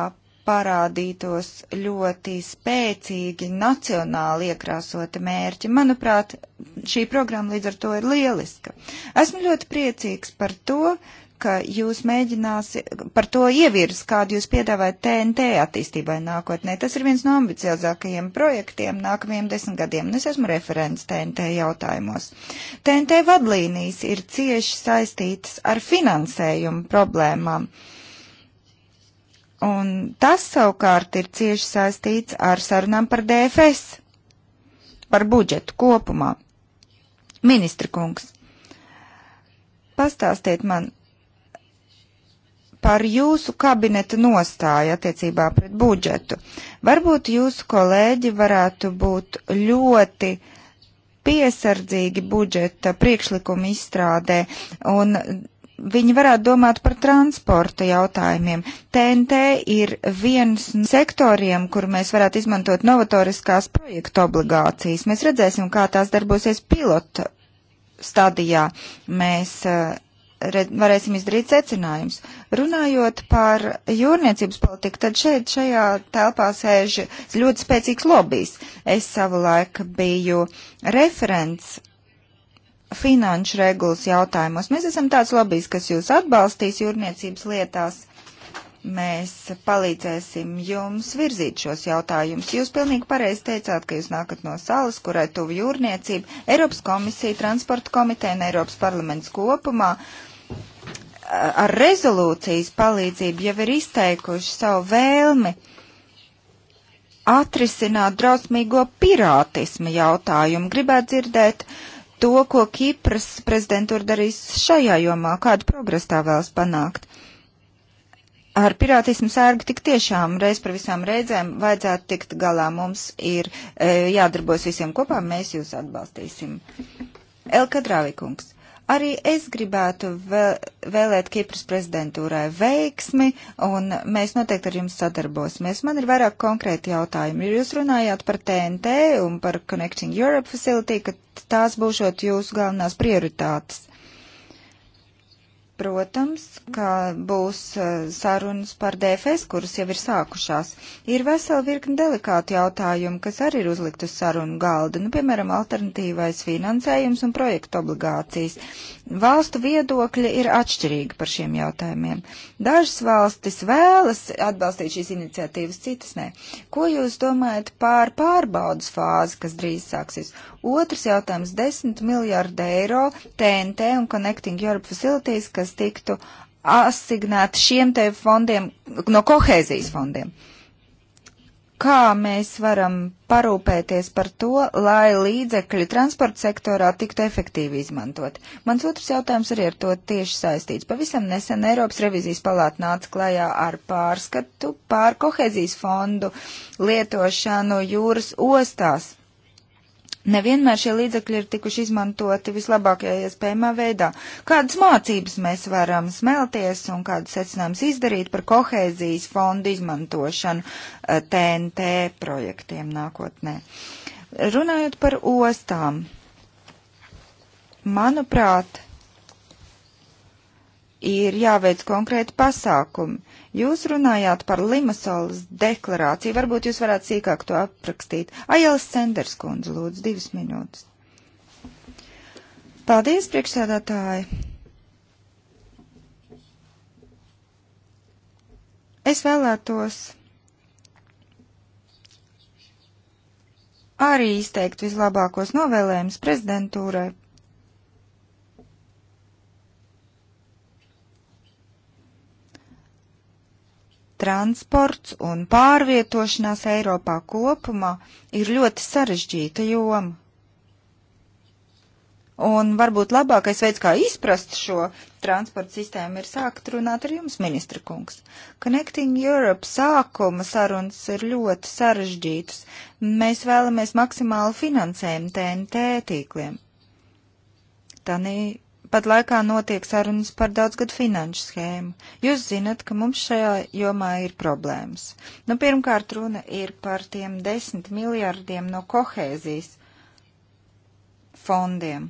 parādītos ļoti spēcīgi nacionāli iekrāsota mērķi. Manuprāt, šī programma līdz ar to ir lieliska. Esmu ļoti priecīgs par to, ka jūs mēģināsiet par to ievirs, kādu jūs piedāvājat TNT attīstībai nākotnē. Tas ir viens no ambiciozākajiem projektiem nākamajiem desmit gadiem, un nu, es esmu referents TNT jautājumos. TNT vadlīnijas ir cieši saistītas ar finansējumu problēmām. Uh, Un tas savukārt ir cieši saistīts ar sarunām par DFS, par budžetu kopumā. Ministra kungs, pastāstiet man par jūsu kabineta nostāju attiecībā pret budžetu. Varbūt jūsu kolēģi varētu būt ļoti piesardzīgi budžeta priekšlikumu izstrādē un viņi varētu domāt par transporta jautājumiem. TNT ir viens no sektoriem, kur mēs varētu izmantot novatoriskās projektu obligācijas. Mēs redzēsim, kā tās darbosies pilota stadijā. Mēs uh, eh, red, varēsim izdarīt secinājumus. Runājot par jūrniecības politiku, tad šeit šajā telpā sēž ļoti spēcīgs lobijs. Es savulaik biju referents finanšu regulas jautājumos. Mēs esam tāds lobijs, kas jūs atbalstīs jūrniecības lietās. Mēs palīdzēsim jums virzīt šos jautājumus. Jūs pilnīgi pareizi teicāt, ka jūs nākat no salas, kurai tuvu jūrniecība, Eiropas komisija, transporta komiteja un Eiropas parlaments kopumā ar rezolūcijas palīdzību jau ir izteikuši savu vēlmi atrisināt drausmīgo pirātismu jautājumu. Gribētu dzirdēt uh, to, ko Kipras prezidentūra darīs šajā jomā, kādu progresu tā vēlas panākt. Ar pirātismu sērgu tik tiešām reiz par visām reizēm vajadzētu tikt galā. Mums ir e, jādarbojas visiem kopā, mēs jūs atbalstīsim. Elka Drāvikungs. Arī es gribētu vēlēt Kipras prezidentūrai veiksmi, un mēs noteikti ar jums sadarbosimies. Man ir vairāk konkrēti jautājumi. Jūs runājāt par TNT un par Connecting Europe Facility, ka tās būšot jūsu galvenās prioritātes. Protams, ka būs e, sarunas par DFS, kuras jau ir sākušās. Ir vesela virkni delikāti jautājumi, kas arī ir uzlikt uz sarunu galda, nu, piemēram, alternatīvais finansējums un projektu obligācijas. Valstu viedokļi ir atšķirīgi par šiem jautājumiem. Dažas valstis vēlas atbalstīt šīs iniciatīvas, citas nē. Ko jūs domājat par pārbaudas fāzi, kas drīz sāksies? Otrs jautājums - 10 miljārdi eiro TNT un Connecting Europe Facilities, kas tiktu asignēti šiem te fondiem no kohēzijas fondiem. Kā mēs varam parūpēties par to, lai līdzekļi transporta sektorā tiktu efektīvi izmantot? Mans otrs jautājums arī ar to tieši saistīts. Pavisam nesen Eiropas revizijas palāta nāca klajā ar pārskatu pār kohēzijas fondu lietošanu jūras ostās Nevienmēr šie līdzekļi ir tikuši izmantoti vislabākajā iespējamā veidā. Kādas mācības mēs varam smelties un kādas secinājumus izdarīt par kohēzijas fondu izmantošanu TNT eh, projektiem nākotnē? Runājot par ostām, manuprāt, ir jāveic konkrēti pasākumi. Jūs runājāt par Limasolas deklarāciju, varbūt jūs varētu sīkāk to aprakstīt. Ajēlis Senders kundze, lūdzu, divas minūtes. Paldies, priekšsēdētāji! Es vēlētos arī izteikt vislabākos novēlējumus prezidentūrai Transports un pārvietošanās Eiropā kopumā ir ļoti sarežģīta joma. Un varbūt labākais veids, kā izprast šo transporta sistēmu, ir sākt runāt ar jums, ministra kungs. Connecting Europe sākuma sarunas ir ļoti sarežģītas. Mēs vēlamies maksimālu finansējumu TNT tīkliem. Tanī pat laikā notiek sarunas par daudzgadu finanšu schēmu. Jūs zinat, ka mums šajā jomā ir problēmas. Nu, pirmkārt, runa ir par tiem desmit miljārdiem no kohēzijas fondiem.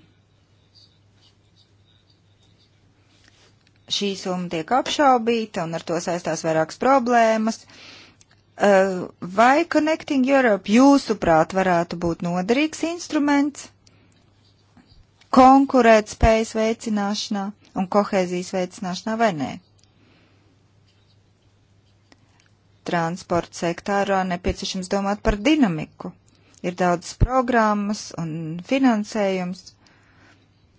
Šī summa tiek apšaubīta un ar to saistās vairākas problēmas. Uh, vai Connecting Europe jūsuprāt varētu būt noderīgs instruments? konkurētspējas veicināšanā un kohēzijas veicināšanā vai nē? Transporta sektārā nepieciešams domāt par dinamiku. Ir daudz programmas un finansējums,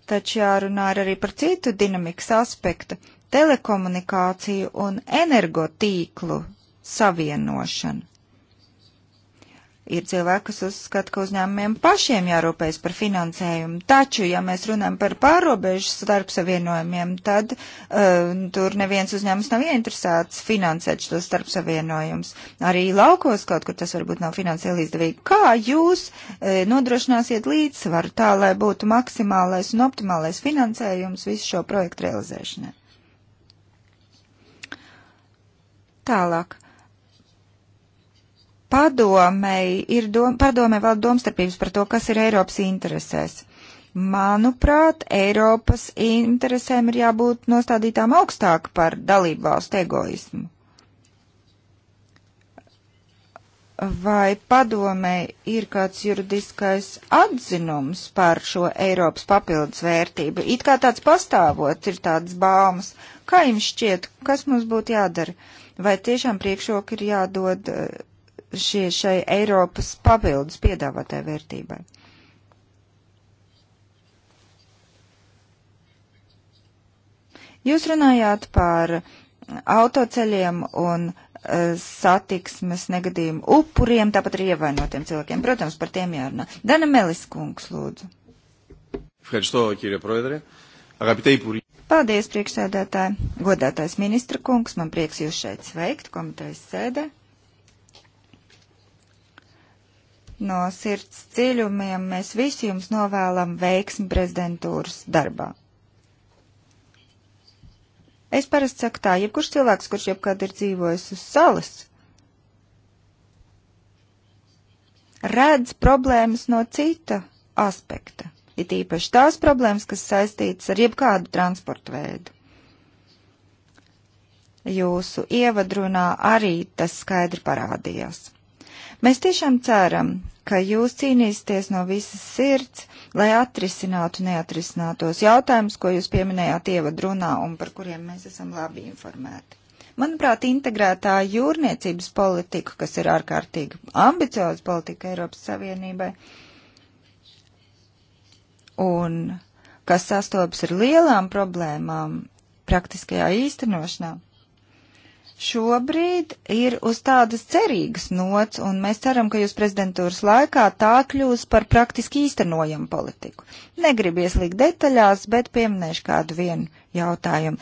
taču jārunā arī par citu dinamikas aspektu - telekomunikāciju un energotīklu savienošanu. Ir cilvēki, kas uzskata, ka uzņēmumiem pašiem jārūpējas par finansējumu, taču, ja mēs runājam par pārobežu starpsavienojumiem, tad uh, tur neviens uzņēmums nav ieinteresēts finansēt šos starpsavienojumus. Arī laukos kaut kur tas varbūt nav finansiāli izdevīgi. Kā jūs uh, nodrošināsiet līdzsvaru tā, lai būtu maksimālais un optimālais finansējums visu šo projektu realizēšanai? Tālāk Padomei ir dom, padomei vēl domstarpības par to, kas ir Eiropas interesēs. Manuprāt, Eiropas interesēm ir jābūt nostādītām augstāk par dalību valstu egoismu. Vai padomē ir kāds juridiskais atzinums par šo Eiropas papildus vērtību? It kā tāds pastāvot, ir tādas baumas. Kā jums šķiet, kas mums būtu jādara? Vai tiešām priekšroka ir jādod eh, šie, šai Eiropas papildus piedāvātai vērtībai. Jūs runājāt par autoceļiem un e, satiksmes negadījumu upuriem, tāpat arī ievainotiem cilvēkiem. Protams, par tiem jārunā. Dana Melis kungs, lūdzu. Paldies, priekšsēdētāji. Godātais ministra kungs, man prieks jūs šeit sveikt komitejas sēdē. No sirds dziļumiem mēs visi jums novēlam veiksmi prezidentūras darbā. Es parasti saku tā, jebkurš cilvēks, kurš jebkad ir dzīvojis uz salas, redz problēmas no cita aspekta. Ir tīpaši tās problēmas, kas saistītas ar jebkādu transportu veidu. Jūsu ievadrunā arī tas skaidri parādījās. Mēs tiešām ceram, ka jūs cīnīsieties no visas sirds, lai atrisinātu neatrisinātos jautājumus, ko jūs pieminējāt ievadrunā un par kuriem mēs esam labi informēti. Manuprāt, integrētā jūrniecības politika, kas ir ārkārtīgi ambicioza politika Eiropas Savienībai, un kas sastopas ar lielām problēmām praktiskajā īstenošanā, šobrīd ir uz tādas cerīgas nots, un mēs ceram, ka jūs prezidentūras laikā tā kļūs par praktiski īstenojamu politiku. Negribu ieslīgt detaļās, bet pieminēšu kādu vienu jautājumu.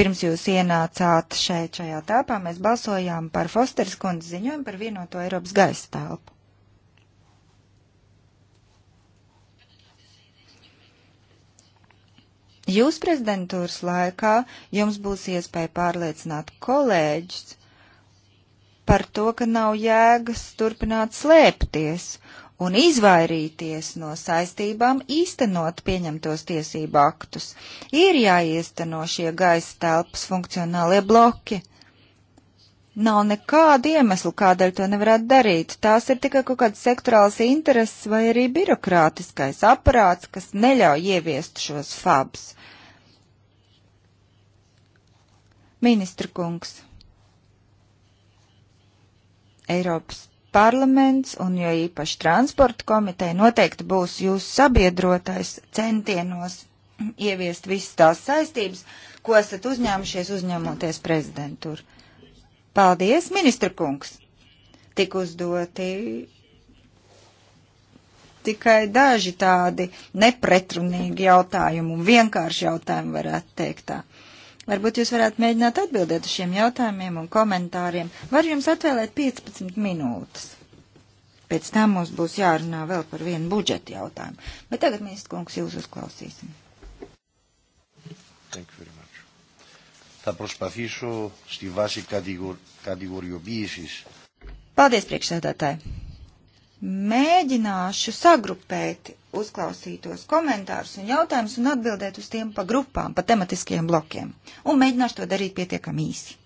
Pirms jūs ienācāt šeit šajā telpā, mēs balsojām par Fosteris kundzi ziņojumu par vienoto Eiropas gaisa telpu. Jūs prezidentūras laikā jums būs iespēja pārliecināt kolēģis par to, ka nav jēgas turpināt slēpties un izvairīties no saistībām īstenot pieņemtos tiesību aktus. Ir jāiesteno šie gaisa telpas funkcionālie bloki. Nav nekāda iemesla, kādēļ to nevarētu darīt. Tās ir tikai kaut kādas sektorālas intereses vai arī birokrātiskais aparāts, kas neļauj ieviest šos fabs. Ministra kungs, Eiropas parlaments un jo īpaši transporta komiteja noteikti būs jūsu sabiedrotais centienos ieviest visas tās saistības, ko esat uzņēmušies uzņemoties prezidentūru. Paldies, ministra kungs! Tik uzdoti tikai daži tādi nepretrunīgi jautājumi un vienkārši jautājumi varētu teikt tā. Varbūt jūs varētu mēģināt atbildēt uz šiem jautājumiem un komentāriem. Var jums atvēlēt 15 minūtes. Pēc tam mums būs jārunā vēl par vienu budžeta jautājumu. Bet tagad, ministrs kungs, jūs uzklausīsim. Thank you very much. Θα προσπαθήσω στη βάση κατηγοριοποίησης. Paldies, priekšsēdētāji! Mēģināšu sagrupēt uzklausītos komentārus un jautājumus un atbildēt uz tiem pa grupām, pa tematiskajiem blokiem. Un mēģināšu to darīt pietiekami īsi.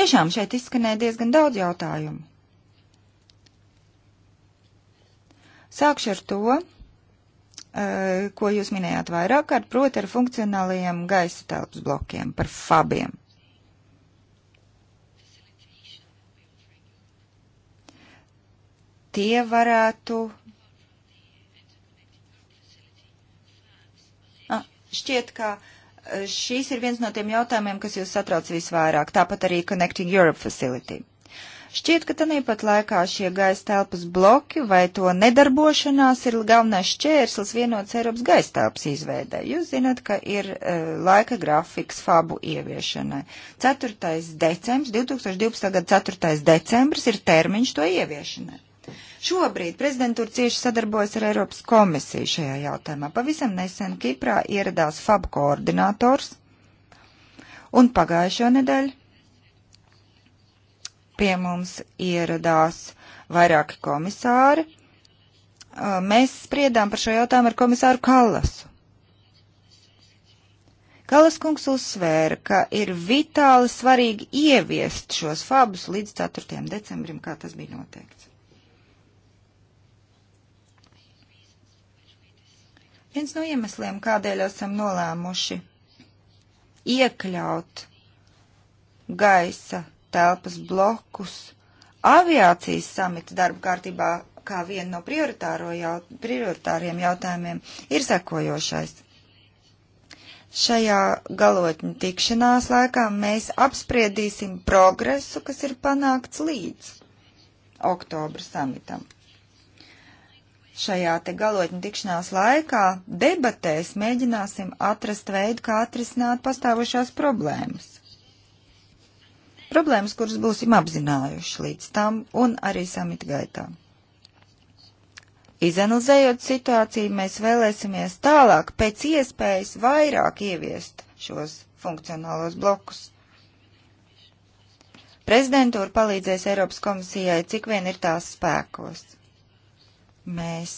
Tiešām šeit izskanēja diezgan daudz jautājumu. Sākšu ar to, Eh, ko jūs minējāt vairāk kārt, proti ar funkcionālajiem gaisa telpas blokiem, par fabiem. Tie varētu. A, ah, šķiet, ka eh, šīs ir viens no tiem jautājumiem, kas jūs satrauc visvairāk, tāpat arī Connecting Europe Facility. Šķiet, ka tāpat laikā šie gaisa telpas bloki vai to nedarbošanās ir galvenais šķērslis vienots Eiropas gaisa telpas izveidē. Jūs zināt, ka ir uh, laika grafiks fabu ieviešanai. 4. decembris, 2012. gada 4. decembris ir termiņš to ieviešanai. Šobrīd prezidentūra cieši sadarbojas ar Eiropas komisiju šajā jautājumā. Pavisam nesen Kiprā ieradās FAB koordinators, un pagājušo nedēļu pie mums ieradās vairāki komisāri. Mēs spriedām par šo jautājumu ar komisāru Kallasu. Kalas kungs uzsvēra, ka ir vitāli svarīgi ieviest šos fabus līdz 4. decembrim, kā tas bija noteikts. Viens no iemesliem, kādēļ esam nolēmuši iekļaut gaisa telpas blokus aviācijas samita darba kārtībā kā vienu no jaut, prioritāriem jautājumiem ir sekojošais. Šajā galotņu tikšanās laikā mēs apspriedīsim progresu, kas ir panākts līdz oktobra samitam. Šajā te galotņu tikšanās laikā debatēs mēģināsim atrast veidu, kā atrisināt pastāvošās problēmas problēmas, kuras būsim apzinājuši līdz tam un arī samita gaitā. Izanalizējot situāciju, mēs vēlēsimies tālāk pēc iespējas vairāk ieviest šos funkcionālos blokus. Prezidentūra palīdzēs Eiropas komisijai, cik vien ir tās spēkos. Mēs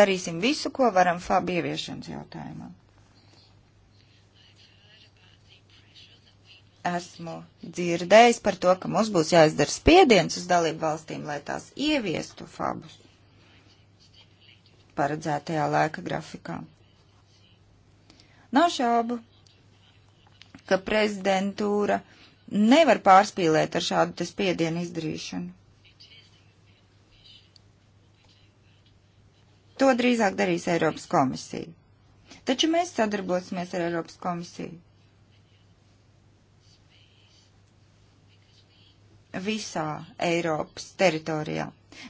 darīsim visu, ko varam FAB ieviešanas jautājumā. esmu dzirdējis par to, ka mums būs jāizdara spiediens uz dalību valstīm, lai tās ieviestu fabus paredzētajā laika grafikā. Nav šaubu, ka prezidentūra nevar pārspīlēt ar šādu spiedienu izdarīšanu. To drīzāk darīs Eiropas komisija. Taču mēs sadarbosimies ar Eiropas komisiju. visā Eiropas teritorijā.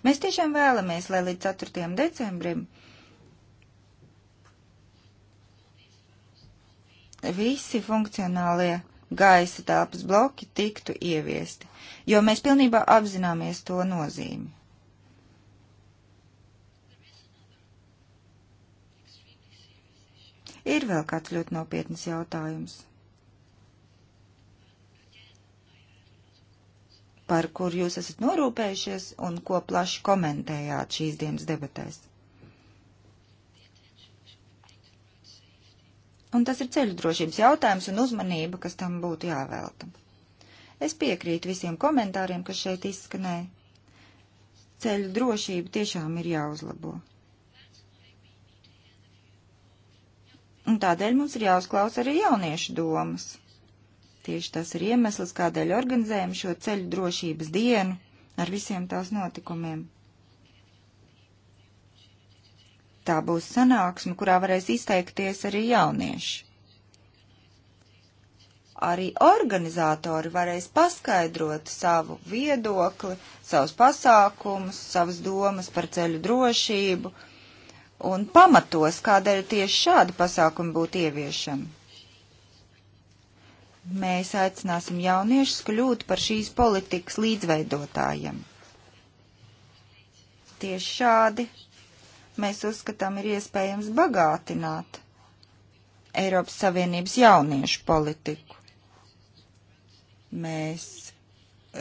Mēs tiešām vēlamies, lai līdz 4. decembrim visi funkcionālie gaisa telpas bloki tiktu ieviesti, jo mēs pilnībā apzināmies to nozīmi. Ir vēl kāds ļoti nopietns jautājums. par kur jūs esat norūpējušies un ko plaši komentējāt šīs dienas debatēs. Un tas ir ceļu drošības jautājums un uzmanība, kas tam būtu jāvelta. Es piekrītu visiem komentāriem, kas šeit izskanēja. Ceļu drošība tiešām ir jāuzlabo. Un tādēļ mums ir jāuzklausa arī jauniešu domas. Tieši tas ir iemesls, kādēļ organizējam šo ceļu drošības dienu ar visiem tās notikumiem. Tā būs sanāksme, kurā varēs izteikties arī jaunieši. Arī organizatori varēs paskaidrot savu viedokli, savus pasākumus, savas domas par ceļu drošību un pamatos, kādēļ tieši šādi pasākumi būtu ieviešami mēs aicināsim jauniešus kļūt par šīs politikas līdzveidotājiem. Tieši šādi mēs uzskatām ir iespējams bagātināt Eiropas Savienības jauniešu politiku. Mēs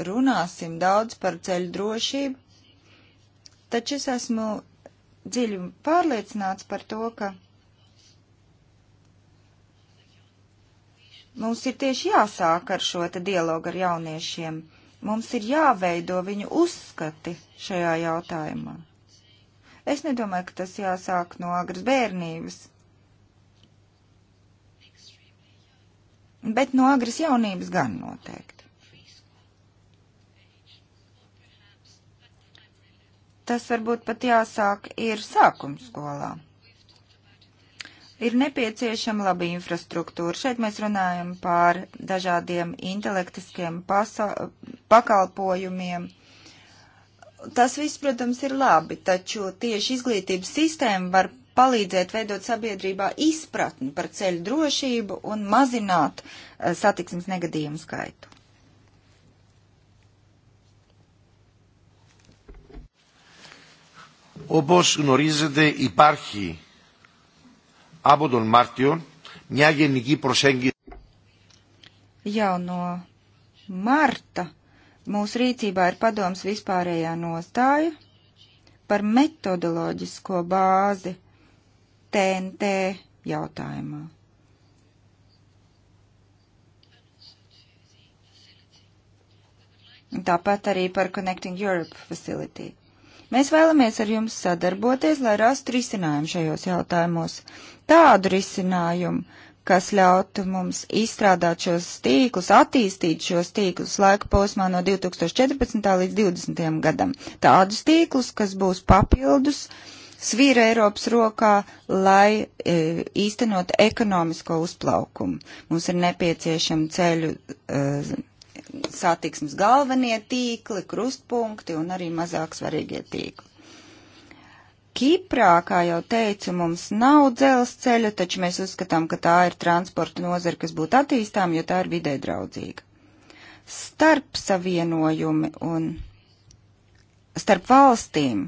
runāsim daudz par ceļu drošību, taču es esmu dziļi pārliecināts par to, ka Mums ir tieši jāsāk ar šo te dialogu ar jauniešiem. Mums ir jāveido viņu uzskati šajā jautājumā. Es nedomāju, ka tas jāsāk no agras bērnības. Bet no agras jaunības gan noteikti. Tas varbūt pat jāsāk ir sākums skolā ir nepieciešama laba infrastruktūra. Šeit mēs runājam par dažādiem intelektiskiem pakalpojumiem. Tas viss, protams, ir labi, taču tieši izglītības sistēma var palīdzēt veidot sabiedrībā izpratni par ceļu drošību un mazināt eh, satiksmes negadījumu skaitu. Όπως γνωρίζετε υπάρχει από τον Μάρτιο μια γενική προσέγγιση. Jau no marta mūsu rīcībā ir padoms vispārējā nostāja par metodoloģisko bāzi TNT jautājumā. Tāpat arī par Connecting Europe Facility. Mēs vēlamies ar jums sadarboties, lai rastu risinājumu šajos jautājumos tādu risinājumu, kas ļautu mums izstrādāt šos tīklus, attīstīt šos tīklus laika posmā no 2014. līdz 2020. gadam. Tādus tīklus, kas būs papildus svīra Eiropas rokā, lai e, īstenot ekonomisko uzplaukumu. Mums ir nepieciešama ceļu e, satiksmes galvenie tīkli, krustpunkti un arī mazāk svarīgie tīkli. Kiprā, kā jau teicu, mums nav dzelzceļa, taču mēs uzskatām, ka tā ir transporta nozara, kas būtu attīstām, jo tā ir vidē draudzīga. Starp savienojumi un starp valstīm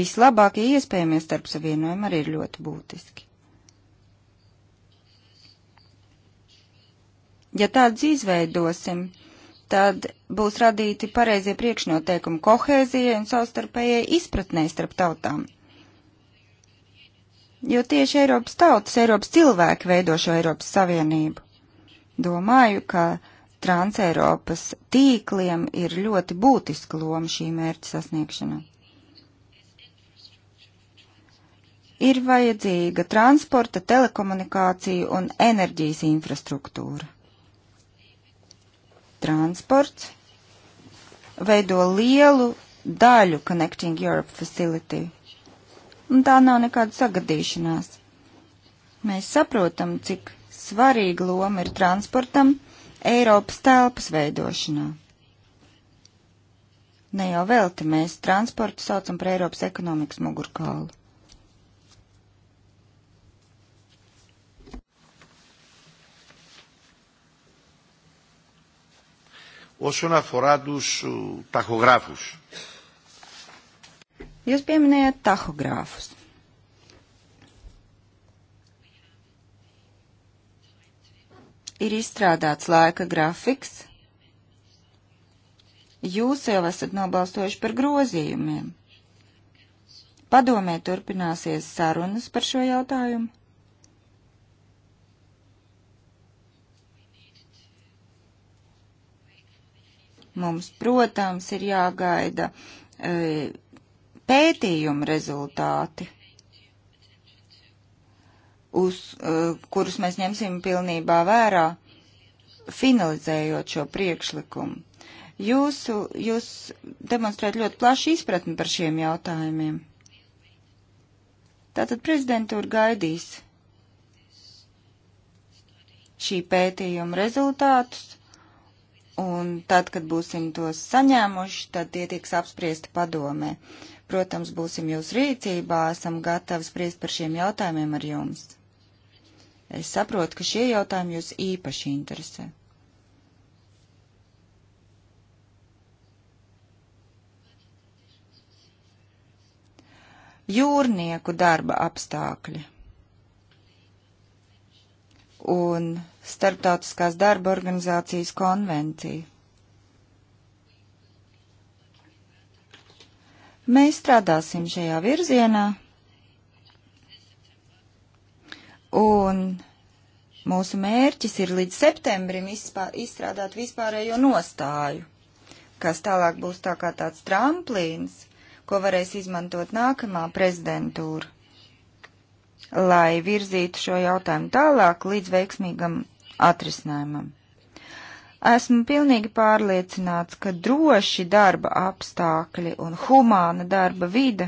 vislabākie iespējamie starp savienojumi arī ir ļoti būtiski. Ja tādus izveidosim, tad būs radīti pareizie priekšnoteikumi kohēzijai un savstarpējai izpratnē starp tautām. Jo tieši Eiropas tautas, Eiropas cilvēki veido šo Eiropas Savienību. Domāju, ka Transeiropas tīkliem ir ļoti būtiska loma šī mērķa sasniegšanā. Ir vajadzīga transporta, telekomunikācija un enerģijas infrastruktūra transports veido lielu daļu Connecting Europe Facility. Un tā nav nekāda sagadīšanās. Mēs saprotam, cik svarīga loma ir transportam Eiropas telpas veidošanā. Ne jau velti mēs transportu saucam par Eiropas ekonomikas mugurkaulu. όσον αφορά τους ταχογράφους. Jūs pieminējāt tahogrāfus. Ir izstrādāts laika grafiks. Jūs jau esat nobalstojuši par grozījumiem. Padomē turpināsies sarunas par šo jautājumu. Mums, protams, ir jāgaida e, pētījuma rezultāti, uz, e, kurus mēs ņemsim pilnībā vērā, finalizējot šo priekšlikumu. Jūsu, jūs demonstrējat ļoti plašu izpratni par šiem jautājumiem. Tātad prezidentūra gaidīs šī pētījuma rezultātus un tad, kad būsim tos saņēmuši, tad tie tiks apspriesti padomē. Protams, būsim jūs rīcībā, esam gatavi spriest par šiem jautājumiem ar jums. Es saprotu, ka šie jautājumi jūs īpaši interesē. Jūrnieku darba apstākļi un Starptautiskās darba organizācijas konvenciju. Mēs strādāsim šajā virzienā, un mūsu mērķis ir līdz septembrim izspār, izstrādāt vispārējo nostāju, kas tālāk būs tā kā tāds tramplīns, ko varēs izmantot nākamā prezidentūra, lai virzītu šo jautājumu tālāk līdz veiksmīgam atrisinājumam. Esmu pilnīgi pārliecināts, ka droši darba apstākļi un humāna darba vide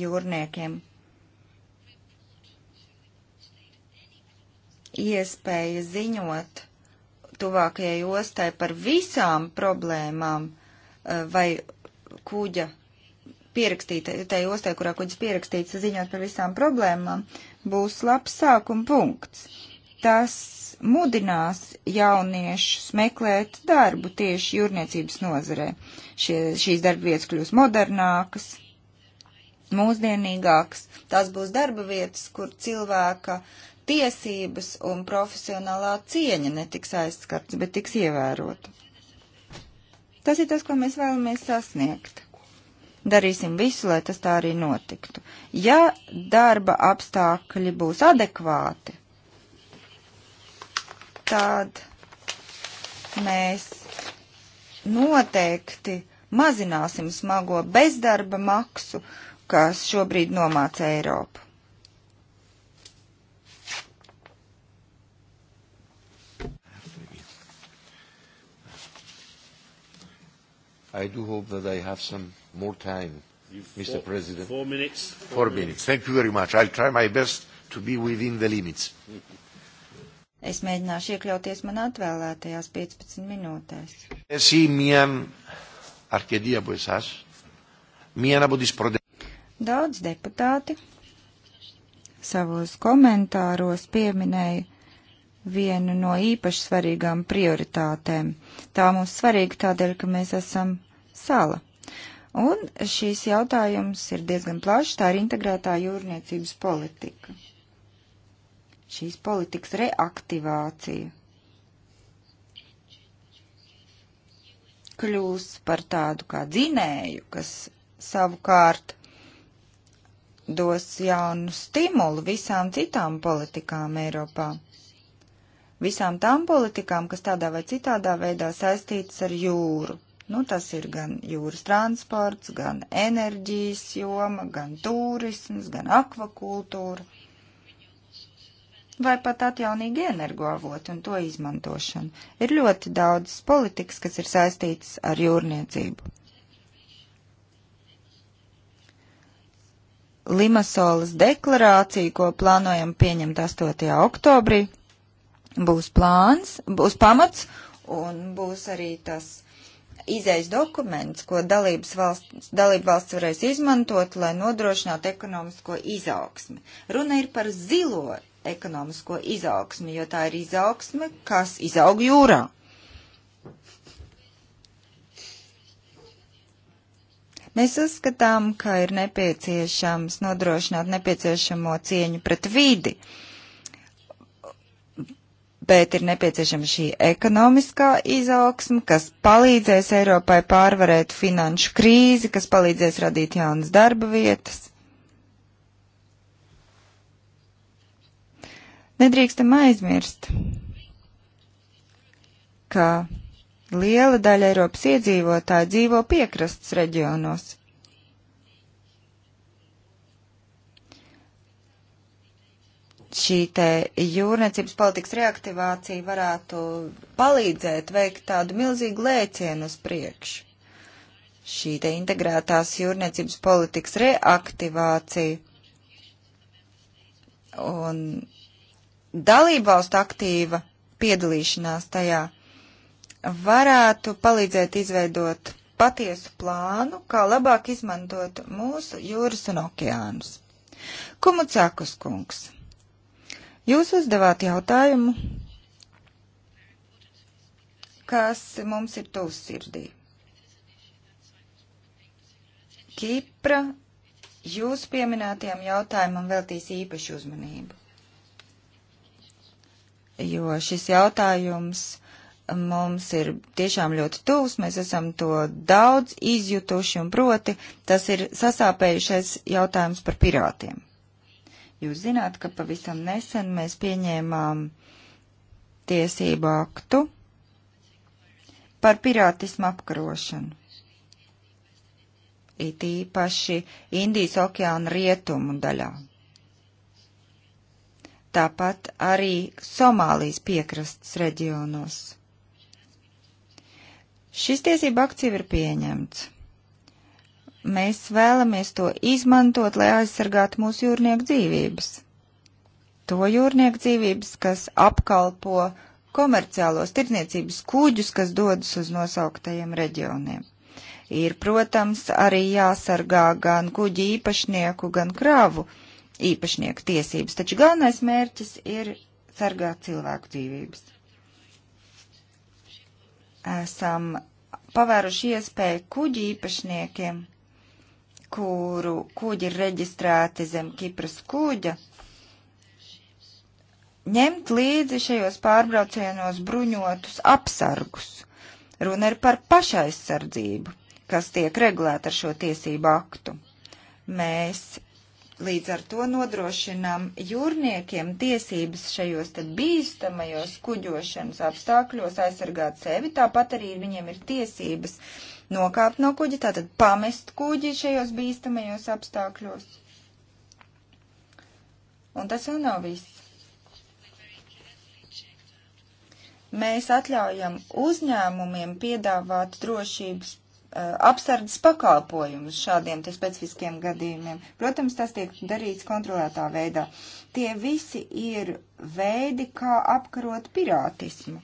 jūrniekiem iespēja ziņot tuvākajai ostai par visām problēmām eh, vai kuģa pierakstītai, tai ostai, kurā kuģis pierakstīts, ziņot par visām problēmām, uh, būs labs sākuma punkts. Tas mudinās jauniešus meklēt darbu tieši jūrniecības nozarē. Šie, šīs darba vietas kļūs modernākas, mūsdienīgākas. Tās būs darba vietas, kur cilvēka tiesības un profesionālā cieņa netiks aizskarts, bet tiks ievērota. Tas ir tas, ko mēs vēlamies sasniegt. Darīsim visu, lai tas tā arī notiktu. Ja darba apstākļi būs adekvāti, tad mēs noteikti mazināsim smago bezdarba maksu, kas šobrīd nomāca Eiropu. I do hope that I have some more time, you Mr. Four, President. Four minutes. Four, four minutes. minutes. Thank you very much. I'll try my best to be within the limits. Es mēģināšu iekļauties man atvēlētajās 15 minūtēs. Es īmien ar kēdija από εσάς, μία από τις προτε... Daudz deputāti savos komentāros pieminēja vienu no īpaši svarīgām prioritātēm. Tā mums svarīga tādēļ, ka mēs esam sala. Un šīs jautājums ir diezgan plašs, tā ir integrētā jūrniecības politika. Šīs politikas reaktivācija kļūs par tādu kā dzinēju, kas savukārt dos jaunu stimulu visām citām politikām Eiropā. Visām tām politikām, kas tādā vai citādā veidā saistītas ar jūru. Nu, tas ir gan jūras transports, gan enerģijas joma, gan turisms, gan akvakultūra. Vai pat atjaunīgi energoavoti un to izmantošana. Ir ļoti daudz politikas, kas ir saistītas ar jūrniecību. Limasolas deklarācija, ko plānojam pieņemt 8. oktobrī, būs plāns, būs pamats un būs arī tas izējas dokuments, ko dalības valsts, dalība valsts varēs izmantot, lai nodrošinātu ekonomisko izaugsmi. Runa ir par zilo ekonomisko izaugsmi, jo tā ir izaugsme, kas izaug jūrā. Mēs uzskatām, ka ir nepieciešams nodrošināt nepieciešamo cieņu pret vidi. Uh, bet ir nepieciešama šī ekonomiskā izaugsma, kas palīdzēs Eiropai pārvarēt finanšu krīzi, kas palīdzēs radīt jaunas darba vietas. Nedrīkstam aizmirst, ka liela daļa Eiropas iedzīvotāji dzīvo piekrastes reģionos. šī te jūrniecības politikas reaktivācija varētu palīdzēt veikt tādu milzīgu lēcienu uz priekšu. Šī te integrētās jūrniecības politikas reaktivācija un dalībvalstu aktīva piedalīšanās tajā varētu palīdzēt izveidot patiesu plānu, kā labāk izmantot mūsu jūras un okeānus. Kumucākus kungs. Jūs uzdevāt jautājumu, kas mums ir tūs sirdī. Kipra jūs pieminētajam jautājumam veltīs īpašu uzmanību, jo šis jautājums mums ir tiešām ļoti tūs, mēs esam to daudz izjutuši un proti tas ir sasāpējušais jautājums par pirātiem. Jūs zināt, ka pavisam nesen mēs pieņēmām tiesību aktu par pirātismu apkarošanu. It īpaši Indijas okeāna rietumu daļā. Tāpat arī Somālijas piekrastes reģionos. Šis tiesība akts jau ir pieņemts. Mēs vēlamies to izmantot, lai aizsargātu mūsu jūrnieku dzīvības. To jūrnieku dzīvības, kas apkalpo komerciālos tirdzniecības kuģus, kas dodas uz nosauktajiem reģioniem. Ir, protams, arī jāsargā gan kuģi īpašnieku, gan krāvu īpašnieku tiesības, taču galvenais mērķis ir sargāt cilvēku dzīvības. Esam pavēruši iespēju kuģi īpašniekiem kuru kuģi ir reģistrēti zem Kipras kuģa, ņemt līdzi šajos pārbraucienos bruņotus apsargus. Runa ir par pašaizsardzību, kas tiek regulēta ar šo tiesību aktu. Mēs līdz ar to nodrošinām jūrniekiem tiesības šajos te bīstamajos kuģošanas apstākļos aizsargāt sevi, tāpat arī viņiem ir tiesības uh, nokāpt no kuģa, tātad pamest kuģi šajos bīstamajos apstākļos. Un tas vēl nav viss. Mēs atļaujam uzņēmumiem piedāvāt drošības eh, apsardzes pakalpojumus šādiem te specifiskiem gadījumiem. Protams, tas tiek darīts kontrolētā veidā. Tie visi ir veidi, kā apkarot pirātismu,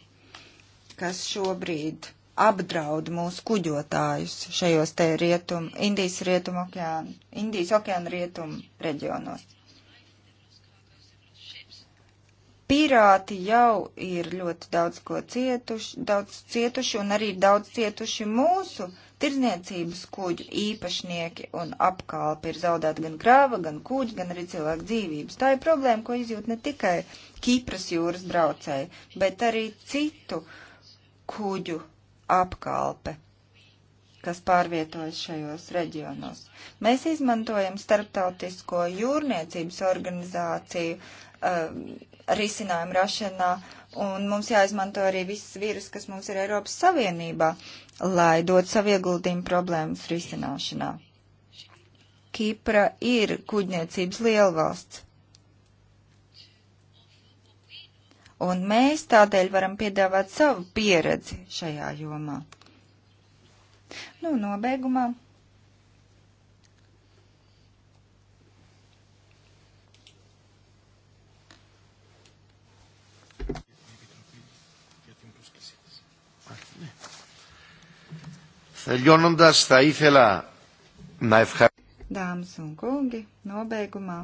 kas šobrīd apdraud mūsu kuģotājus šajos te rietum, Indijas rietumu okeānu, Indijas okeānu rietumu reģionos. Pirāti jau ir ļoti daudz ko cietuši, daudz cietuši un arī daudz cietuši mūsu tirzniecības kuģu īpašnieki un apkalpi ir zaudēt gan krāva, gan kuģi, gan arī cilvēku dzīvības. Tā ir problēma, ko izjūt ne tikai Kīpras jūras braucēji, bet arī citu kuģu apkalpe, kas pārvietojas šajos reģionos. Mēs izmantojam starptautisko jūrniecības organizāciju um, risinājumu rašanā, un mums jāizmanto arī viss vīrus, kas mums ir Eiropas Savienībā, lai dot savu ieguldījumu problēmas risināšanā. Kipra ir kuģniecības lielvalsts. un mēs tādēļ varam piedāvāt savu pieredzi šajā jomā. Nu, nobeigumā. Τελειώνοντας θα ήθελα να ευχαριστήσω. Dāmas un kungi, nobeigumā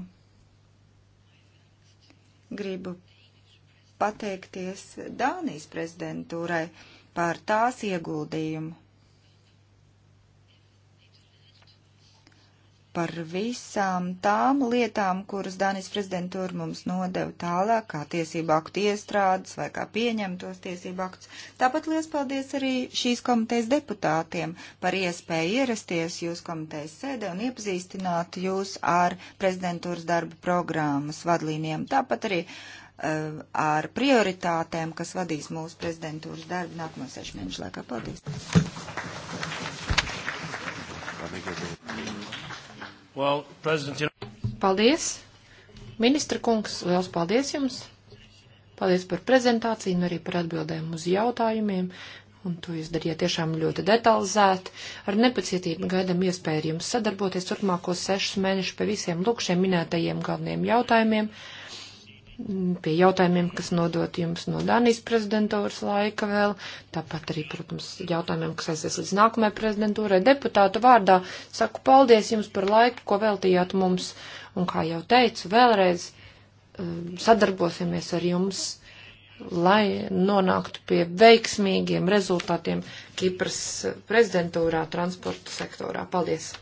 gribu pateikties Dānijas prezidentūrai par tās ieguldījumu, par visām tām lietām, kuras Dānijas prezidentūra mums nodeva tālāk, kā tiesību aktu iestrādes vai kā pieņemtos tiesību aktus. Tāpat liels paldies arī šīs komitejas deputātiem par iespēju ierasties jūs komitejas sēdē un iepazīstināt jūs ar prezidentūras darba programmas vadlīnijām. Tāpat arī uh, Um, ar prioritātēm, kas vadīs mūsu prezidentūras darbu nākamo sešu mēnešu laikā. Paldies! Well, paldies! Ministra kungs, liels paldies jums! Paldies par prezentāciju un arī par atbildēm uz jautājumiem. Un to jūs darījāt tiešām ļoti detalizēti. Ar nepacietību gaidam iespēju ar jums sadarboties turpmākos sešus mēnešus pie visiem lūkšiem minētajiem galvenajiem jautājumiem pie jautājumiem, kas nodot jums no Danijas prezidentūras laika vēl, tāpat arī, protams, jautājumiem, kas aizies līdz nākamajai prezidentūrai. Deputātu vārdā saku paldies jums par laiku, ko veltījāt mums, un, kā jau teicu, vēlreiz eh, sadarbosimies ar jums, lai nonāktu pie veiksmīgiem rezultātiem Kipras prezidentūrā transporta sektorā. Paldies!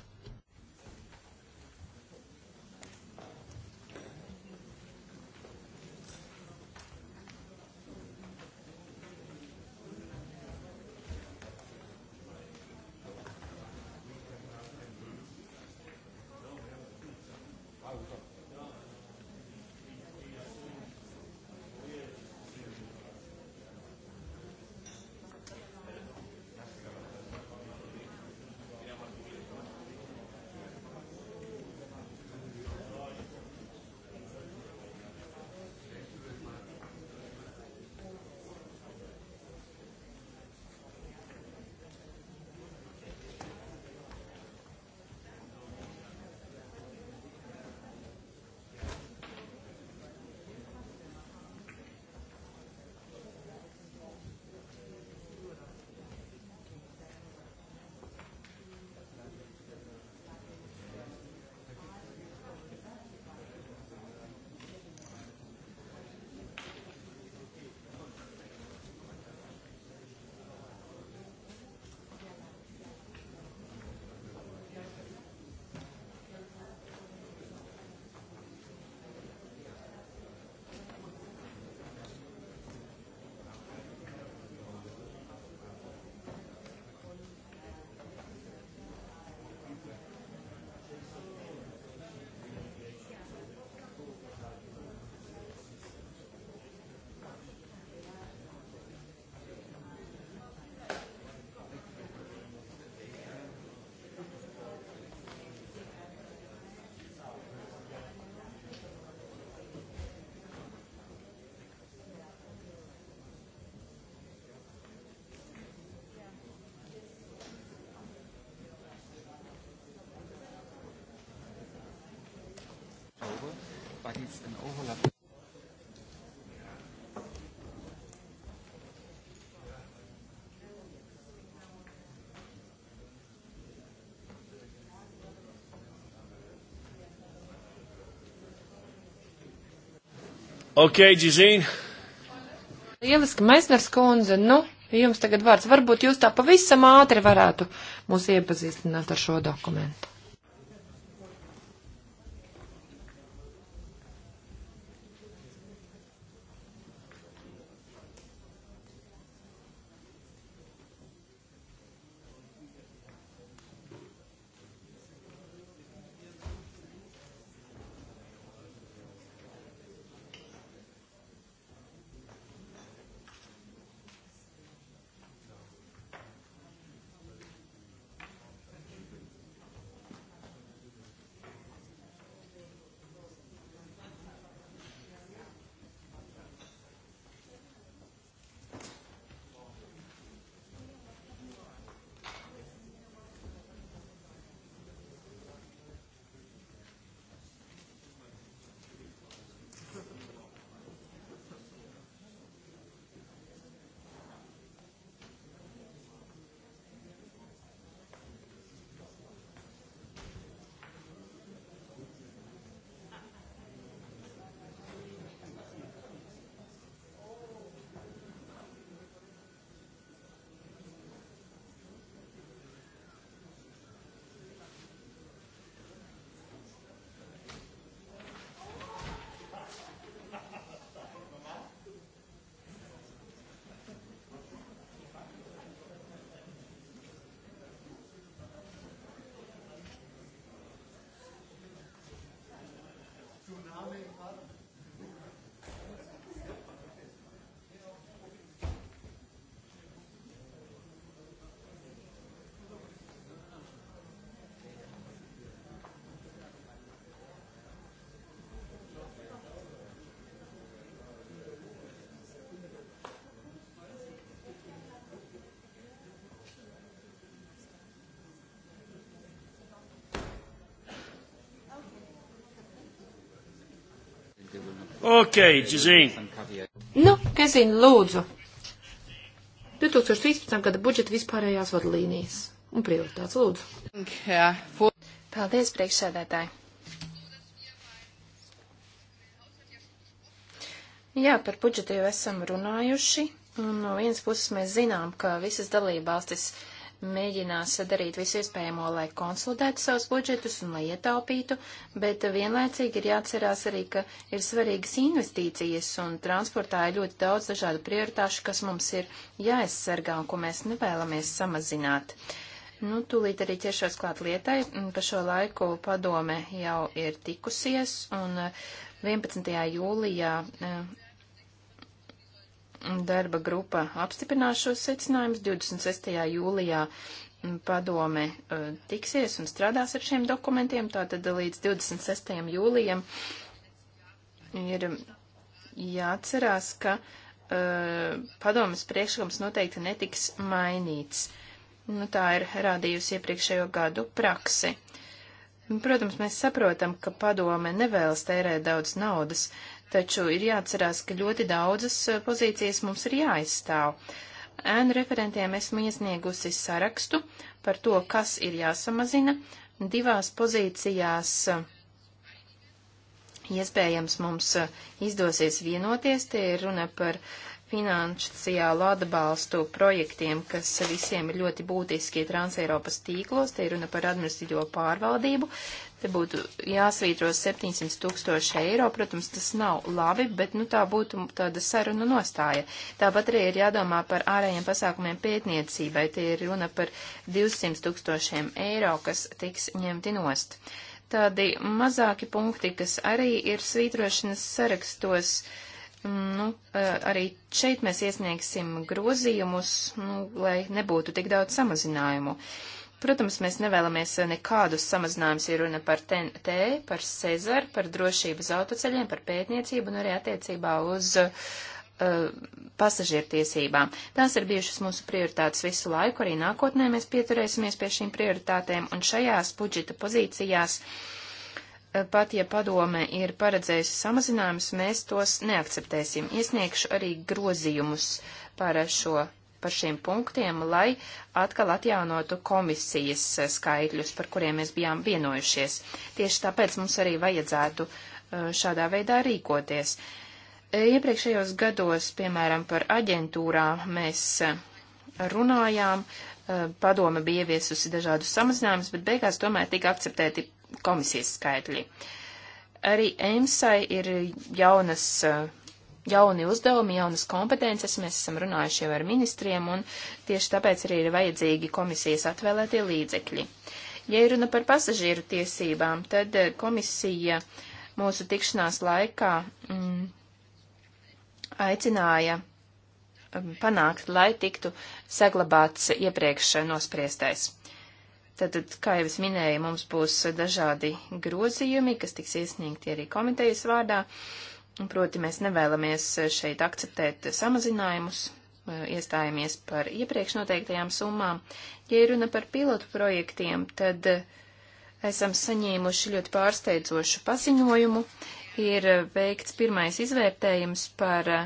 October, but it's an overlap. Ok, Džizīna. Lieliski, Maisners kundze, nu, jums tagad vārds. Varbūt jūs tā pavisam ātri varētu mūs iepazīstināt ar šo dokumentu. Ok, Džizīn. Nu, Kezīn, lūdzu. 2013. gada budžeta vispārējās vadlīnijas un prioritātes, lūdzu. Paldies, priekšsēdētāji. Jā, par budžetu jau esam runājuši, un no vienas puses mēs zinām, ka visas dalībvalstis. valstis mēģinās darīt visu iespējamo, lai konsolidētu savus budžetus un lai ietaupītu, bet vienlaicīgi ir jāatcerās arī, ka ir svarīgas investīcijas un transportā ir ļoti daudz dažādu prioritāšu, kas mums ir jāaizsargā un ko mēs nevēlamies samazināt. Nu, tūlīt arī ķeršos klāt lietai. Pa mm, šo laiku padome jau ir tikusies un 11. Eh, jūlijā eh, darba grupa apstiprinās šos secinājumus 26. jūlijā. Padome e, tiksies un strādās ar šiem dokumentiem, tātad līdz 26. jūlijam ir jāatcerās, ka uh, padomas priekšlikums noteikti netiks mainīts. Nu, tā ir rādījusi iepriekšējo gadu praksi. Protams, mēs saprotam, ka padome nevēlas tērēt daudz naudas, taču ir jāatcerās, ka ļoti daudzas eh, pozīcijas mums ir jāizstāv. Ēnu referentiem esmu iesniegusi sarakstu par to, kas ir jāsamazina. Divās pozīcijās eh, iespējams mums eh, izdosies vienoties, tie ir runa par finansiālu atbalstu projektiem, kas visiem ir ļoti būtiski Transeiropas tīklos, te ir runa par administratīvo pārvaldību, Te būtu jāsvītro 700 tūkstoši eiro, protams, tas nav labi, bet, nu, tā būtu tāda saruna nostāja. Tāpat arī ir jādomā par ārējiem pasākumiem pētniecībai, tie ir runa par 200 tūkstošiem eiro, kas tiks ņemti nost. Tādi mazāki punkti, kas arī ir svītrošanas sarakstos, mm, nu, arī šeit mēs iesniegsim grozījumus, nu, lai nebūtu tik daudz samazinājumu. Uh, Protams, mēs nevēlamies nekādus samazinājumus, ja runa par TNT, par Cezaru, par drošības autoceļiem, par pētniecību un arī attiecībā uz uh, pasažiertiesībām. Tās ir bijušas mūsu prioritātes visu laiku, arī nākotnē mēs pieturēsimies pie šīm prioritātēm, un šajās budžeta pozīcijās, uh, pat ja padome ir paredzējusi samazinājumus, mēs tos neakceptēsim. Iesniegšu arī grozījumus par šo par šiem punktiem, lai atkal atjaunotu komisijas skaitļus, par kuriem mēs bijām vienojušies. Tieši tāpēc mums arī vajadzētu uh, šādā veidā rīkoties. Uh, iepriekšējos gados, piemēram, par aģentūrām mēs uh, runājām, padome bija ieviesusi dažādus samazinājumus, bet beigās tomēr tika akceptēti komisijas skaitļi. Arī EMSAI ir jaunas uh, jauni uzdevumi, jaunas kompetences, mēs esam runājuši jau ar ministriem, un tieši tāpēc arī ir vajadzīgi komisijas atvēlētie līdzekļi. Ja ir runa par pasažieru tiesībām, tad eh, komisija mūsu tikšanās laikā mm, aicināja mm, panākt, lai tiktu saglabāts iepriekš nospriestais. Tātad, kā jau es minēju, mums būs dažādi grozījumi, kas tiks iesniegti arī komitejas vārdā. Uh, Proti mēs nevēlamies šeit akceptēt samazinājumus, e, iestājamies par iepriekš noteiktajām summām. Ja runa par pilotu projektiem, tad esam saņēmuši ļoti pārsteidzošu paziņojumu. Ir veikts pirmais izvērtējums par e,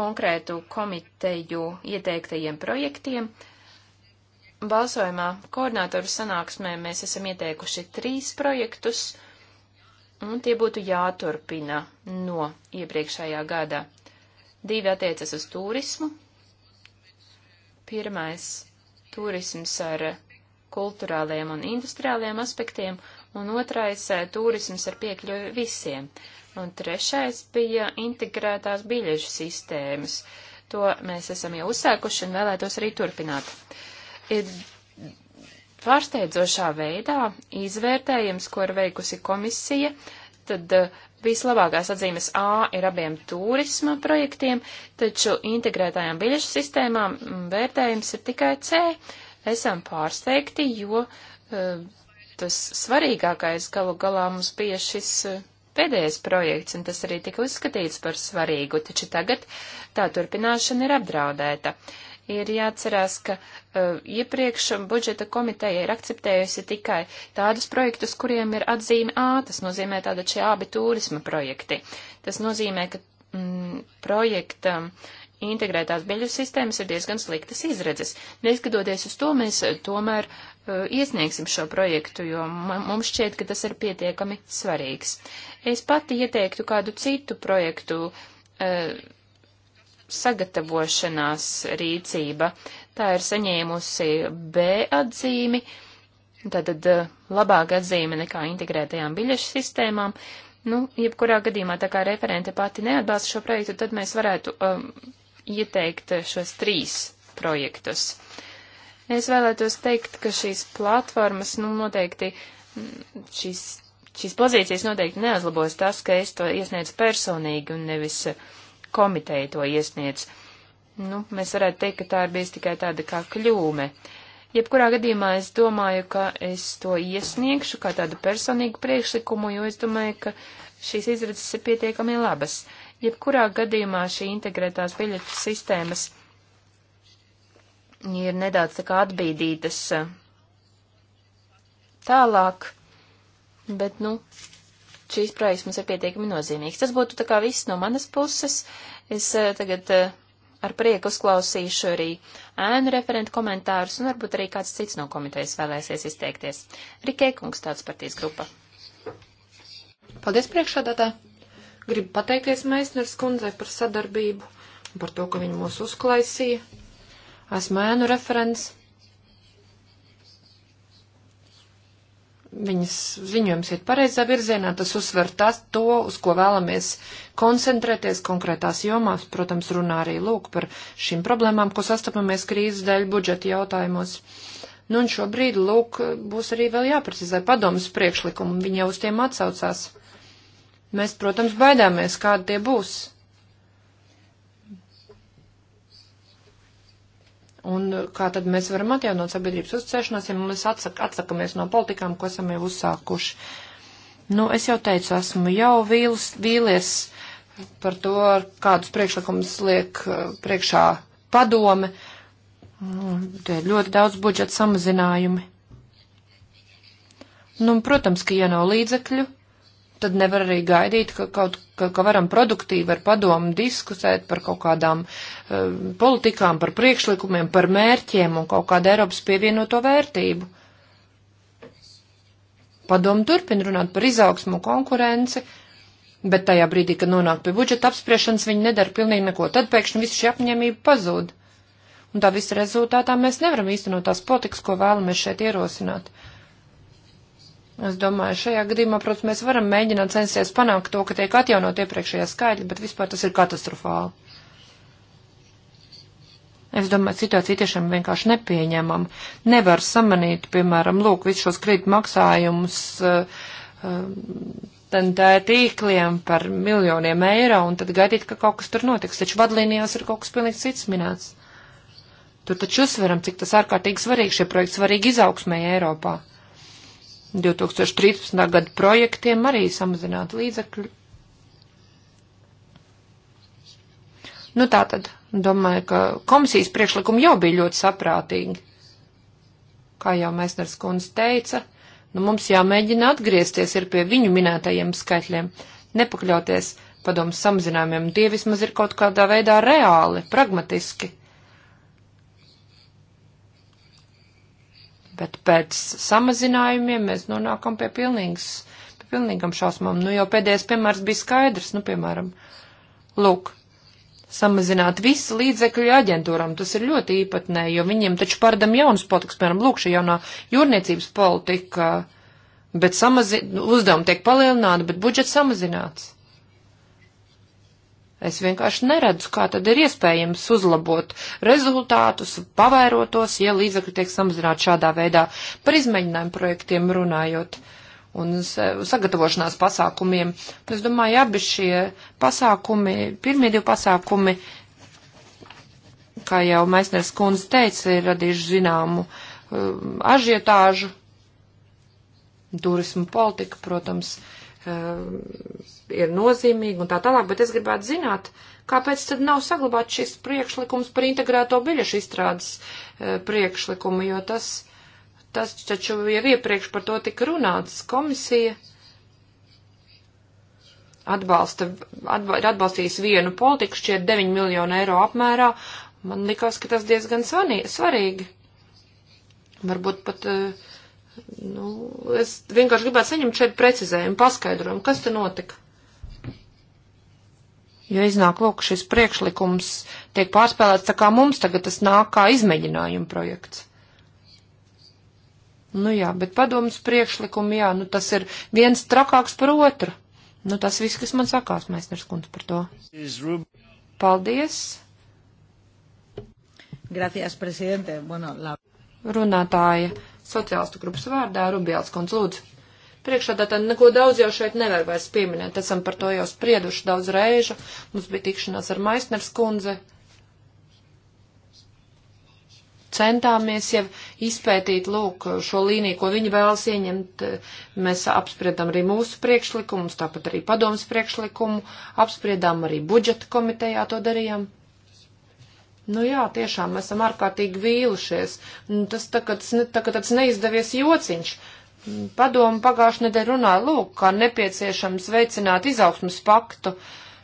konkrētu komiteju ieteiktajiem projektiem. Balsojumā koordinātoru sanāksmē mēs esam ieteikuši trīs projektus un tie būtu jāturpina no iepriekšējā gada. Divi attiecas uz turismu. Pirmais - turisms ar kulturāliem un industriāliem aspektiem, un otrais - turisms ar piekļuvi visiem. Un trešais bija integrētās biļešu sistēmas. To mēs esam jau uzsākuši un vēlētos arī turpināt. Pārsteidzošā veidā izvērtējums, ko ir veikusi komisija, tad eh, vislabākās atzīmes A ir abiem turisma projektiem, taču integrētajām biļešu sistēmām mm, vērtējums ir tikai C. Esam pārsteigti, jo eh, tas svarīgākais galu galā mums bija šis eh, pēdējais projekts, un tas arī tika uzskatīts par svarīgu, taču tagad tā turpināšana ir apdraudēta. Uh, ir jāatcerās, ka uh, iepriekš budžeta komiteja ir akceptējusi tikai tādus projektus, kuriem ir atzīme A, tas nozīmē tāda šie abi turisma projekti. Tas nozīmē, ka mm, projektam integrētās biļu sistēmas ir diezgan sliktas izredzes. Neskatoties uz to, mēs eh, tomēr uh, iesniegsim šo projektu, jo mums šķiet, ka tas ir pietiekami svarīgs. Es pati ieteiktu kādu citu projektu. Uh, sagatavošanās rīcība. Tā ir saņēmusi B atzīmi, tātad eh, labāka atzīme nekā integrētajām biļešu sistēmām. Nu, jebkurā gadījumā, tā kā referente pati neatbalsta šo projektu, tad mēs varētu um, ieteikt šos trīs projektus. Es vēlētos teikt, ka šīs platformas, nu, noteikti mm, šīs, šīs pozīcijas noteikti neuzlabos tas, ka es to iesniedzu personīgi un nevis uh, komiteja to iesniedz. Nu, mēs varētu teikt, ka tā ir bijis tikai tāda kā kļūme. Jebkurā gadījumā es domāju, ka es to iesniegšu kā tādu personīgu priekšlikumu, jo es domāju, ka šīs izredzes ir pietiekami labas. Jebkurā gadījumā šī integrētās biļetu sistēmas ir nedaudz tā kā atbīdītas eh, tālāk, bet, nu, šīs projekts mums ir pietiekami nozīmīgs. Tas būtu tā kā viss no manas puses. Es eh, tagad eh, ar prieku uzklausīšu arī ēnu referentu komentārus un varbūt arī kāds cits no komitejas vēlēsies izteikties. Rikē Kungs, tāds partijas grupa. Paldies priekšādātā. Gribu pateikties Meisners kundzei par sadarbību un par to, ka viņa mūs uzklausīja. Esmu ēnu referents viņas ziņojums iet pareizā virzienā, tas uzsver tas, to, uz ko vēlamies koncentrēties konkrētās jomās, protams, runā arī lūk par šīm problēmām, ko sastopamies krīzes dēļ budžeta jautājumos. Nu un šobrīd, lūk, būs arī vēl jāprecizē padomas priekšlikumi, viņi jau uz tiem atsaucās. Mēs, protams, baidāmies, kādi tie būs. Un kā tad mēs varam atjaunot sabiedrības uzticēšanos, ja mēs atsak atsakamies no politikām, ko esam jau uzsākuši? Nu, es jau teicu, esmu jau vīlis, vīlies par to, kādus priekšlikumus liek eh, priekšā padome. Mm, te ir ļoti daudz budžeta samazinājumi. Nu, protams, ka ja nav līdzekļu, tad nevar arī gaidīt, ka kaut ka, ka varam produktīvi ar padomu diskusēt par kaut kādām uh, politikām, par priekšlikumiem, par mērķiem un kaut kādu Eiropas pievienoto vērtību. Padomu turpina runāt par izaugsmu konkurenci, bet tajā brīdī, kad nonāk pie budžeta apspriešanas, viņi nedara pilnīgi neko. Tad pēkšņi visu šī apņēmība pazūd. Un tā visa rezultātā mēs nevaram īstenot tās politikas, ko vēlamies šeit ierosināt. Uh, Es domāju, šajā gadījumā, protams, mēs varam mēģināt censties panākt to, ka tiek atjaunot iepriekšējā skaitļa, bet vispār tas ir katastrofāli. Es domāju, situācija tiešām vienkārši nepieņemama. Nevar samanīt, piemēram, lūk, visus šos krīt maksājumus uh, uh, tīkliem par miljoniem eiro un tad gaidīt, ka kaut kas tur notiks. Taču vadlīnijās ir kaut kas pilnīgi cits minēts. Tur taču uzsveram, cik tas ārkārtīgi svarīgi šie projekti svarīgi izaugsmēji Eiropā. 2013. gada projektiem arī samazināt līdzekļu. Nu tā tad, domāju, ka komisijas priekšlikumi jau bija ļoti saprātīgi. Kā jau Mēsners kundze teica, nu mums jāmēģina atgriezties ir pie viņu minētajiem skaitļiem, nepakļauties padomus samazinājumiem, tie vismaz ir kaut kādā veidā reāli, pragmatiski. Bet pēc samazinājumiem mēs nonākam pie pilnīgas, pie pilnīgam šausmām. Nu, jau pēdējais piemērs bija skaidrs, nu, piemēram, lūk, samazināt visu līdzekļu aģentūram. Tas ir ļoti īpatnē, jo viņiem taču pārdam jaunas politikas, piemēram, lūk, šī jaunā jūrniecības politika, bet samazi, uzdevumi tiek palielināti, bet budžets samazināts. Es vienkārši neredzu, kā tad ir iespējams uzlabot rezultātus, pavairotos, ja līdzekļi tiek samazināti šādā veidā par izmēģinājumu projektiem runājot un sagatavošanās pasākumiem. Es domāju, abi šie pasākumi, pirmie divi pasākumi, kā jau Maisners kundze teica, ir radījuši zināmu um, ažietāžu. Turismu politika, protams, uh, Um, ir nozīmīgi un tā tālāk, bet es gribētu zināt, kāpēc tad nav saglabāts šis priekšlikums par integrēto biļešu izstrādes uh, priekšlikumu, jo tas, tas taču jau iepriekš par to tika runāts. Komisija atbalsta, atba, ir atbalstījis vienu politiku, šķiet 9 miljonu eiro apmērā. Man likās, ka tas diezgan svarīgi. Varbūt pat uh, Nu, es vienkārši gribētu saņemt šeit precizējumu, paskaidrojumu, kas te notika. Jo iznāk, lūk, šis priekšlikums tiek pārspēlēts tā kā mums tagad tas nāk kā izmēģinājuma projekts. Nu jā, bet padomas priekšlikumi, jā, nu tas ir viens trakāks par otru. Nu tas viss, kas man sakās, Maisners kundze, par to. Paldies. Gracias, prezidente. Bueno, la... Runātāja. Sociālistu grupas vārdā Rubjāls kundz lūdzu. Priekšādātāji neko daudz jau šeit nevar vairs pieminēt, esam par to jau sprieduši daudz reižu, mums bija tikšanās ar Maisners kundze, centāmies jau izpētīt, lūk, šo līniju, ko viņi vēlas ieņemt. Mēs apspriedām arī mūsu priekšlikumus, tāpat arī padomas priekšlikumu, apspriedām arī budžeta komitejā to darījām. Nu jā, tiešām esam ārkārtīgi vīlušies. Nu, tas tā, ka tas, tā, ka tas neizdevies jociņš. Padomu pagājušajā nedēļā runāja, lūk, kā nepieciešams veicināt izaugsmas paktu,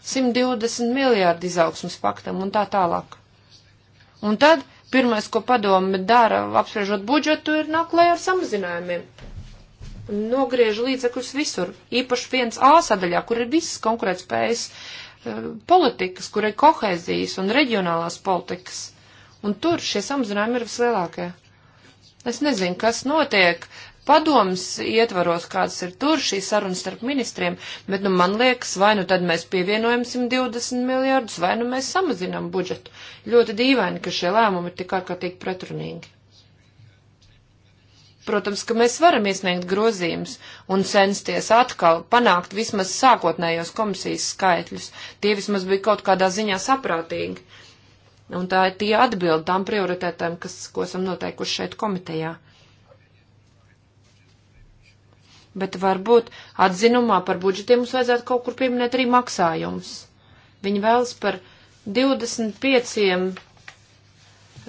120 miljārdu izaugsmas paktam un tā tālāk. Un tad pirmais, ko padomu dara, apspriežot budžetu, ir naklē ar samazinājumiem. Nogriež līdzekļus visur, īpaši viens A sadaļā, kur ir visas konkurētspējas uh, Eh, politikas, kur ir kohēzijas un reģionālās politikas. Un tur šie samazinājumi ir vislielākie. Es nezinu, kas notiek padomas ietvaros, kādas ir tur šī saruna starp ministriem, bet nu man liekas, vai nu tad mēs pievienojam 120 miljārdus, vai nu mēs samazinām budžetu. Ļoti dīvaini, ka šie lēmumi ir tik ārkārtīgi pretrunīgi. Protams, ka mēs varam iesniegt grozījumus un censties atkal panākt vismaz sākotnējos komisijas skaitļus. Tie vismaz bija kaut kādā ziņā saprātīgi. Un tā ir tie atbildi tām prioritētēm, kas, ko esam noteikuši šeit komitejā. Bet varbūt atzinumā par budžetiem mums vajadzētu kaut kur pieminēt arī maksājumus. Viņi vēlas par 25 uh,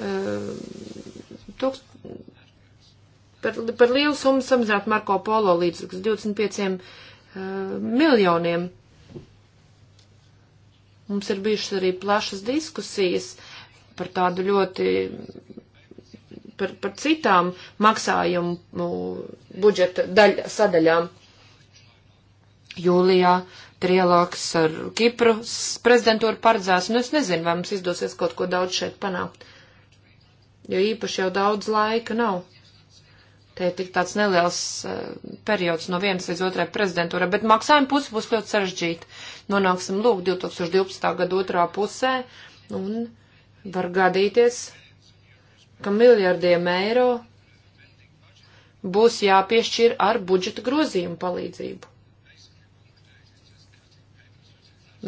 eh, tūkst, par, par lielu summu samazināt Marko Polo līdzekļus 25 uh, miljoniem. Mums ir bijušas arī plašas diskusijas par tādu ļoti, par, par citām maksājumu budžeta daļ, sadaļām. Jūlijā trialogs ar Kipru prezidentūru paredzēs, un es nezinu, vai mums izdosies kaut ko daudz šeit panākt, jo īpaši jau daudz laika nav. Te ir tik tāds neliels uh, periods no vienas līdz otrai prezidentūrai, bet maksājuma puse būs ļoti sarežģīta. Nonāksim lūk 2012. gada otrā pusē un var gadīties, ka miljardiem eiro būs jāpiešķir ar budžeta grozījumu palīdzību.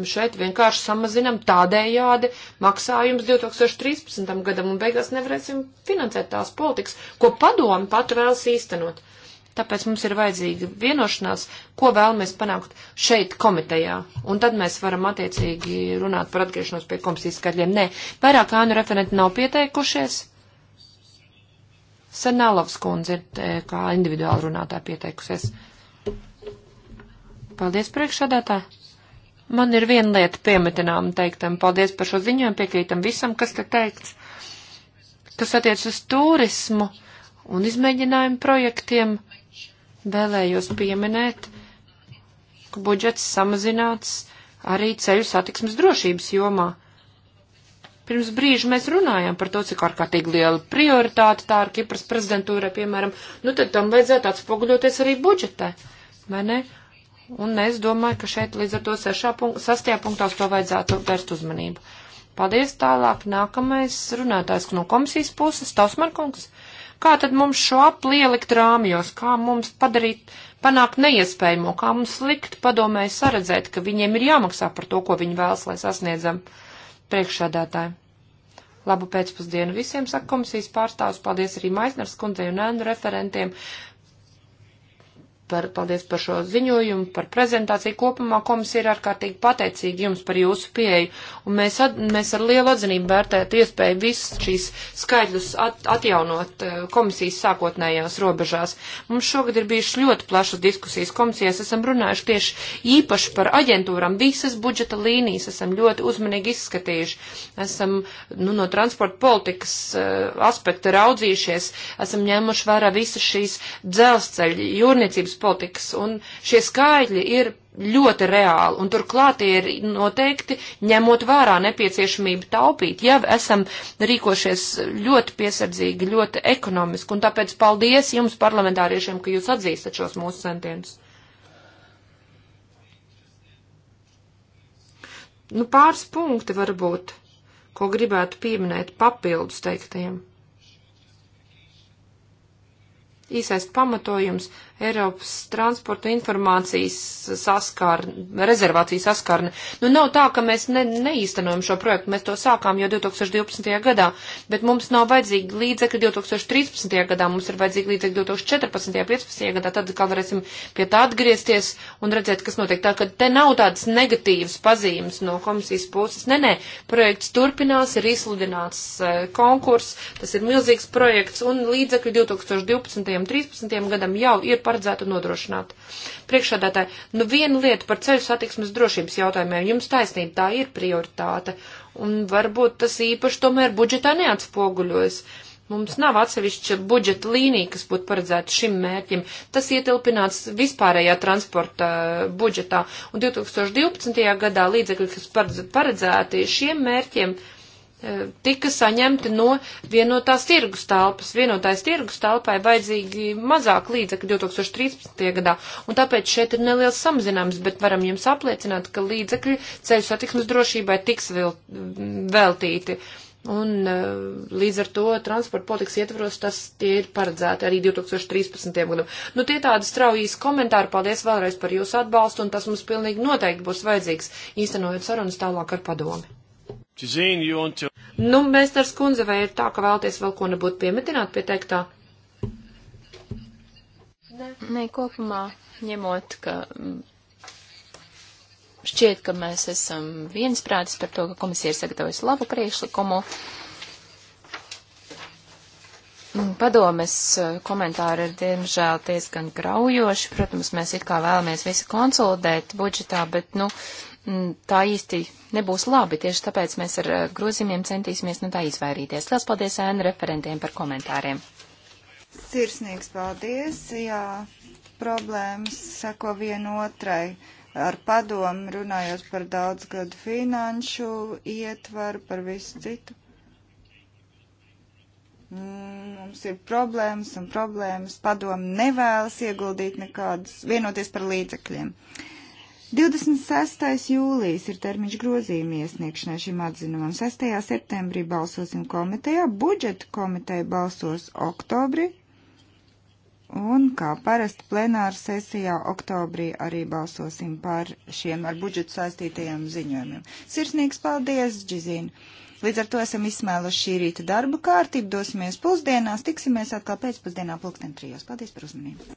Šeit vienkārši samazinam tādējādi maksājums 2013. gadam un beigās nevarēsim finansēt tās politikas, ko padomi pat vēlas īstenot. Tāpēc mums ir vajadzīga vienošanās, ko vēlamies panākt šeit komitejā. Un tad mēs varam attiecīgi runāt par atgriešanos pie komisijas skaļiem. Nē, vairāk ānu referenti nav pieteikušies. Senālovs kundze ir eh, kā individuāli runātāja pieteikusies. Paldies priekšsādātāji! Man ir viena lieta piemetinām teiktam. Paldies par šo ziņojumu, piekrītam visam, kas te teikts. Kas attiec uz turismu un izmēģinājumu projektiem, vēlējos pieminēt, ka budžets samazināts arī ceļu satiksmes drošības jomā. Pirms brīža mēs runājām par to, cik ārkārtīgi liela prioritāte tā ir Kipras prezidentūrai, piemēram, nu tad tam vajadzētu atspoguļoties arī budžetē, vai ne? Un es domāju, ka šeit līdz ar to punkt, sastajā punktā uz to vajadzētu vērst uzmanību. Paldies tālāk. Nākamais runātājs no komisijas puses - Tausmarkungs. Kā tad mums šo aplielikt rāmjos? Kā mums padarīt, panākt neiespējamo? Kā mums likt padomēji saredzēt, ka viņiem ir jāmaksā par to, ko viņi vēlas, lai sasniedzam priekšsēdētāji? Labu pēcpusdienu visiem, saka komisijas pārstāvs. Paldies arī Maisners kundzei un ēnu referentiem par, paldies par šo ziņojumu, par prezentāciju. Kopumā komisija ir ārkārtīgi pateicīga jums par jūsu pieeju, un mēs, at, mēs ar lielu atzinību vērtētu iespēju visus šīs skaidrus at, atjaunot eh, komisijas sākotnējās robežās. Mums šogad ir bijušas ļoti plašas diskusijas komisijās, esam runājuši tieši īpaši par aģentūram, visas budžeta līnijas esam ļoti uzmanīgi izskatījuši, esam nu, no transporta politikas eh, aspekta raudzījušies, esam ņēmuši vērā visas šīs dzelzceļa jūrniecības lauksaimniecības politikas, un šie skaitļi ir ļoti reāli, un turklāt tie ir noteikti ņemot vērā nepieciešamību taupīt, ja esam rīkošies ļoti piesardzīgi, ļoti ekonomiski, un tāpēc paldies jums parlamentāriešiem, ka jūs atzīstat šos mūsu centienus. Nu, pāris punkti varbūt, ko gribētu pieminēt papildus teiktajiem īsais pamatojums Eiropas transporta informācijas saskarne, rezervācijas saskarne. Nu, nav tā, ka mēs ne, neīstenojam šo projektu. Mēs to sākām jau 2012. gadā, bet mums nav vajadzīgi līdzekļi 2013. gadā, mums ir vajadzīgi līdzekļi 2014. 15. gadā, tad kā varēsim pie tā atgriezties un redzēt, kas notiek. Tā, ka te nav tādas negatīvas pazīmes no komisijas puses. Nē, nē, projekts turpinās, ir izsludināts uh, konkurss, tas ir milzīgs projekts un līdzekļi 2012. un 2013. gadam jau ir paredzētu nodrošināt. Priekšādātāji, nu viena lieta par ceļu satiksmes drošības jautājumiem, jums taisnība tā ir prioritāte, un varbūt tas īpaši tomēr budžetā neatspoguļojas. Mums nav atsevišķa budžeta līnija, kas būtu paredzēta šim mērķim. Tas ietilpināts vispārējā transporta budžetā, un 2012. gadā līdzekļi, kas paredzēti šiem mērķiem, uh, tika saņemti no vienotās tirgus telpas. Vienotās tirgus telpai vajadzīgi mazāk līdzekļu 2013. gadā, un tāpēc šeit ir neliels samazinājums, bet varam jums apliecināt, ka līdzekļi ceļu satiksmes drošībai tiks vil, veltīti. Un eh, līdz ar to transporta politikas ietvaros tas tie ir paredzēti arī 2013. gadam. Nu, tie tādi straujīs komentāri. Paldies vēlreiz par jūsu atbalstu, un tas mums pilnīgi noteikti būs vajadzīgs, īstenojot sarunas tālāk ar padomi. Nu, mēsters kundze, vai ir tā, ka vēlties vēl ko nebūtu piemetināt pieteiktā? Nē, Nē kopumā ņemot, ka mm, šķiet, ka mēs esam viensprātis par to, ka komisija ir sagatavojusi labu priekšlikumu. Mm, padomes eh, komentāri ir diemžēl diezgan graujoši. Protams, mēs it kā vēlamies visu konsolidēt budžetā, bet, nu, uh, Mm, tā īsti nebūs labi, tieši tāpēc mēs ar eh, grozījumiem centīsimies no nu, tā izvairīties. Lielas paldies ēnu referentiem par komentāriem. Sirsnīgs paldies, jā, problēmas sako vienotrai. Ar padomu runājot par daudzgadu finanšu ietvaru, par visu citu. Mm, mums ir problēmas un problēmas. Padomu nevēlas ieguldīt nekādus, vienoties par līdzekļiem. Uh, 26. jūlijas ir termiņš grozījuma iesniegšanai šim atzinumam. 6. septembrī balsosim komitejā, budžeta komiteja balsos oktobri un kā parasti plenāra sesijā oktobrī arī balsosim par šiem ar budžetu saistītajiem ziņojumiem. Sirsnīgs paldies, Džizīna! Līdz ar to esam izsmēluši šī rīta darba kārtību, dosimies pusdienās, tiksimies atkal pēcpusdienā pulksten trijos. Paldies par uzmanību!